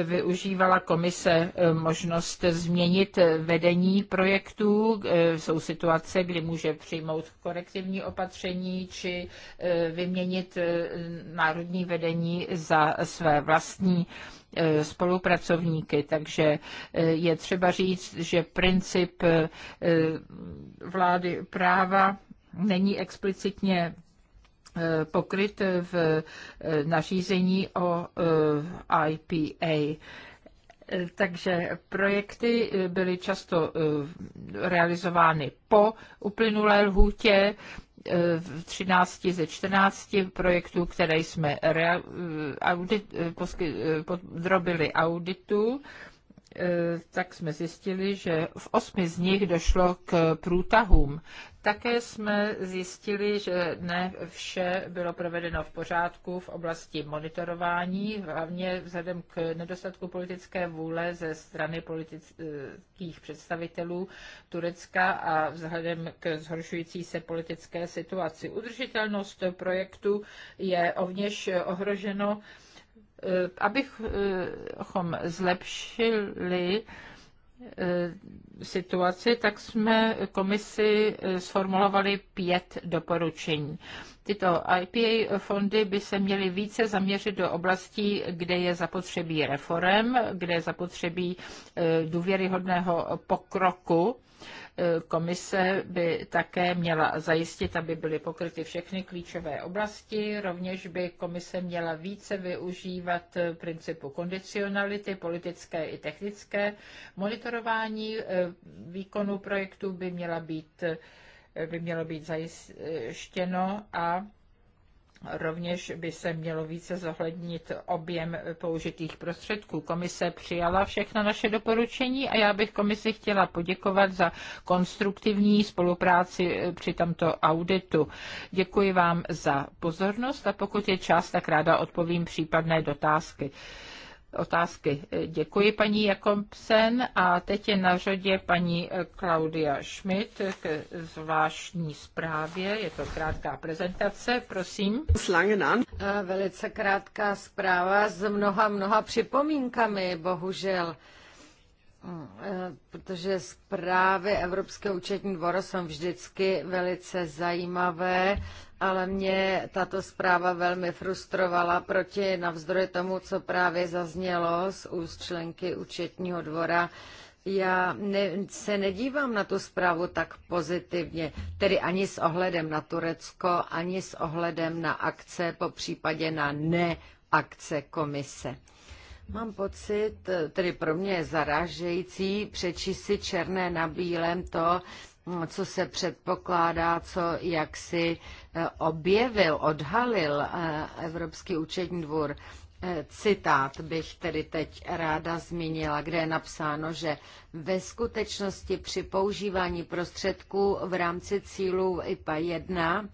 využívala komise eh, možnost změnit vedení projektů. Eh, jsou situace, kdy může přijmout korektivní opatření či eh, vyměnit národní vedení za své vlastní spolupracovníky. Takže je třeba říct, že princip vlády práva není explicitně pokryt v eh, nařízení o eh, IPA. Takže projekty eh, byly často realizovány po uplynulé lhůtě, v 13 ze 14 projektů, které jsme audit, podrobili auditu, E, tak jsme zjistili, že v osmi z nich došlo k průtahům. Také jsme zjistili, že ne vše bylo provedeno v pořádku v oblasti monitorování, hlavně vzhledem k nedostatku politické vůle ze strany politických představitelů Turecka a vzhledem k zhoršující se politické situaci. Udržitelnost projektu je ovněž ohroženo Eh, abychom eh, zlepšili eh, situaci, tak jsme komisi sformulovali pět doporučení. Tyto IPA fondy by se měly více zaměřit do oblastí, kde je zapotřebí reform, kde je zapotřebí důvěryhodného pokroku Komise by také měla zajistit, aby byly pokryty všechny klíčové oblasti. Rovněž by komise měla více využívat principu kondicionality, politické i technické. Monitorování eh, výkonu projektu by, měla být, eh, by mělo být zajištěno a Rovněž by se mělo více zohlednit objem použitých prostředků. Komise přijala všechna naše doporučení a já bych komisi chtěla poděkovat za konstruktivní spolupráci eh, při tomto auditu. Děkuji vám za pozornost a pokud je čas, tak ráda odpovím případné dotázky otázky. Děkuji paní Jakobsen a teď je na řadě paní Claudia Schmidt k zvláštní zprávě. Je to krátká prezentace, prosím. Eh, velice krátká zpráva s mnoha, mnoha připomínkami, bohužel protože zprávy Evropského účetní dvora jsou vždycky velice zajímavé, ale mě tato zpráva velmi frustrovala proti navzdory tomu, co právě zaznělo z úst členky účetního dvora. Já ne, se nedívám na tu zprávu tak pozitivně, tedy ani s ohledem na Turecko, ani s ohledem na akce, po případě na neakce komise. Mám pocit, tedy pro mě je zarážející přečíst si černé na bílém to, co se předpokládá, co jak si eh, objevil, odhalil eh, Evropský účetní dvůr. Eh, citát bych tedy teď ráda zmínila, kde je napsáno, že ve skutečnosti při používání prostředků v rámci cílů IPA 1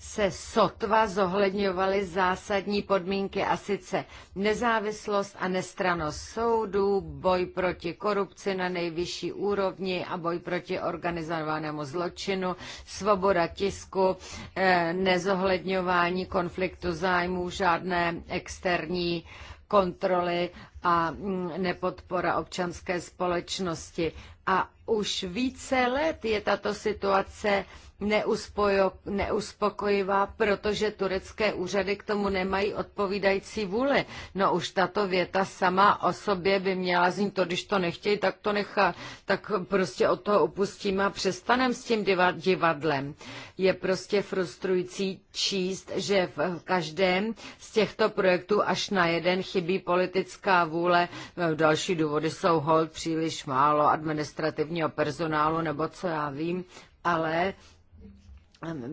se sotva zohledňovaly zásadní podmínky a sice nezávislost a nestranost soudů, boj proti korupci na nejvyšší úrovni a boj proti organizovanému zločinu, svoboda tisku, eh, nezohledňování konfliktu zájmů, žádné externí kontroly a mm, nepodpora občanské společnosti. A už více let je tato situace neuspojo, neuspokojivá, protože turecké úřady k tomu nemají odpovídající vůli. No už tato věta sama o sobě by měla znít to, když to nechtějí, tak to nechá, tak prostě od toho opustíme a přestaneme s tím divadlem. Je prostě frustrující číst, že v každém z těchto projektů až na jeden chybí politická vůle. Další důvody jsou hold příliš málo administrativní zdravotního personálu, nebo co já vím, ale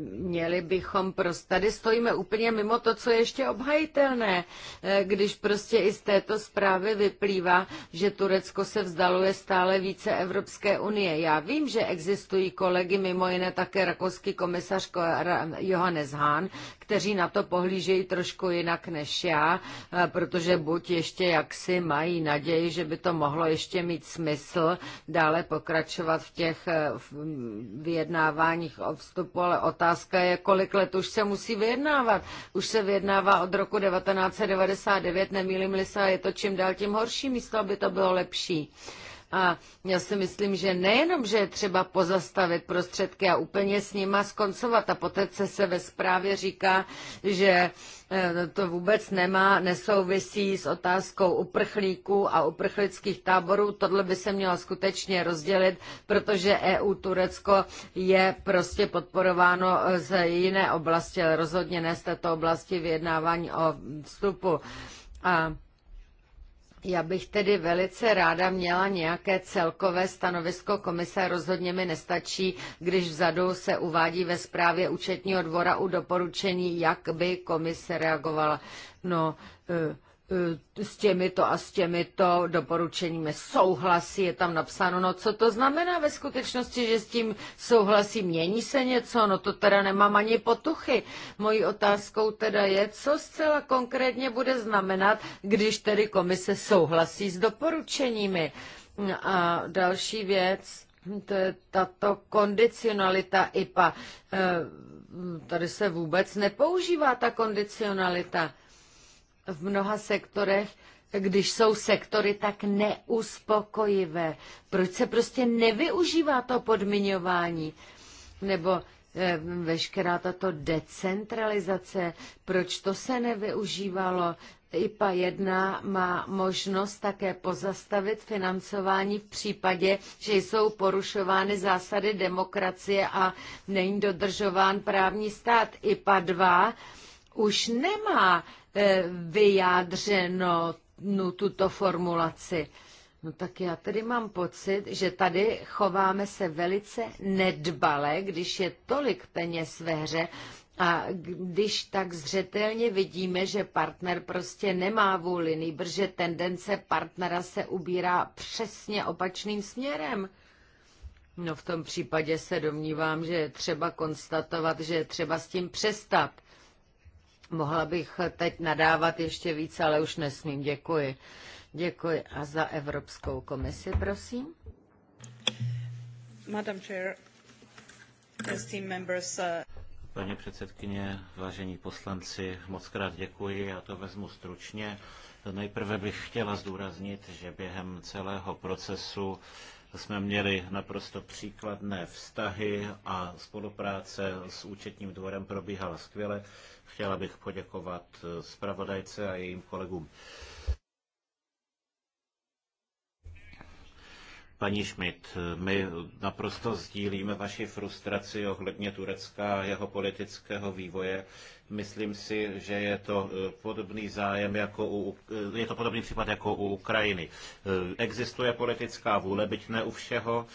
Měli bychom prostě, tady stojíme úplně mimo to, co je ještě obhajitelné, eh, když prostě i z této zprávy vyplývá, že Turecko se vzdaluje stále více Evropské unie. Já vím, že existují kolegy, mimo jiné také rakouský komisař Johannes Hahn, kteří na to pohlížejí trošku jinak než já, eh, protože buď ještě jaksi mají naději, že by to mohlo ještě mít smysl dále pokračovat v těch eh, vyjednáváních o vstupu, ale ale otázka je, kolik let už se musí vyjednávat. Už se vyjednává od roku 1999, nemýlím li se, a je to čím dál tím horší, místo aby to bylo lepší. Uh, a já si myslím, že nejenom, že je třeba pozastavit prostředky a úplně s nima skoncovat a poté se, se ve zprávě říká, že eh, to vůbec nemá, nesouvisí s otázkou uprchlíků a uprchlických táborů. Tohle by se mělo skutečně rozdělit, protože EU Turecko je prostě podporováno eh, z jiné oblasti, ale rozhodně ne z této oblasti vyjednávání o vstupu. A já bych tedy velice ráda měla nějaké celkové stanovisko komise. Rozhodně mi nestačí, když vzadu se uvádí ve zprávě účetního dvora u doporučení, jak by komise reagovala. No, eh, E, s těmito a s těmito doporučeními souhlasí, je tam napsáno, no co to znamená ve skutečnosti, že s tím souhlasí, mění se něco, no to teda nemám ani potuchy. Mojí otázkou teda je, co zcela konkrétně bude znamenat, když tedy komise souhlasí s doporučeními. A další věc, to je tato kondicionalita IPA. E, tady se vůbec nepoužívá ta kondicionalita v mnoha sektorech, když jsou sektory tak neuspokojivé? Proč se prostě nevyužívá to podmiňování? Nebo eh, veškerá tato decentralizace, proč to se nevyužívalo? IPA 1 má možnost také pozastavit financování v případě, že jsou porušovány zásady demokracie a není dodržován právní stát. IPA 2 už nemá eh, vyjádřeno no, tuto formulaci. No tak já tedy mám pocit, že tady chováme se velice nedbale, když je tolik peněz ve hře a když tak zřetelně vidíme, že partner prostě nemá vůli, nejbrže tendence partnera se ubírá přesně opačným směrem. No v tom případě se domnívám, že je třeba konstatovat, že je třeba s tím přestat Mohla bych teď nadávat ještě více, ale už nesmím. Děkuji. Děkuji. A za Evropskou komisi, prosím. Madam Chair, esteemed members, uh, Paní předsedkyně, vážení poslanci, moc krát děkuji, já to vezmu stručně. Nejprve bych chtěla zdůraznit, že během celého procesu jsme měli naprosto příkladné vztahy a spolupráce s účetním dvorem probíhala skvěle. Chtěla bych poděkovat eh, zpravodajce a jejím kolegům. Paní Schmidt, my naprosto sdílíme vaši frustraci ohledně Turecka a jeho politického vývoje. Myslím si, že je to eh, podobný zájem jako u, eh, je to podobný případ jako u Ukrajiny. Eh, existuje politická vůle, byť ne u všeho,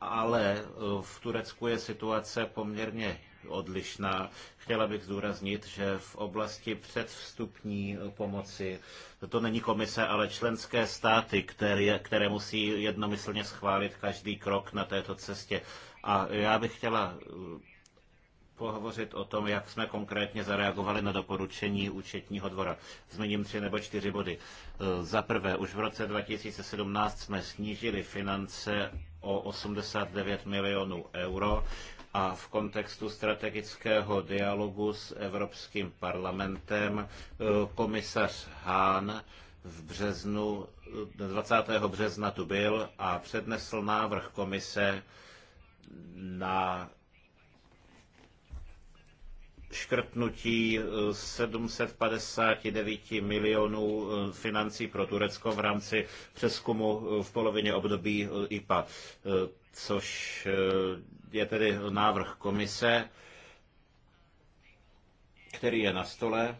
ale v Turecku je situace poměrně odlišná. Chtěla bych zdůraznit, že v oblasti předvstupní pomoci to není komise, ale členské státy, které, které musí jednomyslně schválit každý krok na této cestě. A já bych chtěla eh, pohovořit o tom, jak jsme konkrétně zareagovali na doporučení účetního dvora. Zmíním tři nebo čtyři body. Eh, za prvé, už v roce 2017 jsme snížili finance o 89 milionů euro, a v kontextu strategického dialogu s Evropským parlamentem eh, komisař Hahn v březnu, eh, 20. března tu byl a přednesl návrh komise na škrtnutí 759 eh, milionů financí pro Turecko v rámci přeskumu v polovině období IPA což eh, je tedy návrh komise, který je na stole.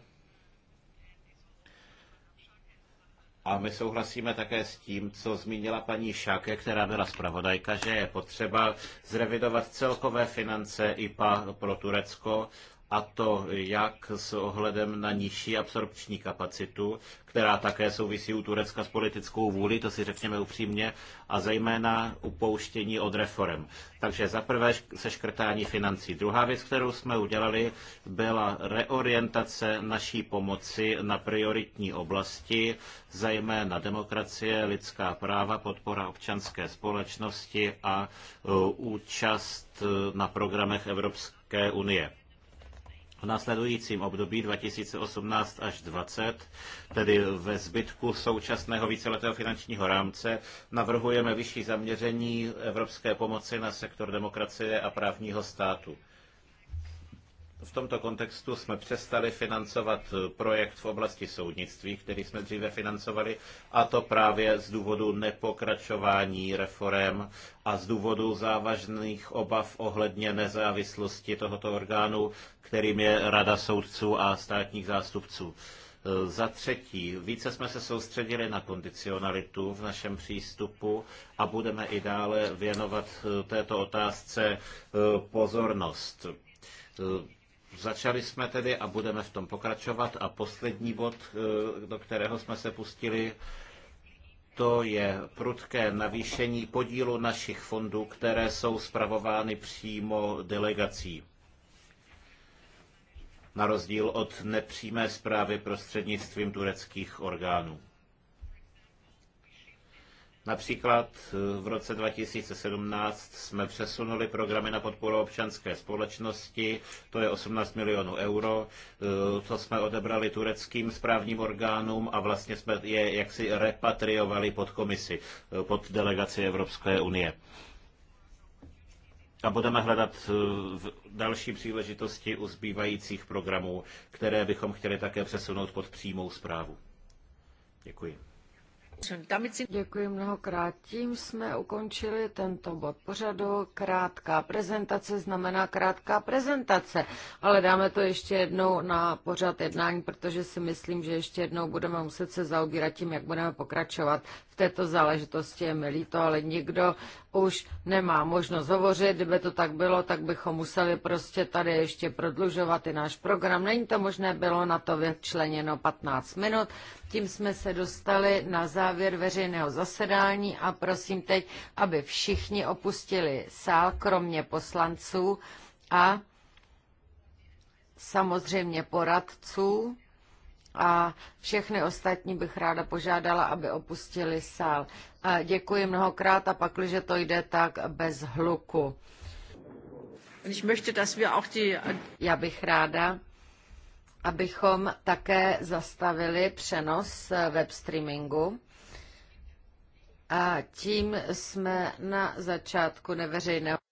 A my souhlasíme také s tím, co zmínila paní Šáke, která byla zpravodajka, že je potřeba zrevidovat celkové finance IPA pro Turecko a to jak s ohledem na nižší absorpční kapacitu, která také souvisí u Turecka s politickou vůli, to si řekněme upřímně, a zejména upouštění od reform. Takže za prvé seškrtání financí. Druhá věc, kterou jsme udělali, byla reorientace naší pomoci na prioritní oblasti, zejména demokracie, lidská práva, podpora občanské společnosti a e, účast e, na programech Evropské Evropské unie v následujícím období 2018 až 2020, tedy ve zbytku současného víceletého finančního rámce, navrhujeme vyšší zaměření evropské pomoci na sektor demokracie a právního státu. V tomto kontextu jsme přestali financovat projekt v oblasti soudnictví, který jsme dříve financovali, a to právě z důvodu nepokračování reform a z důvodu závažných obav ohledně nezávislosti tohoto orgánu, kterým je Rada soudců a státních zástupců. Za třetí, více jsme se soustředili na kondicionalitu v našem přístupu a budeme i dále věnovat této otázce pozornost. Začali jsme tedy a budeme v tom pokračovat. A poslední bod, eh, do kterého jsme se pustili, to je prudké navýšení podílu našich fondů, které jsou spravovány přímo delegací. Na rozdíl od nepřímé zprávy prostřednictvím tureckých orgánů. Například eh, v roce 2017 jsme přesunuli programy na podporu občanské společnosti, to je 18 milionů euro, co eh, jsme odebrali tureckým správním orgánům a vlastně jsme je jaksi repatriovali pod komisi, eh, pod delegaci Evropské unie. A budeme hledat další příležitosti u zbývajících programů, které bychom chtěli také přesunout pod přímou zprávu. Děkuji. Děkuji mnohokrát. Tím jsme ukončili tento bod pořadu. Krátká prezentace znamená krátká prezentace, ale dáme to ještě jednou na pořad jednání, protože si myslím, že ještě jednou budeme muset se zaobírat tím, jak budeme pokračovat této záležitosti je mi líto, ale nikdo už nemá možnost hovořit. Kdyby to tak bylo, tak bychom museli prostě tady ještě prodlužovat i náš program. Není to možné, bylo na to vyčleněno 15 minut. Tím jsme se dostali na závěr veřejného zasedání a prosím teď, aby všichni opustili sál, kromě poslanců a samozřejmě poradců a všechny ostatní bych ráda požádala, aby opustili sál. děkuji mnohokrát a pak, když to jde tak bez hluku. Já bych ráda, abychom také zastavili přenos eh, web streamingu. A tím jsme na začátku neveřejného